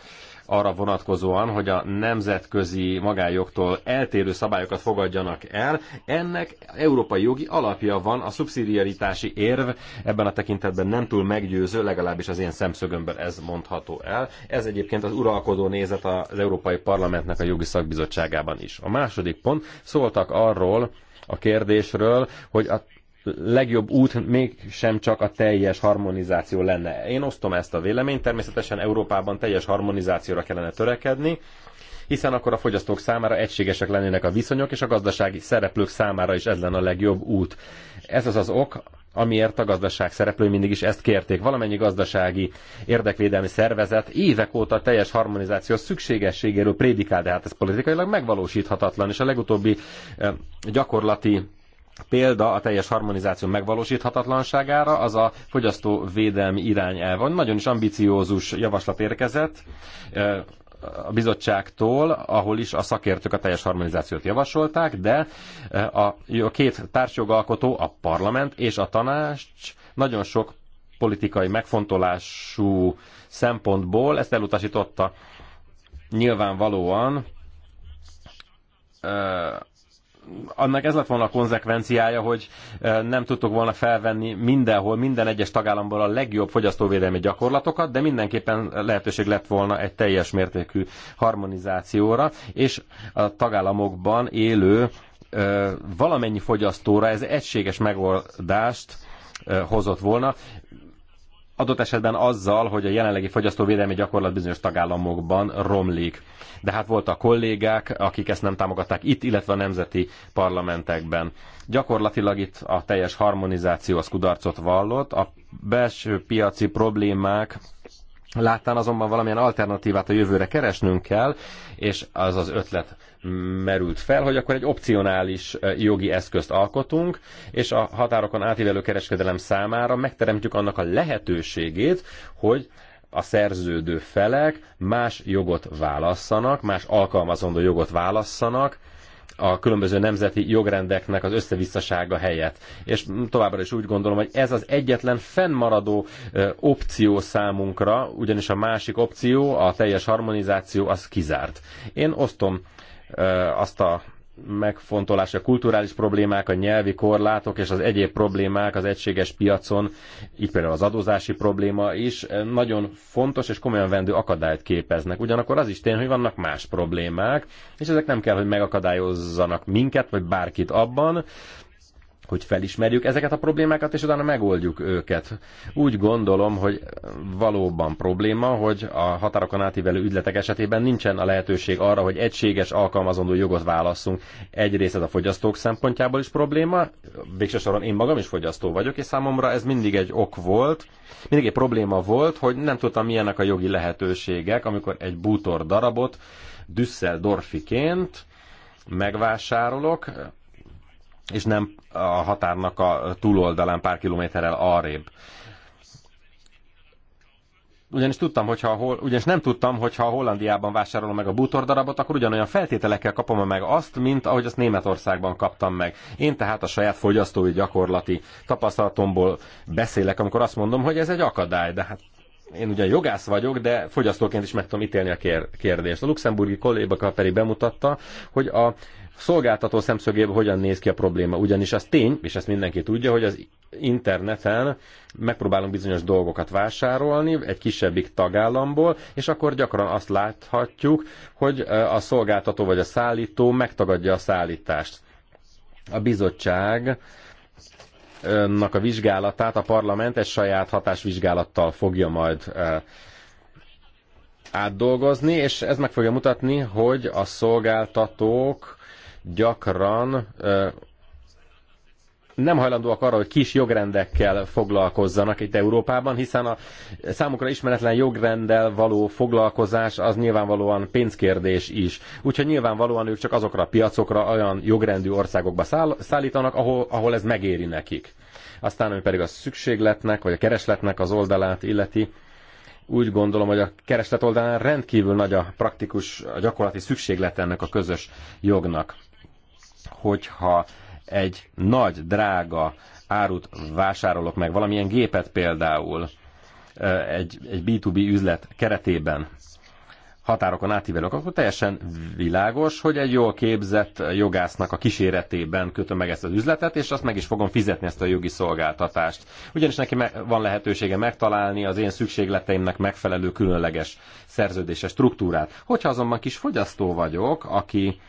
A: arra vonatkozóan, hogy a nemzetközi magájogtól eltérő szabályokat fogadjanak el. Ennek európai jogi alapja van, a szubszidiaritási érv ebben a tekintetben nem túl meggyőző, legalábbis az én szemszögömből ez mondható el. Ez egyébként az uralkodó nézet az Európai Parlamentnek a jogi szakbizottságában is. A második pont, szóltak arról, a kérdésről, hogy a legjobb út mégsem csak a teljes harmonizáció lenne. Én osztom ezt a véleményt, természetesen Európában teljes harmonizációra kellene törekedni, hiszen akkor a fogyasztók számára egységesek lennének a viszonyok, és a gazdasági szereplők számára is ez lenne a legjobb út. Ez az az ok, amiért a gazdaság szereplői mindig is ezt kérték. Valamennyi gazdasági érdekvédelmi szervezet évek óta a teljes harmonizáció szükségességéről prédikál, de hát ez politikailag megvalósíthatatlan, és a legutóbbi eh, gyakorlati példa a teljes harmonizáció megvalósíthatatlanságára az a fogyasztóvédelmi irányelv. Nagyon is ambiciózus javaslat érkezett a bizottságtól, ahol is a szakértők a teljes harmonizációt javasolták, de a két társjogalkotó, a parlament és a tanács nagyon sok politikai megfontolású szempontból ezt elutasította. Nyilvánvalóan annak ez lett volna a konzekvenciája, hogy nem tudtuk volna felvenni mindenhol, minden egyes tagállamból a legjobb fogyasztóvédelmi gyakorlatokat, de mindenképpen lehetőség lett volna egy teljes mértékű harmonizációra, és a tagállamokban élő valamennyi fogyasztóra ez egységes megoldást hozott volna adott esetben azzal, hogy a jelenlegi fogyasztóvédelmi gyakorlat bizonyos tagállamokban romlik. De hát voltak kollégák, akik ezt nem támogatták itt, illetve a nemzeti parlamentekben. Gyakorlatilag itt a teljes harmonizáció az kudarcot vallott, a belső piaci problémák Láttán azonban valamilyen alternatívát a jövőre keresnünk kell, és az az ötlet merült fel, hogy akkor egy opcionális jogi eszközt alkotunk, és a határokon átívelő kereskedelem számára megteremtjük annak a lehetőségét, hogy a szerződő felek más jogot válasszanak, más alkalmazandó jogot válasszanak, a különböző nemzeti jogrendeknek az összevisszasága helyett. És továbbra is úgy gondolom, hogy ez az egyetlen fennmaradó opció számunkra, ugyanis a másik opció, a teljes harmonizáció, az kizárt. Én osztom azt a megfontolás, a kulturális problémák, a nyelvi korlátok és az egyéb problémák az egységes piacon, így például az adózási probléma is nagyon fontos és komolyan vendő akadályt képeznek. Ugyanakkor az is tény, hogy vannak más problémák, és ezek nem kell, hogy megakadályozzanak minket, vagy bárkit abban, hogy felismerjük ezeket a problémákat, és utána megoldjuk őket. Úgy gondolom, hogy valóban probléma, hogy a határokon átívelő ügyletek esetében nincsen a lehetőség arra, hogy egységes alkalmazandó jogot válasszunk. Egyrészt ez a fogyasztók szempontjából is probléma, végső soron én magam is fogyasztó vagyok, és számomra ez mindig egy ok volt, mindig egy probléma volt, hogy nem tudtam milyenek a jogi lehetőségek, amikor egy bútor darabot Düsseldorfiként megvásárolok, és nem a határnak a túloldalán pár kilométerrel arrébb. Ugyanis, tudtam, hogyha hol, ugyanis nem tudtam, hogy ha Hollandiában vásárolom meg a bútordarabot, akkor ugyanolyan feltételekkel kapom -e meg azt, mint ahogy azt Németországban kaptam meg. Én tehát a saját fogyasztói gyakorlati tapasztalatomból beszélek, amikor azt mondom, hogy ez egy akadály, de hát én ugyan jogász vagyok, de fogyasztóként is meg tudom ítélni a kérdést. A luxemburgi kolléga pedig bemutatta, hogy a szolgáltató szemszögéből hogyan néz ki a probléma. Ugyanis az tény, és ezt mindenki tudja, hogy az interneten megpróbálunk bizonyos dolgokat vásárolni egy kisebbik tagállamból, és akkor gyakran azt láthatjuk, hogy a szolgáltató vagy a szállító megtagadja a szállítást. A bizottság a vizsgálatát a parlament egy saját hatásvizsgálattal fogja majd átdolgozni, és ez meg fogja mutatni, hogy a szolgáltatók gyakran nem hajlandóak arra, hogy kis jogrendekkel foglalkozzanak itt Európában, hiszen a számukra ismeretlen jogrenddel való foglalkozás az nyilvánvalóan pénzkérdés is. Úgyhogy nyilvánvalóan ők csak azokra a piacokra olyan jogrendű országokba szállítanak, ahol, ahol ez megéri nekik. Aztán, ami pedig a szükségletnek vagy a keresletnek az oldalát illeti, úgy gondolom, hogy a kereslet oldalán rendkívül nagy a praktikus, a gyakorlati szükséglet ennek a közös jognak hogyha egy nagy, drága árut vásárolok meg, valamilyen gépet például eh, egy, egy B2B üzlet keretében, határokon átívelők, akkor teljesen világos, hogy egy jól képzett jogásznak a kíséretében kötöm meg ezt az üzletet, és azt meg is fogom fizetni ezt a jogi szolgáltatást. Ugyanis neki van lehetősége megtalálni az én szükségleteimnek megfelelő különleges szerződéses struktúrát. Hogyha azonban kis fogyasztó vagyok, aki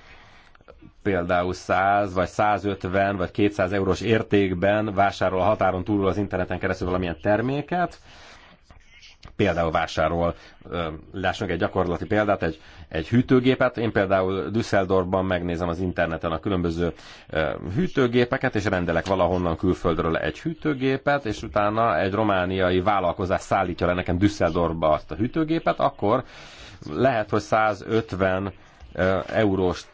A: például 100 vagy 150 vagy 200 eurós értékben vásárol a határon túlról az interneten keresztül valamilyen terméket, például vásárol, lássunk egy gyakorlati példát, egy, egy hűtőgépet. Én például Düsseldorfban megnézem az interneten a különböző hűtőgépeket, és rendelek valahonnan külföldről egy hűtőgépet, és utána egy romániai vállalkozás szállítja le nekem Düsseldorfba azt a hűtőgépet, akkor lehet, hogy 150 Euróst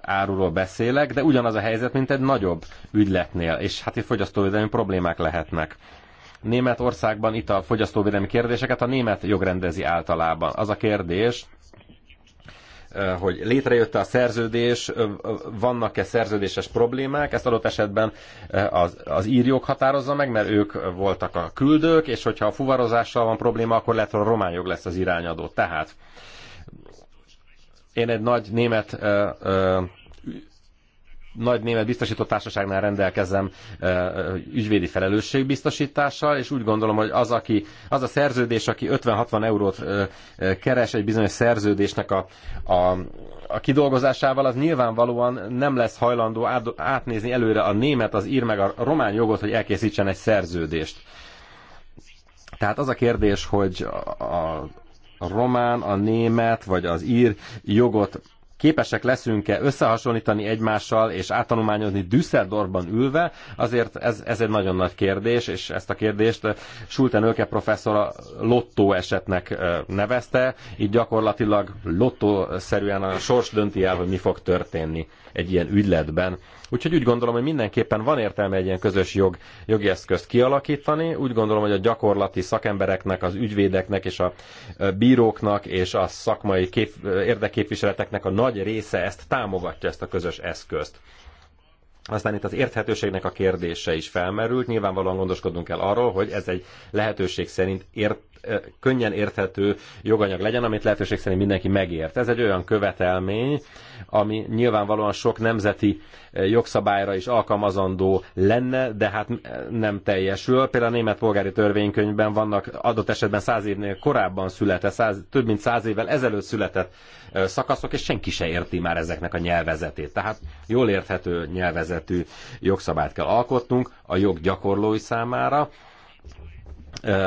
A: áruról beszélek, de ugyanaz a helyzet, mint egy nagyobb ügyletnél, és hát itt fogyasztóvédelmi problémák lehetnek. Németországban itt a fogyasztóvédelmi kérdéseket a német jogrendezi általában. Az a kérdés, hogy létrejött a szerződés, vannak-e szerződéses problémák, ezt adott esetben az, az írjók határozza meg, mert ők voltak a küldők, és hogyha a fuvarozással van probléma, akkor lehet, hogy a román jog lesz az irányadó. Tehát én egy nagy német ö, ö, nagy német biztosítótársaságnál rendelkezem ügyvédi felelősségbiztosítással, és úgy gondolom, hogy az, aki, az a szerződés, aki 50-60 eurót keres egy bizonyos szerződésnek a, a, a kidolgozásával, az nyilvánvalóan nem lesz hajlandó át, átnézni előre a német, az ír meg a román jogot, hogy elkészítsen egy szerződést. Tehát az a kérdés, hogy a, a román, a német vagy az ír jogot képesek leszünk-e összehasonlítani egymással és átanulmányozni Düsseldorfban ülve, azért ez, ez egy nagyon nagy kérdés, és ezt a kérdést Sulten Ölke professzor a lottó esetnek nevezte, így gyakorlatilag lottószerűen szerűen a sors dönti el, hogy mi fog történni egy ilyen ügyletben. Úgyhogy úgy gondolom, hogy mindenképpen van értelme egy ilyen közös jog, jogi eszközt kialakítani. Úgy gondolom, hogy a gyakorlati szakembereknek, az ügyvédeknek és a bíróknak és a szakmai kép, érdeképviseleteknek a nagy része ezt támogatja, ezt a közös eszközt. Aztán itt az érthetőségnek a kérdése is felmerült. Nyilvánvalóan gondoskodunk el arról, hogy ez egy lehetőség szerint ért, könnyen érthető joganyag legyen, amit lehetőség szerint mindenki megért. Ez egy olyan követelmény, ami nyilvánvalóan sok nemzeti jogszabályra is alkalmazandó lenne, de hát nem teljesül. Például a német polgári törvénykönyvben vannak adott esetben száz évnél korábban született, száz, több mint száz évvel ezelőtt született szakaszok, és senki se érti már ezeknek a nyelvezetét. Tehát jól érthető nyelvezetű jogszabályt kell alkotnunk a joggyakorlói számára,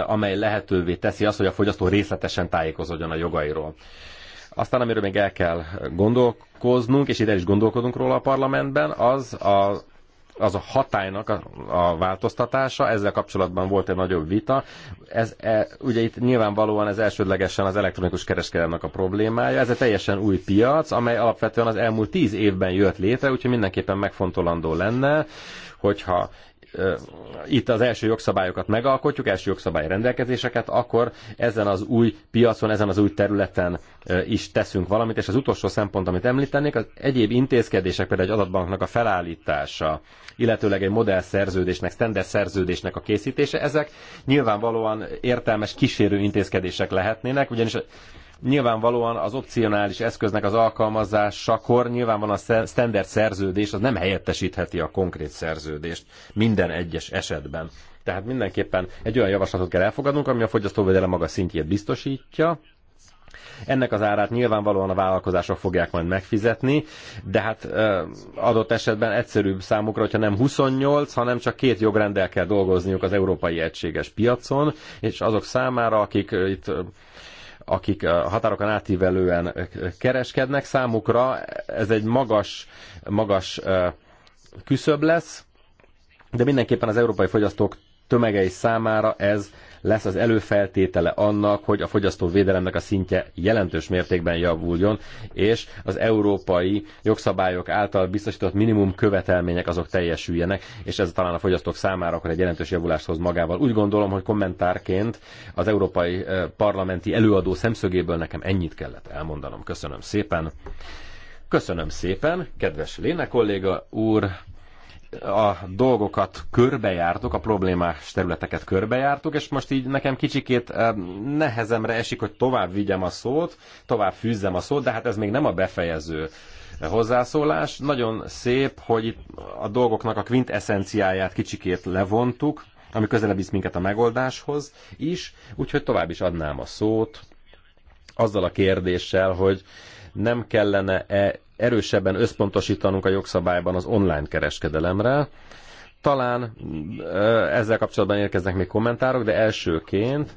A: amely lehetővé teszi azt, hogy a fogyasztó részletesen tájékozódjon a jogairól. Aztán, amiről még el kell gondolkoznunk, és ide is gondolkodunk róla a parlamentben, az a az a hatálynak a, a változtatása, ezzel kapcsolatban volt egy nagyobb vita. Ez, e, ugye itt nyilvánvalóan ez elsődlegesen az elektronikus kereskedelemnek a problémája. Ez egy teljesen új piac, amely alapvetően az elmúlt tíz évben jött létre, úgyhogy mindenképpen megfontolandó lenne, hogyha itt az első jogszabályokat megalkotjuk, első jogszabály rendelkezéseket, akkor ezen az új piacon, ezen az új területen is teszünk valamit, és az utolsó szempont, amit említenék, az egyéb intézkedések, például egy adatbanknak a felállítása, illetőleg egy modellszerződésnek, standard szerződésnek a készítése, ezek nyilvánvalóan értelmes kísérő intézkedések lehetnének, ugyanis Nyilvánvalóan az opcionális eszköznek az alkalmazásakor nyilvánvalóan a standard szerződés az nem helyettesítheti a konkrét szerződést minden egyes esetben. Tehát mindenképpen egy olyan javaslatot kell elfogadnunk, ami a fogyasztóvédelem maga szintjét biztosítja, ennek az árát nyilvánvalóan a vállalkozások fogják majd megfizetni, de hát adott esetben egyszerűbb számukra, hogyha nem 28, hanem csak két jogrendel kell dolgozniuk az európai egységes piacon, és azok számára, akik itt akik határokon átívelően kereskednek számukra. Ez egy magas, magas küszöb lesz, de mindenképpen az európai fogyasztók tömegei számára ez lesz az előfeltétele annak, hogy a fogyasztóvédelemnek a szintje jelentős mértékben javuljon, és az európai jogszabályok által biztosított minimum követelmények azok teljesüljenek, és ez talán a fogyasztók számára akkor egy jelentős javulást hoz magával. Úgy gondolom, hogy kommentárként az európai eh, parlamenti előadó szemszögéből nekem ennyit kellett elmondanom. Köszönöm szépen. Köszönöm szépen, kedves Léne kolléga úr, a dolgokat körbejártuk, a problémás területeket körbejártuk, és most így nekem kicsikét eh, nehezemre esik, hogy tovább vigyem a szót, tovább fűzzem a szót, de hát ez még nem a befejező hozzászólás. Nagyon szép, hogy itt a dolgoknak a eszenciáját kicsikét levontuk, ami közelebb visz minket a megoldáshoz is, úgyhogy tovább is adnám a szót azzal a kérdéssel, hogy nem kellene-e erősebben összpontosítanunk a jogszabályban az online kereskedelemre. Talán ezzel kapcsolatban érkeznek még kommentárok, de elsőként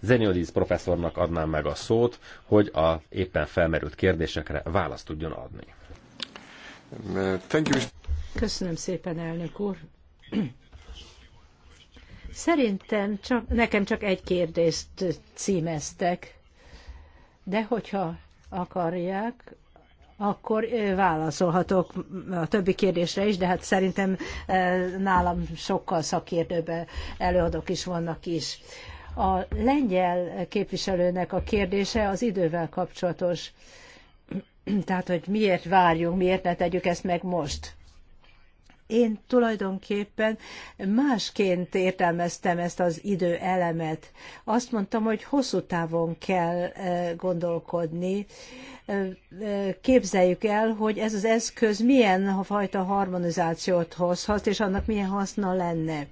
A: Zeniodis professzornak adnám meg a szót, hogy a éppen felmerült kérdésekre választ tudjon adni.
B: Köszönöm szépen, elnök úr. Szerintem csak, nekem csak egy kérdést címeztek, de hogyha akarják, akkor válaszolhatok a többi kérdésre is, de hát szerintem nálam sokkal szakértőbb előadók is vannak is. A lengyel képviselőnek a kérdése az idővel kapcsolatos. Tehát, hogy miért várjunk, miért ne tegyük ezt meg most én tulajdonképpen másként értelmeztem ezt az idő elemet. Azt mondtam, hogy hosszú távon kell eh, gondolkodni. Eh, eh, képzeljük el, hogy ez az eszköz milyen fajta harmonizációt hozhat, és annak milyen haszna lenne.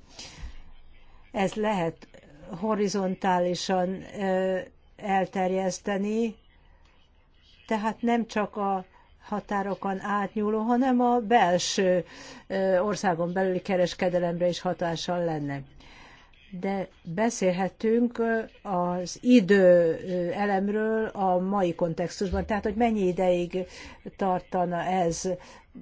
B: Ez lehet horizontálisan elterjeszteni, tehát nem csak a határokon átnyúló, hanem a belső országon belüli kereskedelemre is hatással lenne. De beszélhetünk az idő elemről a mai kontextusban, tehát hogy mennyi ideig tartana ez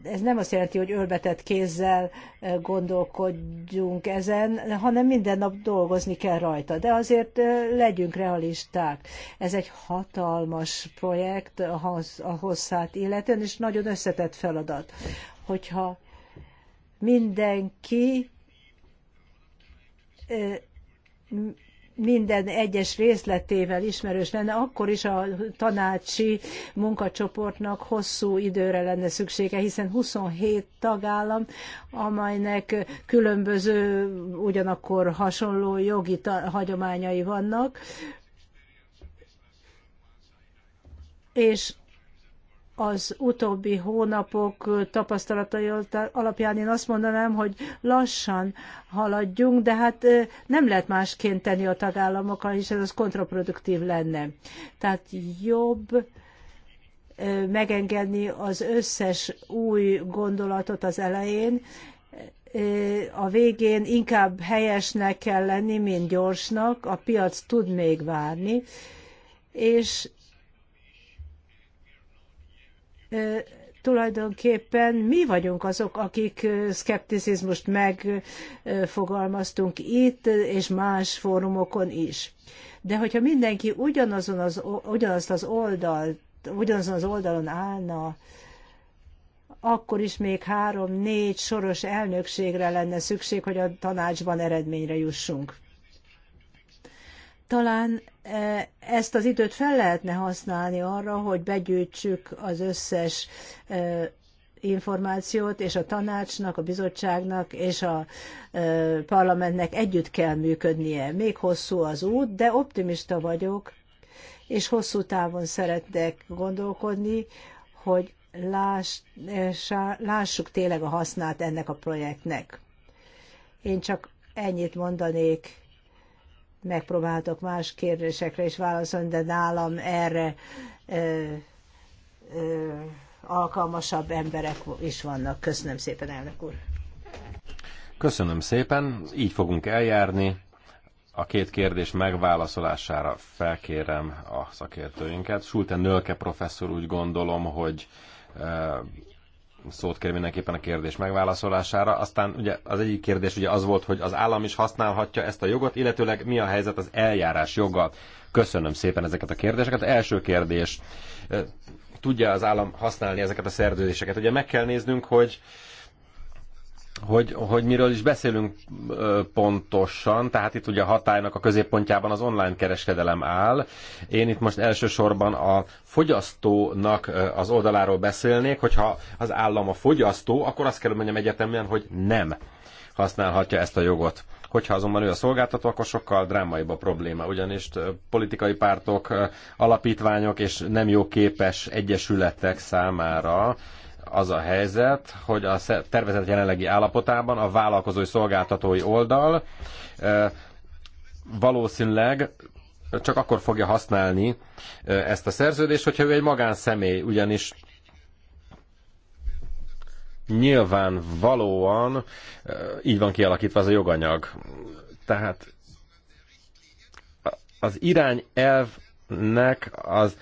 B: ez nem azt jelenti, hogy ölbetett kézzel eh, gondolkodjunk ezen, hanem minden nap dolgozni kell rajta. De azért eh, legyünk realisták. Ez egy hatalmas projekt a hosszát illetően, és nagyon összetett feladat. Hogyha mindenki eh, minden egyes részletével ismerős lenne, akkor is a tanácsi munkacsoportnak hosszú időre lenne szüksége, hiszen 27 tagállam, amelynek különböző, ugyanakkor hasonló jogi hagyományai vannak, és az utóbbi hónapok tapasztalatai alapján én azt mondanám, hogy lassan haladjunk, de hát nem lehet másként tenni a tagállamokkal, és ez az kontraproduktív lenne. Tehát jobb megengedni az összes új gondolatot az elején, a végén inkább helyesnek kell lenni, mint gyorsnak, a piac tud még várni, és tulajdonképpen mi vagyunk azok, akik szkepticizmust megfogalmaztunk itt és más fórumokon is. De hogyha mindenki ugyanazon az, ugyanazt az oldalt, ugyanazon az oldalon állna, akkor is még három-négy soros elnökségre lenne szükség, hogy a tanácsban eredményre jussunk. Talán E, ezt az időt fel lehetne használni arra, hogy begyűjtsük az összes e, információt, és a tanácsnak, a bizottságnak és a e, parlamentnek együtt kell működnie. Még hosszú az út, de optimista vagyok, és hosszú távon szeretnék gondolkodni, hogy láss, lássuk tényleg a hasznát ennek a projektnek. Én csak ennyit mondanék megpróbáltok más kérdésekre is válaszolni, de nálam erre ö, ö, alkalmasabb emberek is vannak. Köszönöm szépen, elnök úr.
A: Köszönöm szépen, így fogunk eljárni. A két kérdés megválaszolására felkérem a szakértőinket. Sulte Nölke professzor úgy gondolom, hogy szót kér mindenképpen a kérdés megválaszolására. Aztán ugye az egyik kérdés ugye az volt, hogy az állam is használhatja ezt a jogot, illetőleg mi a helyzet az eljárás joggal. Köszönöm szépen ezeket a kérdéseket. Első kérdés, eh, tudja az állam használni ezeket a szerződéseket? Ugye meg kell néznünk, hogy hogy, hogy miről is beszélünk pontosan, tehát itt ugye a hatálynak a középpontjában az online kereskedelem áll. Én itt most elsősorban a fogyasztónak az oldaláról beszélnék, hogyha az állam a fogyasztó, akkor azt kell, mondjam egyetemben, hogy nem használhatja ezt a jogot. Hogyha azonban ő a szolgáltató, akkor sokkal drámaibb a probléma, ugyanis politikai pártok, alapítványok és nem jó képes egyesületek számára az a helyzet, hogy a tervezet jelenlegi állapotában a vállalkozói szolgáltatói oldal valószínűleg csak akkor fogja használni ezt a szerződést, hogyha ő egy magánszemély, ugyanis nyilvánvalóan így van kialakítva az a joganyag. Tehát az irányelvnek az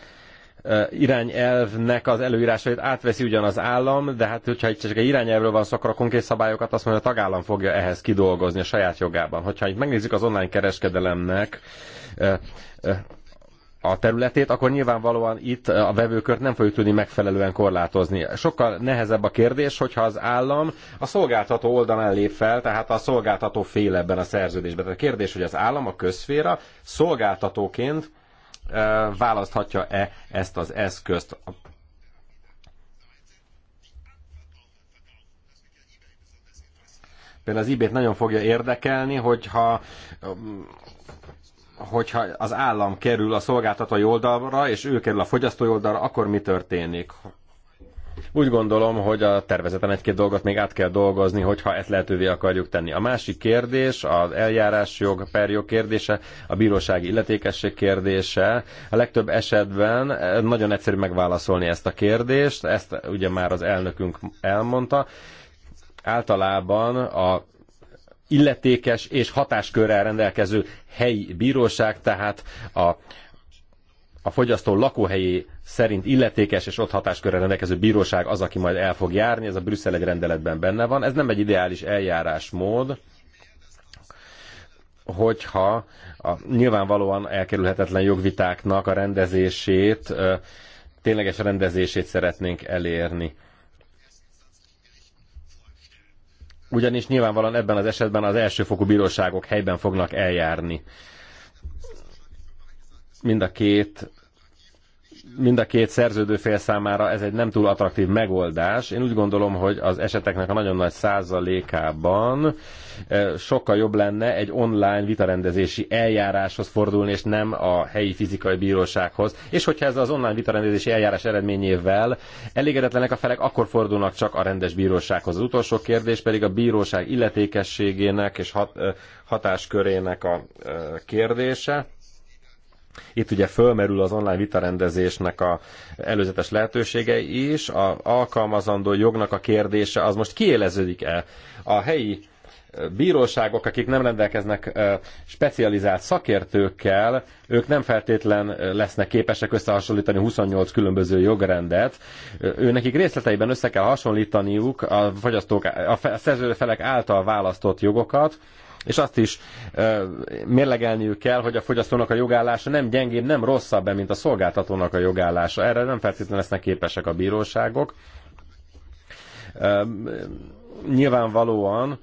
A: irányelvnek az előírásait átveszi ugyan az állam, de hát hogyha itt csak egy irányelvről van szó, akkor a konkrét szabályokat azt mondja, a tagállam fogja ehhez kidolgozni a saját jogában. Hogyha itt megnézzük az online kereskedelemnek a területét, akkor nyilvánvalóan itt a vevőkört nem fogjuk tudni megfelelően korlátozni. Sokkal nehezebb a kérdés, hogyha az állam a szolgáltató oldalán lép fel, tehát a szolgáltató fél ebben a szerződésben. Tehát a kérdés, hogy az állam, a közféra szolgáltatóként választhatja-e ezt az eszközt. Például az IB-t nagyon fogja érdekelni, hogyha hogyha az állam kerül a szolgáltatói oldalra, és ő kerül a fogyasztói oldalra, akkor mi történik? Úgy gondolom, hogy a tervezeten egy-két dolgot még át kell dolgozni, hogyha ezt lehetővé akarjuk tenni. A másik kérdés, az jog perjog kérdése, a bírósági illetékesség kérdése. A legtöbb esetben eh, nagyon egyszerű megválaszolni ezt a kérdést, ezt ugye már az elnökünk elmondta. Általában a illetékes és hatáskörrel rendelkező helyi bíróság, tehát a a fogyasztó lakóhelyi szerint illetékes és ott hatáskörre rendelkező bíróság az, aki majd el fog járni, ez a Brüsszel egy rendeletben benne van. Ez nem egy ideális eljárásmód, hogyha a nyilvánvalóan elkerülhetetlen jogvitáknak a rendezését, tényleges rendezését szeretnénk elérni. Ugyanis nyilvánvalóan ebben az esetben az elsőfokú bíróságok helyben fognak eljárni mind a két mind a két szerződő fél számára ez egy nem túl attraktív megoldás. Én úgy gondolom, hogy az eseteknek a nagyon nagy százalékában eh, sokkal jobb lenne egy online vitarendezési eljáráshoz fordulni, és nem a helyi fizikai bírósághoz. És hogyha ez az online vitarendezési eljárás eredményével elégedetlenek a felek, akkor fordulnak csak a rendes bírósághoz. Az utolsó kérdés pedig a bíróság illetékességének és hat, eh, hatáskörének a eh, kérdése itt ugye fölmerül az online vitarendezésnek a előzetes lehetősége is, a alkalmazandó jognak a kérdése, az most kiéleződik-e? A helyi bíróságok, akik nem rendelkeznek specializált szakértőkkel, ők nem feltétlen lesznek képesek összehasonlítani 28 különböző jogrendet. Ő nekik részleteiben össze kell hasonlítaniuk a, fogyasztók, a szerzőfelek által választott jogokat, és azt is ö, mérlegelniük kell, hogy a fogyasztónak a jogállása nem gyengébb, nem rosszabb -e, mint a szolgáltatónak a jogállása. Erre nem feltétlenül lesznek képesek a bíróságok. Ö, nyilvánvalóan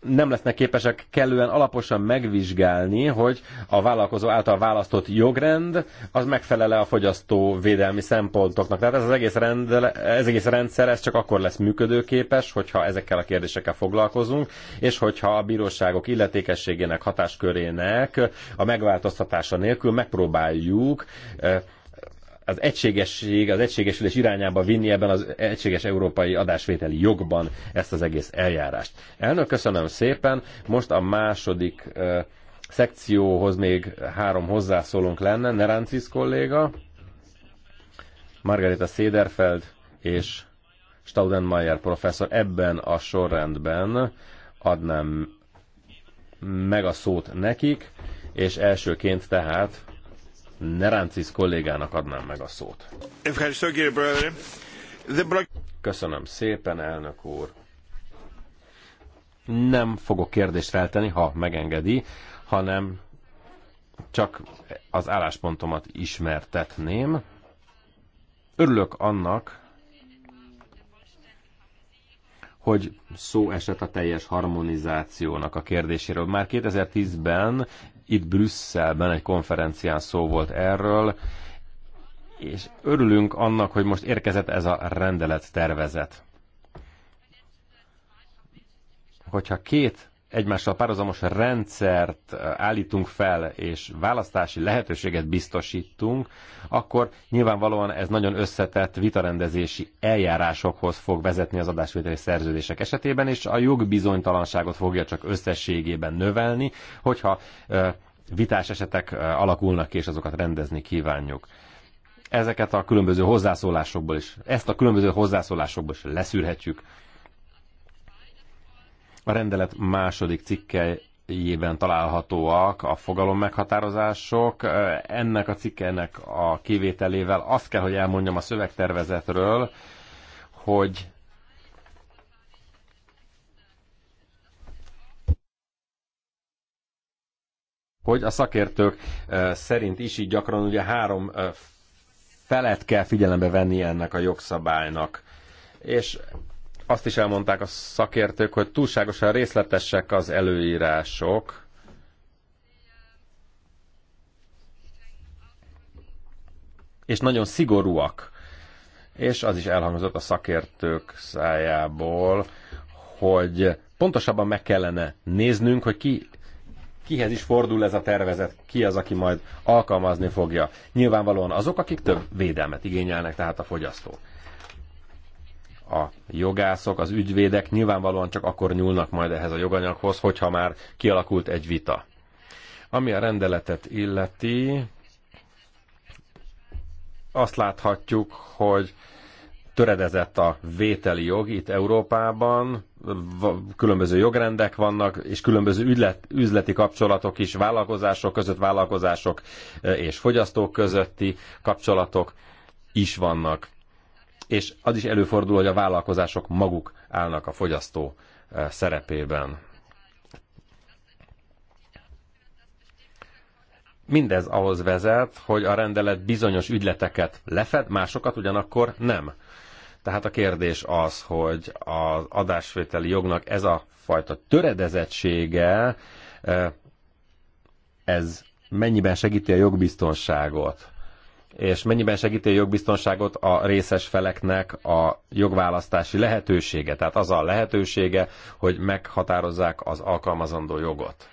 A: nem lesznek képesek kellően alaposan megvizsgálni, hogy a vállalkozó által választott jogrend az megfelele a fogyasztó védelmi szempontoknak. Tehát ez az egész, rend, ez egész rendszer, ez csak akkor lesz működőképes, hogyha ezekkel a kérdésekkel foglalkozunk, és hogyha a bíróságok illetékességének, hatáskörének a megváltoztatása nélkül megpróbáljuk eh, az egységesség, az egységesülés irányába vinni ebben az egységes európai adásvételi jogban ezt az egész eljárást. Elnök, köszönöm szépen. Most a második ö, szekcióhoz még három hozzászólónk lenne. Neráncis kolléga, Margarita Széderfeld és Staudenmayer professzor. Ebben a sorrendben adnám meg a szót nekik, és elsőként tehát Neráncis kollégának adnám meg a szót. Köszönöm szépen, elnök úr. Nem fogok kérdést feltenni, ha megengedi, hanem csak az álláspontomat ismertetném. Örülök annak, hogy szó esett a teljes harmonizációnak a kérdéséről. Már 2010-ben itt Brüsszelben egy konferencián szó volt erről, és örülünk annak, hogy most érkezett ez a rendelet tervezet. Hogyha két egymással párhuzamos rendszert eh, állítunk fel, és választási lehetőséget biztosítunk, akkor nyilvánvalóan ez nagyon összetett vitarendezési eljárásokhoz fog vezetni az adásvételi szerződések esetében, és a jogbizonytalanságot fogja csak összességében növelni, hogyha eh, vitás esetek eh, alakulnak ki, és azokat rendezni kívánjuk ezeket a különböző hozzászólásokból is, ezt a különböző hozzászólásokból is leszűrhetjük. A rendelet második cikkejében találhatóak a fogalom meghatározások. Ennek a cikkenek a kivételével azt kell, hogy elmondjam a szövegtervezetről, hogy hogy a szakértők szerint is így gyakran ugye három felet kell figyelembe venni ennek a jogszabálynak. És azt is elmondták a szakértők, hogy túlságosan részletesek az előírások. És nagyon szigorúak. És az is elhangzott a szakértők szájából, hogy pontosabban meg kellene néznünk, hogy ki kihez is fordul ez a tervezet, ki az, aki majd alkalmazni fogja. Nyilvánvalóan azok, akik több védelmet igényelnek, tehát a fogyasztó a jogászok, az ügyvédek nyilvánvalóan csak akkor nyúlnak majd ehhez a joganyaghoz, hogyha már kialakult egy vita. Ami a rendeletet illeti, azt láthatjuk, hogy töredezett a vételi jog itt Európában, különböző jogrendek vannak, és különböző ügylet, üzleti kapcsolatok is, vállalkozások között, vállalkozások eh, és fogyasztók közötti kapcsolatok is vannak és az is előfordul, hogy a vállalkozások maguk állnak a fogyasztó eh, szerepében. Mindez ahhoz vezet, hogy a rendelet bizonyos ügyleteket lefed, másokat ugyanakkor nem. Tehát a kérdés az, hogy az adásvételi jognak ez a fajta töredezettsége, eh, ez mennyiben segíti a jogbiztonságot? és mennyiben segíti a jogbiztonságot a részes feleknek a jogválasztási lehetősége, tehát az a lehetősége, hogy meghatározzák az alkalmazandó jogot.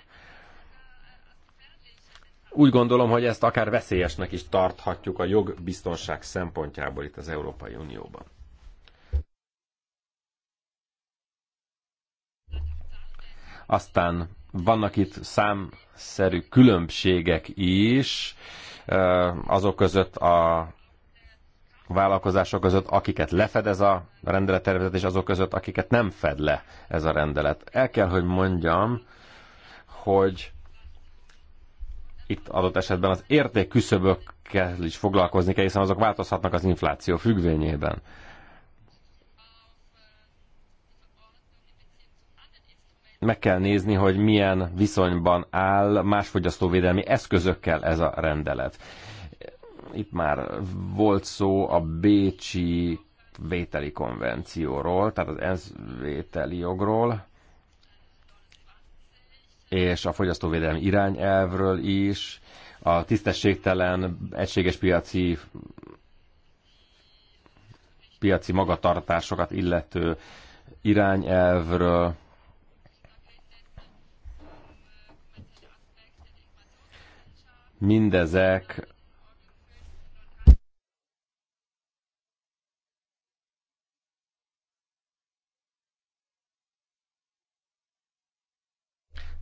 A: Úgy gondolom, hogy ezt akár veszélyesnek is tarthatjuk a jogbiztonság szempontjából itt az Európai Unióban. Aztán vannak itt számszerű különbségek is, azok között a vállalkozások között, akiket lefedez a rendelettervezet, és azok között, akiket nem fed le ez a rendelet. El kell, hogy mondjam, hogy itt adott esetben az értékküszöbökkel is foglalkozni kell, hiszen azok változhatnak az infláció függvényében. meg kell nézni, hogy milyen viszonyban áll más fogyasztóvédelmi eszközökkel ez a rendelet. Itt már volt szó a Bécsi vételi konvencióról, tehát az ENSZ vételi jogról, és a fogyasztóvédelmi irányelvről is, a tisztességtelen egységes piaci piaci magatartásokat illető irányelvről, mindezek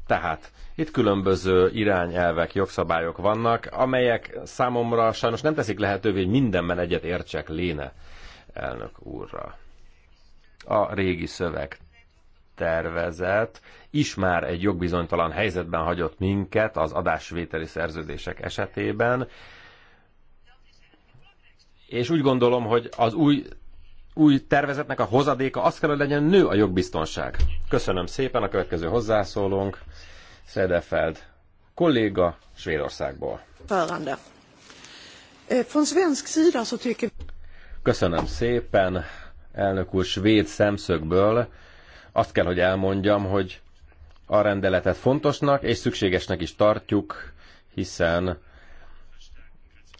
A: Tehát itt különböző irányelvek, jogszabályok vannak, amelyek számomra sajnos nem teszik lehetővé, hogy mindenben egyet értsek léne elnök úrra. A régi szöveg tervezet is már egy jogbizonytalan helyzetben hagyott minket az adásvételi szerződések esetében. És úgy gondolom, hogy az új, új tervezetnek a hozadéka az kell, hogy legyen nő a jogbiztonság. Köszönöm szépen a következő hozzászólónk, Szedefeld kolléga Svédországból. Köszönöm szépen, elnök úr, svéd szemszögből azt kell, hogy elmondjam, hogy a rendeletet fontosnak és szükségesnek is tartjuk, hiszen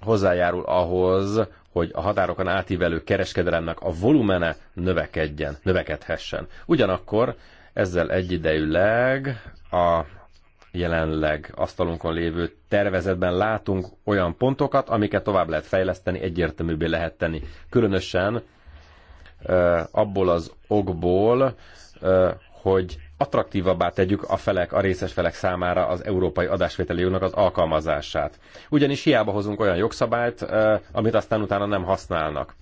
A: hozzájárul ahhoz, hogy a határokon átívelő kereskedelemnek a volumene növekedjen, növekedhessen. Ugyanakkor ezzel egyidejűleg a jelenleg asztalunkon lévő tervezetben látunk olyan pontokat, amiket tovább lehet fejleszteni, egyértelműbbé lehet tenni. Különösen abból az okból, hogy attraktívabbá tegyük a felek, a részes felek számára az európai adásvételi jognak az alkalmazását. Ugyanis hiába hozunk olyan jogszabályt, amit aztán utána nem használnak.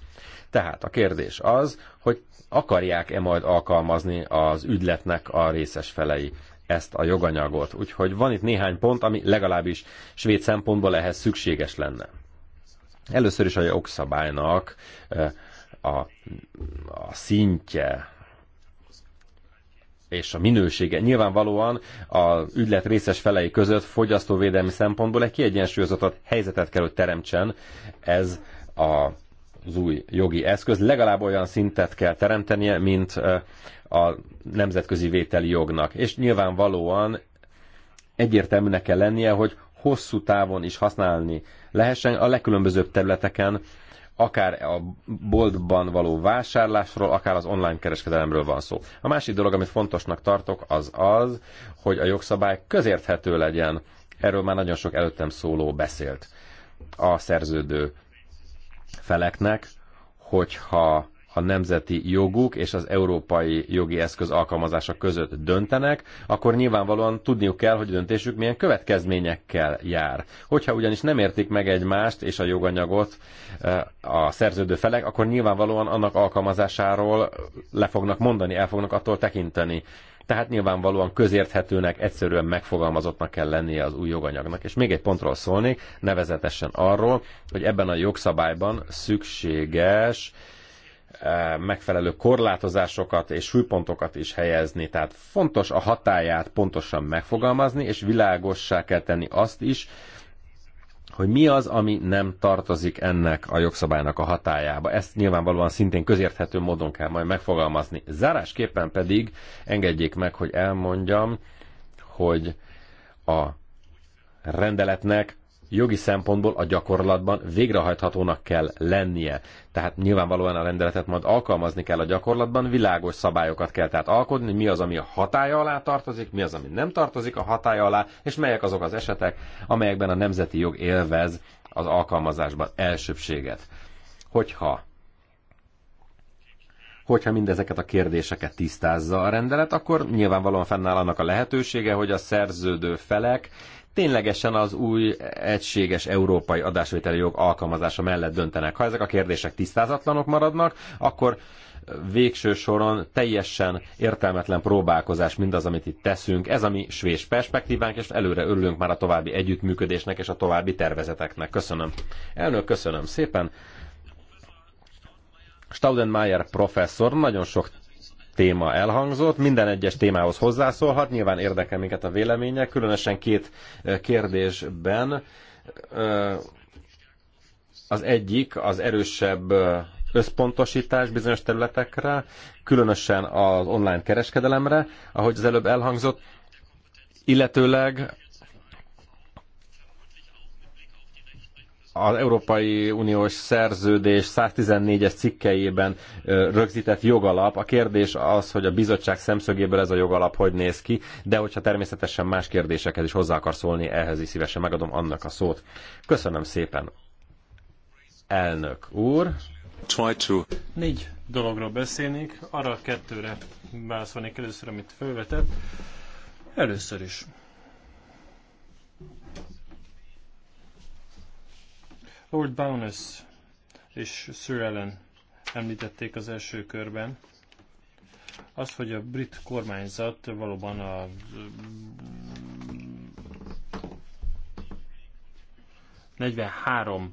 A: Tehát a kérdés az, hogy akarják-e majd alkalmazni az ügyletnek a részes felei ezt a joganyagot. Úgyhogy van itt néhány pont, ami legalábbis svéd szempontból ehhez szükséges lenne. Először is a jogszabálynak a, a szintje, és a minősége. Nyilvánvalóan a ügylet részes felei között fogyasztóvédelmi szempontból egy kiegyensúlyozott helyzetet kell, hogy teremtsen ez a az új jogi eszköz. Legalább olyan szintet kell teremtenie, mint a nemzetközi vételi jognak. És nyilvánvalóan egyértelműnek kell lennie, hogy hosszú távon is használni lehessen a legkülönbözőbb területeken akár a boltban való vásárlásról, akár az online kereskedelemről van szó. A másik dolog, amit fontosnak tartok, az az, hogy a jogszabály közérthető legyen. Erről már nagyon sok előttem szóló beszélt a szerződő feleknek, hogyha a nemzeti joguk és az európai jogi eszköz alkalmazása között döntenek, akkor nyilvánvalóan tudniuk kell, hogy döntésük milyen következményekkel jár. Hogyha ugyanis nem értik meg egymást és a joganyagot eh, a szerződő felek, akkor nyilvánvalóan annak alkalmazásáról le fognak mondani, el fognak attól tekinteni. Tehát nyilvánvalóan közérthetőnek, egyszerűen megfogalmazottnak kell lennie az új joganyagnak. És még egy pontról szólnék, nevezetesen arról, hogy ebben a jogszabályban szükséges megfelelő korlátozásokat és súlypontokat is helyezni. Tehát fontos a hatáját pontosan megfogalmazni, és világossá kell tenni azt is, hogy mi az, ami nem tartozik ennek a jogszabálynak a hatájába. Ezt nyilvánvalóan szintén közérthető módon kell majd megfogalmazni. Zárásképpen pedig engedjék meg, hogy elmondjam, hogy a rendeletnek jogi szempontból a gyakorlatban végrehajthatónak kell lennie. Tehát nyilvánvalóan a rendeletet majd alkalmazni kell a gyakorlatban, világos szabályokat kell tehát alkodni, mi az, ami a hatája alá tartozik, mi az, ami nem tartozik a hatája alá, és melyek azok az esetek, amelyekben a nemzeti jog élvez az alkalmazásban elsőbséget. Hogyha hogyha mindezeket a kérdéseket tisztázza a rendelet, akkor nyilvánvalóan fennáll annak a lehetősége, hogy a szerződő felek ténylegesen az új egységes európai adásvételi jog alkalmazása mellett döntenek. Ha ezek a kérdések tisztázatlanok maradnak, akkor végső soron teljesen értelmetlen próbálkozás mindaz, amit itt teszünk. Ez a mi svés perspektívánk, és előre örülünk már a további együttműködésnek és a további tervezeteknek. Köszönöm. Elnök, köszönöm szépen. Staudenmayer professzor nagyon sok téma elhangzott, minden egyes témához hozzászólhat, nyilván érdekel minket a véleménye, különösen két kérdésben. Az egyik az erősebb összpontosítás bizonyos területekre, különösen az online kereskedelemre, ahogy az előbb elhangzott, illetőleg az Európai Uniós Szerződés 114-es cikkeiben rögzített jogalap. A kérdés az, hogy a bizottság szemszögéből ez a jogalap hogy néz ki, de hogyha természetesen más kérdésekhez is hozzá akar szólni, ehhez is szívesen megadom annak a szót. Köszönöm szépen. Elnök úr.
D: Négy dologról beszélnék, arra a kettőre válaszolnék először, amit felvetett. Először is Lord Bowness és Sir Ellen említették az első körben, az, hogy a brit kormányzat valóban a ...43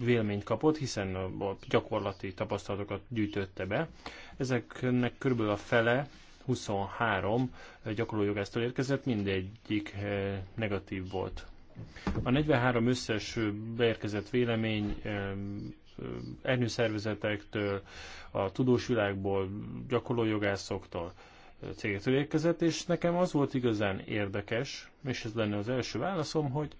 D: véleményt kapott, hiszen a gyakorlati tapasztalatokat gyűjtötte be. Ezeknek körülbelül a fele, 23 gyakorló jogásztól érkezett, mindegyik negatív volt. A 43 összes beérkezett vélemény ernyőszervezetektől, a tudós világból, jogászoktól, cégektől érkezett, és nekem az volt igazán érdekes, és ez lenne az első válaszom, hogy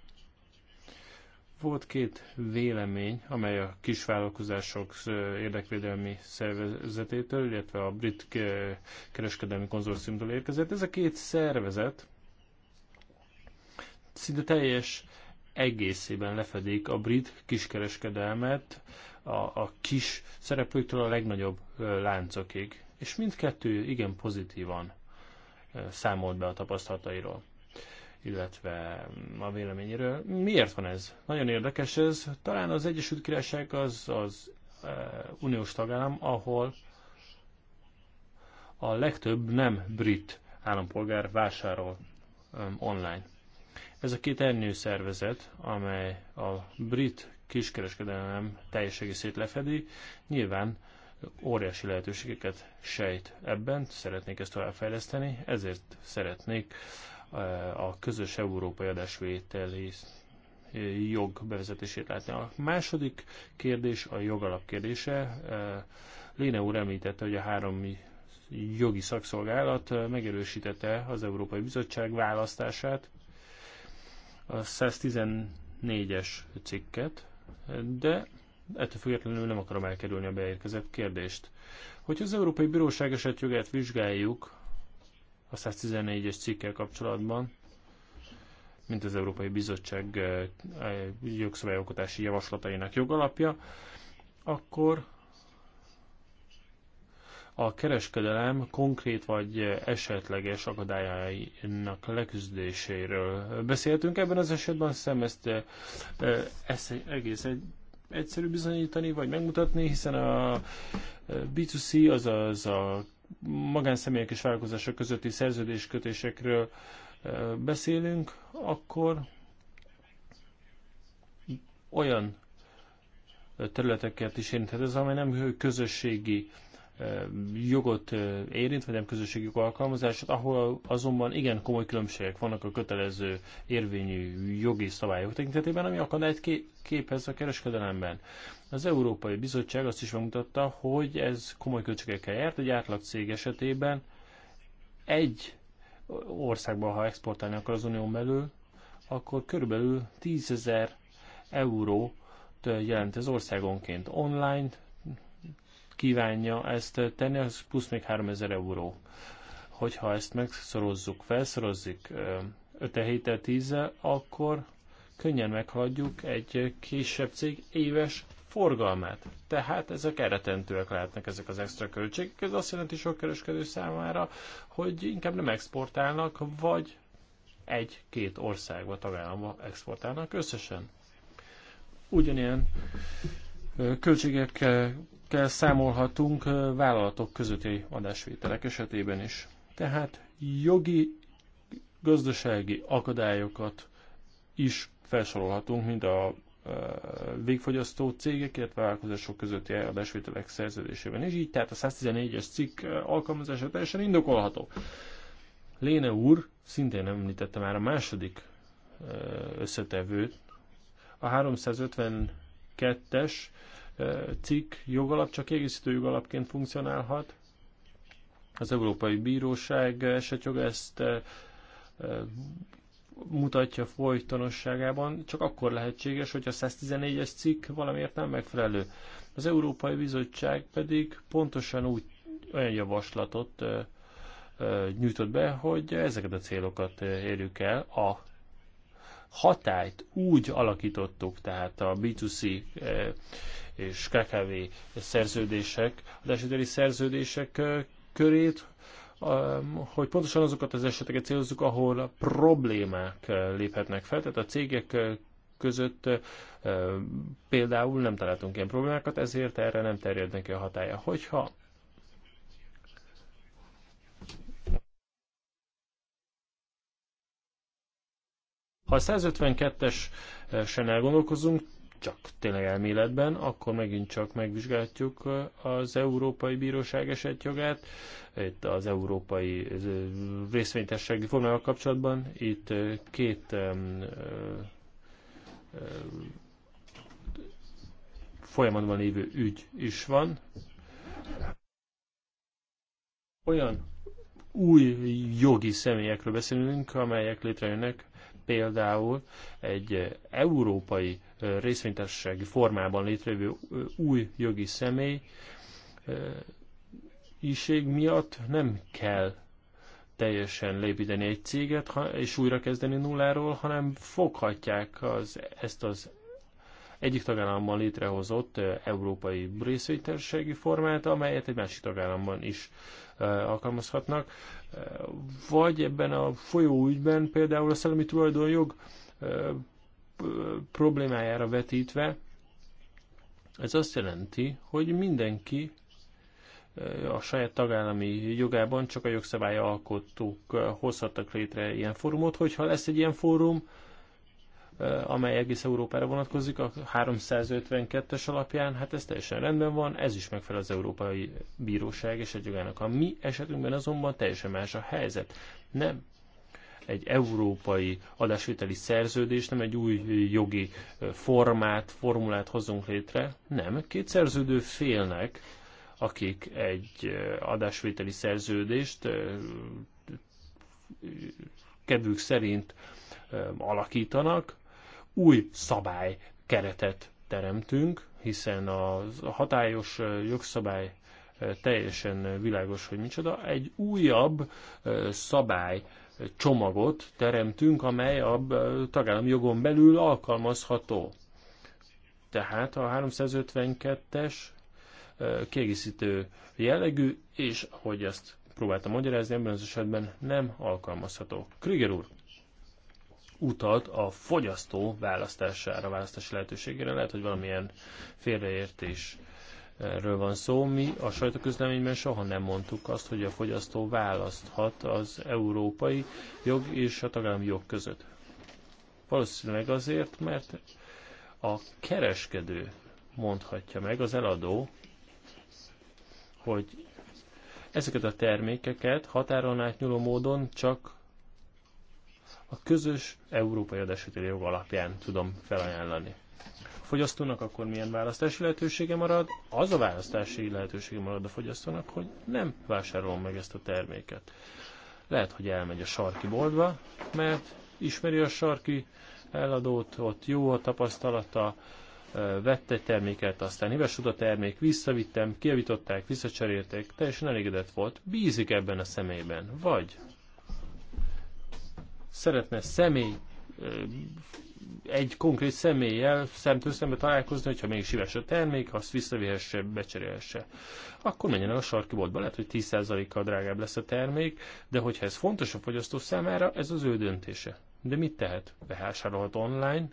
D: volt két vélemény, amely a kisvállalkozások érdekvédelmi szervezetétől, illetve a brit kereskedelmi konzorciumtól érkezett. Ez a két szervezet szinte teljes egészében lefedik a brit kiskereskedelmet a, a kis szereplőktől a legnagyobb láncokig. És mindkettő igen pozitívan számolt be a tapasztalatairól illetve mm, a véleményéről. Miért van ez? Nagyon érdekes ez. Talán az Egyesült Királyság az, az e, uniós tagállam, ahol a legtöbb nem brit állampolgár vásárol online. Ez a két szervezet, amely a brit kiskereskedelem teljes egészét lefedi, nyilván óriási lehetőségeket sejt ebben, szeretnék ezt továbbfejleszteni, ezért szeretnék eh, a közös európai adásvételi jog bevezetését látni. A második kérdés a jogalap kérdése. Eh, Léne úr említette, hogy a három jogi szakszolgálat eh, megerősítette az Európai Bizottság választását, a 114-es cikket, de ettől függetlenül nem akarom elkerülni a beérkezett kérdést. Hogyha az Európai Bíróság esetjogát vizsgáljuk a 114-es cikkel kapcsolatban, mint az Európai Bizottság eh, jogszabályalkotási javaslatainak jogalapja, akkor a kereskedelem konkrét vagy esetleges akadályainak leküzdéséről beszéltünk. Ebben az esetben hiszem ezt, e, ezt egész egy, egyszerű bizonyítani, vagy megmutatni, hiszen a e, B2C, azaz a magánszemélyek és vállalkozások közötti szerződéskötésekről e, beszélünk, akkor olyan területeket is érinthet ez, amely nem közösségi jogot érint, vagy nem közösségi jog alkalmazását, ahol azonban igen komoly különbségek vannak a kötelező érvényű jogi szabályok tekintetében, ami akadályt képez a kereskedelemben. Az Európai Bizottság azt is megmutatta, hogy ez komoly költségekkel járt, egy átlag cég esetében egy országban, ha exportálni akar az unión belül, akkor körülbelül 10 ezer euró jelent ez országonként online kívánja ezt tenni, az plusz még 3000 euró. Hogyha ezt megszorozzuk, felszorozzuk 5 7 10 akkor könnyen meghagyjuk egy kisebb cég éves forgalmát. Tehát ezek eretentőek lehetnek ezek az extra költségek. Ez azt jelenti sok kereskedő számára, hogy inkább nem exportálnak, vagy egy-két országba, tagállamba exportálnak összesen. Ugyanilyen költségekkel számolhatunk vállalatok közötti adásvételek esetében is. Tehát jogi, gazdasági akadályokat is felsorolhatunk, mint a végfogyasztó cégek, illetve vállalkozások közötti adásvételek szerződésében is. Így tehát a 114-es cikk alkalmazása teljesen indokolható. Léne úr szintén említette már a második összetevőt, a 352-es cikk jogalap csak kiegészítő jogalapként funkcionálhat. Az Európai Bíróság esetjoga ezt mutatja folytonosságában, csak akkor lehetséges, hogy a 114-es cikk valamiért nem megfelelő. Az Európai Bizottság pedig pontosan úgy olyan javaslatot ö, ö, nyújtott be, hogy ezeket a célokat érjük el. A hatályt úgy alakítottuk, tehát a B2C ö, és KKV szerződések, adásidőli szerződések körét, hogy pontosan azokat az eseteket célozzuk, ahol problémák léphetnek fel, tehát a cégek között például nem találtunk ilyen problémákat, ezért erre nem terjed neki a hatája. Hogyha Ha a 152-esen elgondolkozunk, csak tényleg elméletben, akkor megint csak megvizsgáljuk az Európai Bíróság esetjogát, itt az európai részvénytességi formával kapcsolatban. Itt két folyamatban lévő ügy is van. Olyan új jogi személyekről beszélünk, amelyek létrejönnek például egy európai részvénytársasági formában létrejövő új jogi személy iség miatt nem kell teljesen lépíteni egy céget, és újrakezdeni nulláról, hanem foghatják az, ezt az egyik tagállamban létrehozott európai részvénytársasági formát, amelyet egy másik tagállamban is alkalmazhatnak. Vagy ebben a folyóügyben például a szellemi tulajdonjog problémájára vetítve, ez azt jelenti, hogy mindenki eh, a saját tagállami jogában csak a jogszabály alkottuk, eh, hozhattak létre ilyen fórumot. Hogyha lesz egy ilyen fórum, eh, amely egész Európára vonatkozik, a 352-es alapján, hát ez teljesen rendben van, ez is megfelel az Európai Bíróság és egy jogának. A mi esetünkben azonban teljesen más a helyzet. Nem egy európai adásvételi szerződést, nem egy új jogi formát, formulát hozzunk létre. Nem, két szerződő félnek, akik egy adásvételi szerződést kedvük szerint alakítanak, új szabály keretet teremtünk, hiszen a hatályos jogszabály teljesen világos, hogy micsoda. Egy újabb szabály csomagot teremtünk, amely a tagállami jogon belül alkalmazható. Tehát a 352-es kiegészítő jellegű, és hogy ezt próbáltam magyarázni, ebben az esetben nem alkalmazható. Krieger úr utalt a fogyasztó választására, választási lehetőségére. Lehet, hogy valamilyen félreértés erről van szó. Mi a sajtóközleményben soha nem mondtuk azt, hogy a fogyasztó választhat az európai jog és a tagállami jog között. Valószínűleg azért, mert a kereskedő mondhatja meg, az eladó, hogy ezeket a termékeket határon átnyúló módon csak a közös európai adásvételi jog alapján tudom felajánlani fogyasztónak, akkor milyen választási lehetősége marad? Az a választási lehetősége marad a fogyasztónak, hogy nem vásárolom meg ezt a terméket. Lehet, hogy elmegy a sarki boltba, mert ismeri a sarki eladót, ott jó a tapasztalata, vette egy terméket, aztán hibásod a termék, visszavittem, kijavították, visszacserélték, teljesen elégedett volt, bízik ebben a személyben, vagy szeretne személy egy konkrét személlyel szemtől szembe találkozni, hogyha még sives a termék, azt visszavihesse, becserélhesse. Akkor menjen el a sarki boltba, lehet, hogy 10%-kal drágább lesz a termék, de hogyha ez fontos a fogyasztó számára, ez az ő döntése. De mit tehet? Behásárolhat online,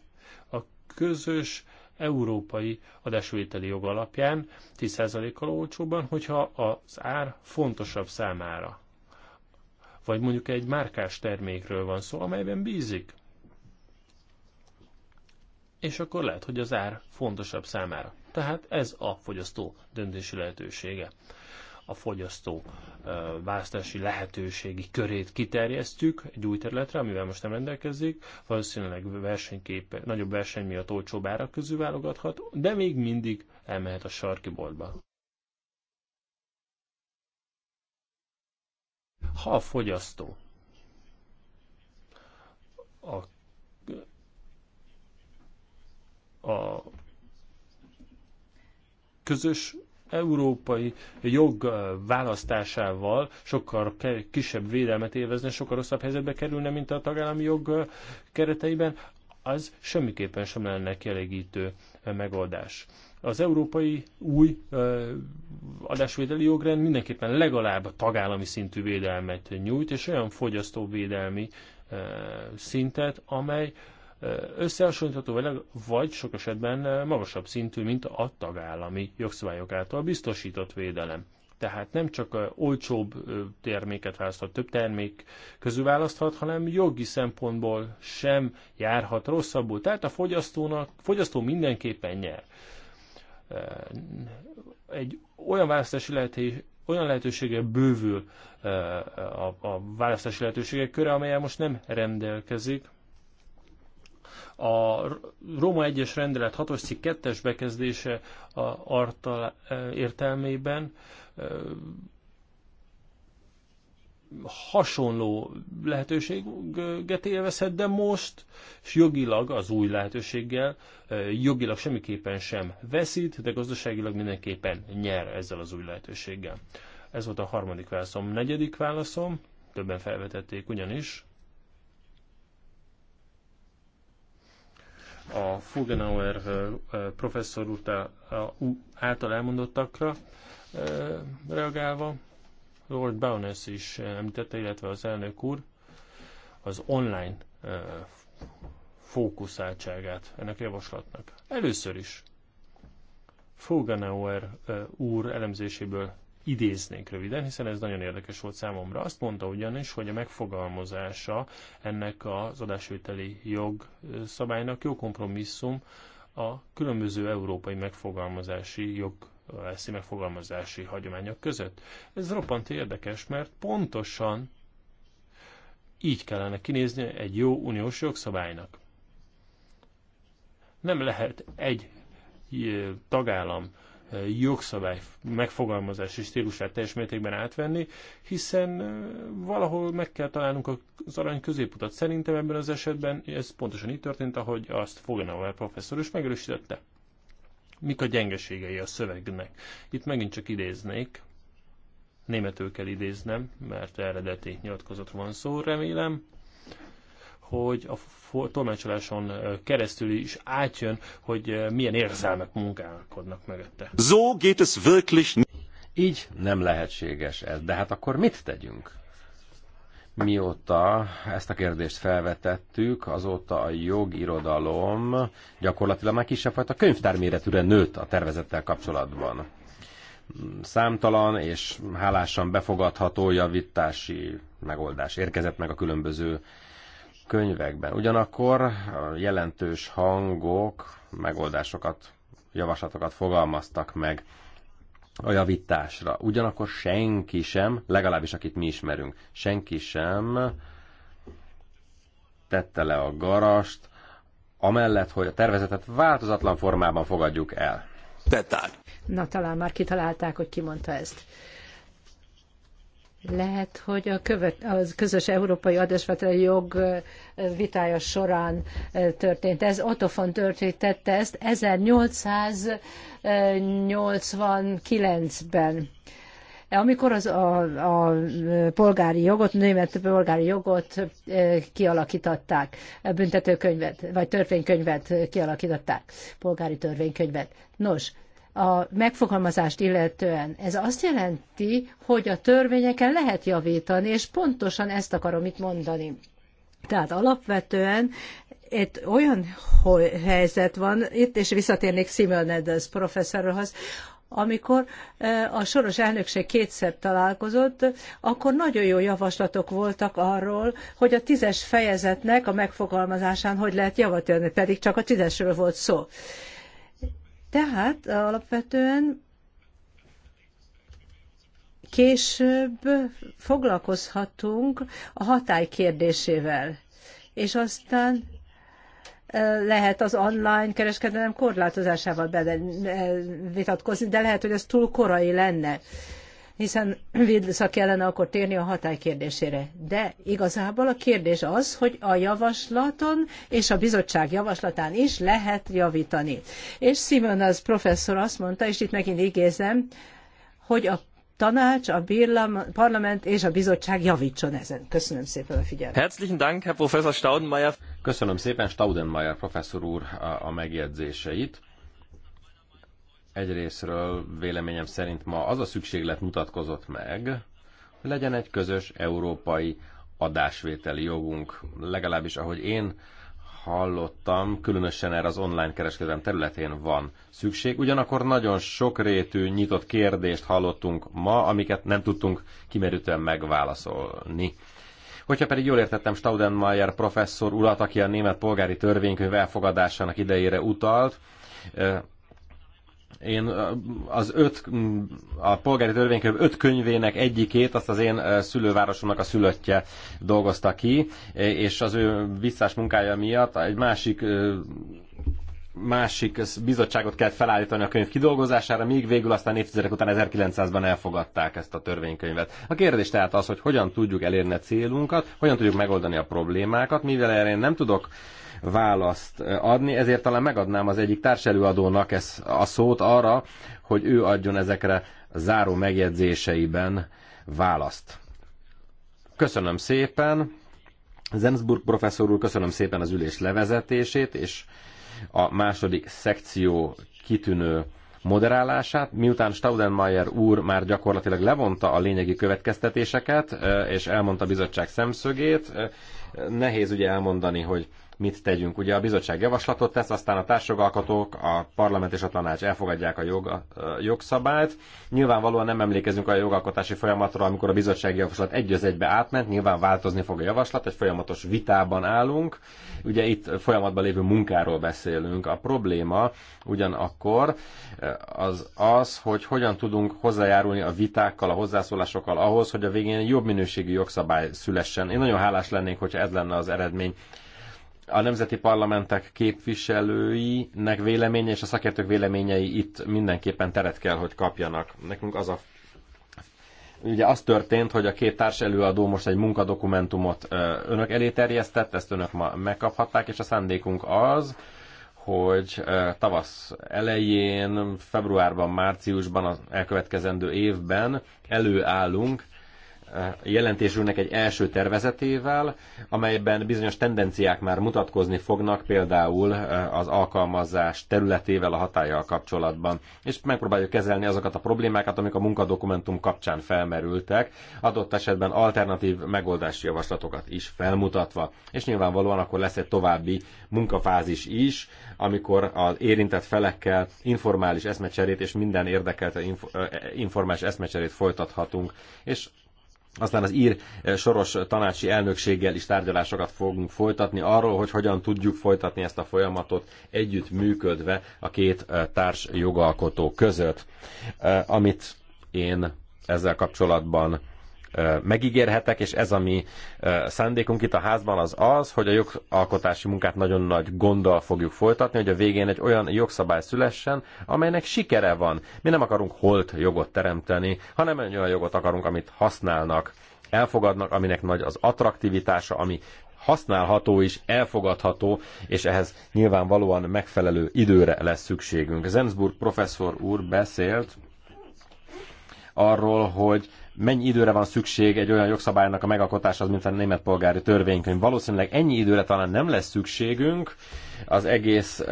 D: a közös európai adásvételi jog alapján 10%-kal olcsóban, hogyha az ár fontosabb számára. Vagy mondjuk egy márkás termékről van szó, amelyben bízik és akkor lehet, hogy az ár fontosabb számára. Tehát ez a fogyasztó döntési lehetősége. A fogyasztó választási lehetőségi körét kiterjesztjük egy új területre, amivel most nem rendelkezik, valószínűleg versenykép, nagyobb verseny miatt olcsóbb árak közül válogathat, de még mindig elmehet a sarki boltba. Ha a fogyasztó a a közös európai jog választásával sokkal kisebb védelmet élvezne, sokkal rosszabb helyzetbe kerülne, mint a tagállami jog kereteiben, az semmiképpen sem lenne kielégítő megoldás. Az európai új adásvédeli jogrend mindenképpen legalább tagállami szintű védelmet nyújt, és olyan fogyasztóvédelmi szintet, amely összehasonlítható, vele, vagy sok esetben magasabb szintű, mint a tagállami jogszabályok által biztosított védelem. Tehát nem csak olcsóbb terméket választhat, több termék közül választhat, hanem jogi szempontból sem járhat rosszabbul. Tehát a fogyasztónak, fogyasztó mindenképpen nyer. Egy olyan választási lehetőség, olyan lehetősége bővül a, a választási lehetőségek köre, amelyel most nem rendelkezik, a Róma 1-es rendelet 6-os cikk 2-es bekezdése a artal eh, értelmében eh, hasonló lehetőséget élvezhet, de most és jogilag az új lehetőséggel eh, jogilag semmiképpen sem veszít, de gazdaságilag mindenképpen nyer ezzel az új lehetőséggel. Ez volt a harmadik válaszom. Negyedik válaszom, többen felvetették ugyanis, a Fugenauer professzor által elmondottakra reagálva, Lord Bowness is említette, illetve az elnök úr, az online fókuszáltságát ennek a javaslatnak. Először is Fugenauer úr elemzéséből idéznék röviden, hiszen ez nagyon érdekes volt számomra. Azt mondta ugyanis, hogy a megfogalmazása ennek az adásvételi jogszabálynak jó kompromisszum a különböző európai megfogalmazási jog eszi megfogalmazási hagyományok között. Ez roppant érdekes, mert pontosan így kellene kinézni egy jó uniós jogszabálynak. Nem lehet egy tagállam jogszabály megfogalmazási stílusát teljes mértékben átvenni, hiszen valahol meg kell találnunk az arany középutat. Szerintem ebben az esetben ez pontosan így történt, ahogy azt Foganauer professzor is megerősítette. Mik a gyengeségei a szövegnek? Itt megint csak idéznék, németül kell idéznem, mert eredeti nyilatkozatra van szó, remélem hogy a tolmácsoláson keresztül is átjön, hogy milyen érzelmek munkálkodnak mögötte.
A: So geht es wirklich Így nem lehetséges ez, de hát akkor mit tegyünk? Mióta ezt a kérdést felvetettük, azóta a jogirodalom gyakorlatilag már kisebb fajta könyvtár méretűre nőtt a tervezettel kapcsolatban. Számtalan és hálásan befogadható javítási megoldás érkezett meg a különböző könyvekben. Ugyanakkor jelentős hangok megoldásokat, javaslatokat fogalmaztak meg a javításra. Ugyanakkor senki sem, legalábbis akit mi ismerünk, senki sem tette le a garast, amellett, hogy a tervezetet változatlan formában fogadjuk el. Tetták.
B: Na, talán már kitalálták, hogy ki mondta ezt. Lehet, hogy a, követ, a közös európai adásveteli jog vitája során történt ez. Otto von Dörthét tette ezt 1889-ben. Amikor az a, a polgári jogot, német polgári jogot kialakították, büntetőkönyvet, vagy törvénykönyvet kialakították, polgári törvénykönyvet. Nos, a megfogalmazást illetően. Ez azt jelenti, hogy a törvényeken lehet javítani, és pontosan ezt akarom itt mondani. Tehát alapvetően itt olyan helyzet van, itt, és visszatérnék Similnedes professzorhoz, amikor eh, a soros elnökség kétszer találkozott, akkor nagyon jó javaslatok voltak arról, hogy a tízes fejezetnek a megfogalmazásán hogy lehet javítani, pedig csak a tízesről volt szó. Tehát eh, alapvetően később foglalkozhatunk a hatály kérdésével, és aztán eh, lehet az online kereskedelem korlátozásával eh, vitatkozni, de lehet, hogy ez túl korai lenne hiszen [clears throat] vissza kellene akkor térni a hatály kérdésére. De igazából a kérdés az, hogy a javaslaton és a bizottság javaslatán is lehet javítani. És Simon az professzor azt mondta, és itt megint igézem, hogy a tanács, a bírlam, parlament és a bizottság javítson ezen. Köszönöm szépen a figyelmet.
A: Herzlichen Dank, Herr Professor Staudenmayer. Köszönöm szépen Staudenmayer professzor úr a, a megjegyzéseit. Egyrésztről véleményem szerint ma az a szükséglet mutatkozott meg, hogy legyen egy közös európai adásvételi jogunk. Legalábbis ahogy én hallottam, különösen erre az online kereskedelem területén van szükség. Ugyanakkor nagyon sokrétű, nyitott kérdést hallottunk ma, amiket nem tudtunk kimerítően megválaszolni. Hogyha pedig jól értettem Staudenmayer professzor urat, aki a német polgári törvénykönyv elfogadásának idejére utalt, én az öt, a polgári törvénykönyv öt könyvének egyikét, azt az én szülővárosomnak a szülöttje dolgozta ki, és az ő visszás munkája miatt egy másik másik bizottságot kellett felállítani a könyv kidolgozására, míg végül aztán évtizedek után 1900-ban elfogadták ezt a törvénykönyvet. A kérdés tehát az, hogy hogyan tudjuk elérni a célunkat, hogyan tudjuk megoldani a problémákat, mivel erre én nem tudok választ adni, ezért talán megadnám az egyik társelőadónak ezt a szót arra, hogy ő adjon ezekre záró megjegyzéseiben választ. Köszönöm szépen. Zensburg professzor úr, köszönöm szépen az ülés levezetését, és a második szekció kitűnő moderálását, miután Staudenmayer úr már gyakorlatilag levonta a lényegi következtetéseket, és elmondta a bizottság szemszögét, nehéz ugye elmondani, hogy mit tegyünk. Ugye a bizottság javaslatot tesz, aztán a társjogalkotók, a parlament és a tanács elfogadják a, jog, a jogszabályt. Nyilvánvalóan nem emlékezünk a jogalkotási folyamatra, amikor a bizottsági javaslat egy az egybe átment, nyilván változni fog a javaslat, egy folyamatos vitában állunk. Ugye itt folyamatban lévő munkáról beszélünk. A probléma ugyanakkor e, az az, hogy hogyan tudunk hozzájárulni a vitákkal, a hozzászólásokkal ahhoz, hogy a végén jobb minőségű jogszabály szülessen. Én nagyon hálás lennék, hogyha ez lenne az eredmény a nemzeti parlamentek képviselőinek véleménye és a szakértők véleményei itt mindenképpen teret kell, hogy kapjanak. Nekünk az a Ugye az történt, hogy a két társ előadó most egy munkadokumentumot önök elé terjesztett, ezt önök ma megkaphatták, és a szándékunk az, hogy tavasz elején, februárban, márciusban, az elkövetkezendő évben előállunk jelentésülnek egy első tervezetével, amelyben bizonyos tendenciák már mutatkozni fognak, például e, az alkalmazás területével, a hatállyal kapcsolatban. És megpróbáljuk kezelni azokat a problémákat, amik a munkadokumentum kapcsán felmerültek, adott esetben alternatív megoldási javaslatokat is felmutatva. És nyilvánvalóan akkor lesz egy további munkafázis is, amikor az érintett felekkel informális eszmecserét és minden érdekelte inf- e, informális eszmecserét folytathatunk. És aztán az ír eh, soros tanácsi elnökséggel is tárgyalásokat fogunk folytatni arról, hogy hogyan tudjuk folytatni ezt a folyamatot együtt működve a két eh, társ jogalkotó között. Eh, amit én ezzel kapcsolatban megígérhetek, és ez a mi szándékunk itt a házban az az, hogy a jogalkotási munkát nagyon nagy gonddal fogjuk folytatni, hogy a végén egy olyan jogszabály szülessen, amelynek sikere van. Mi nem akarunk holt jogot teremteni, hanem egy olyan jogot akarunk, amit használnak, elfogadnak, aminek nagy az attraktivitása, ami használható is, elfogadható, és ehhez nyilvánvalóan megfelelő időre lesz szükségünk. Zensburg professzor úr beszélt arról, hogy mennyi időre van szükség egy olyan jogszabálynak a megalkotásához, mint a német polgári törvénykönyv. Valószínűleg ennyi időre talán nem lesz szükségünk az egész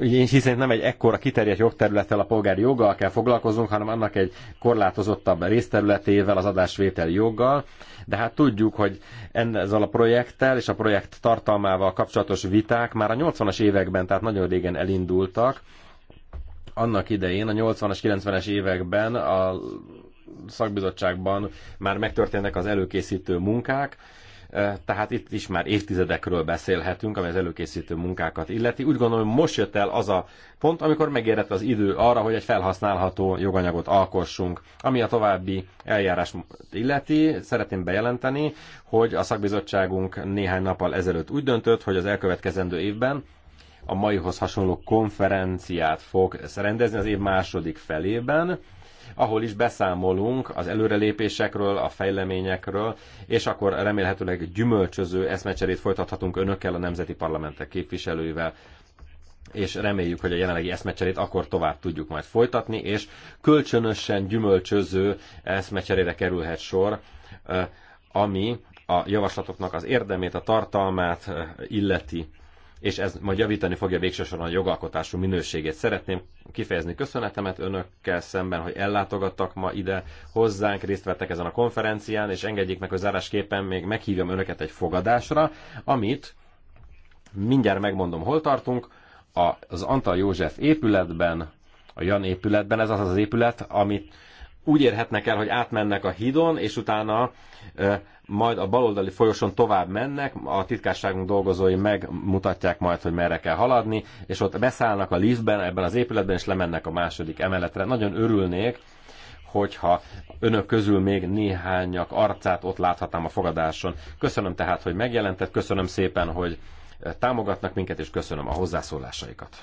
A: hiszen nem egy ekkora kiterjedt jogterülettel a polgári joggal kell foglalkoznunk, hanem annak egy korlátozottabb részterületével, az adásvételi joggal. De hát tudjuk, hogy ezzel a projekttel és a projekt tartalmával kapcsolatos viták már a 80-as években, tehát nagyon régen elindultak. Annak idején, a 80-as, 90-es években a szakbizottságban már megtörténnek az előkészítő munkák, tehát itt is már évtizedekről beszélhetünk, ami az előkészítő munkákat illeti. Úgy gondolom, hogy most jött el az a pont, amikor megérett az idő arra, hogy egy felhasználható joganyagot alkossunk. Ami a további eljárás illeti, szeretném bejelenteni, hogy a szakbizottságunk néhány nappal ezelőtt úgy döntött, hogy az elkövetkezendő évben a maihoz hasonló konferenciát fog rendezni az év második felében, ahol is beszámolunk az előrelépésekről, a fejleményekről, és akkor remélhetőleg gyümölcsöző eszmecserét folytathatunk önökkel, a nemzeti parlamentek képviselőivel és reméljük, hogy a jelenlegi eszmecserét akkor tovább tudjuk majd folytatni, és kölcsönösen gyümölcsöző eszmecserére kerülhet sor, eh, ami a javaslatoknak az érdemét, a tartalmát eh, illeti és ez majd javítani fogja végsősorban a jogalkotású minőségét. Szeretném kifejezni köszönetemet önökkel szemben, hogy ellátogattak ma ide hozzánk, részt vettek ezen a konferencián, és engedjék meg, hogy zárásképpen még meghívjam önöket egy fogadásra, amit mindjárt megmondom, hol tartunk, az Antal József épületben, a Jan épületben, ez az az épület, amit úgy érhetnek el, hogy átmennek a hídon, és utána majd a baloldali folyosón tovább mennek, a titkárságunk dolgozói megmutatják majd, hogy merre kell haladni, és ott beszállnak a liftben, ebben az épületben, és lemennek a második emeletre. Nagyon örülnék, hogyha önök közül még néhányak arcát ott láthatnám a fogadáson. Köszönöm tehát, hogy megjelentett, köszönöm szépen, hogy támogatnak minket, és köszönöm a hozzászólásaikat.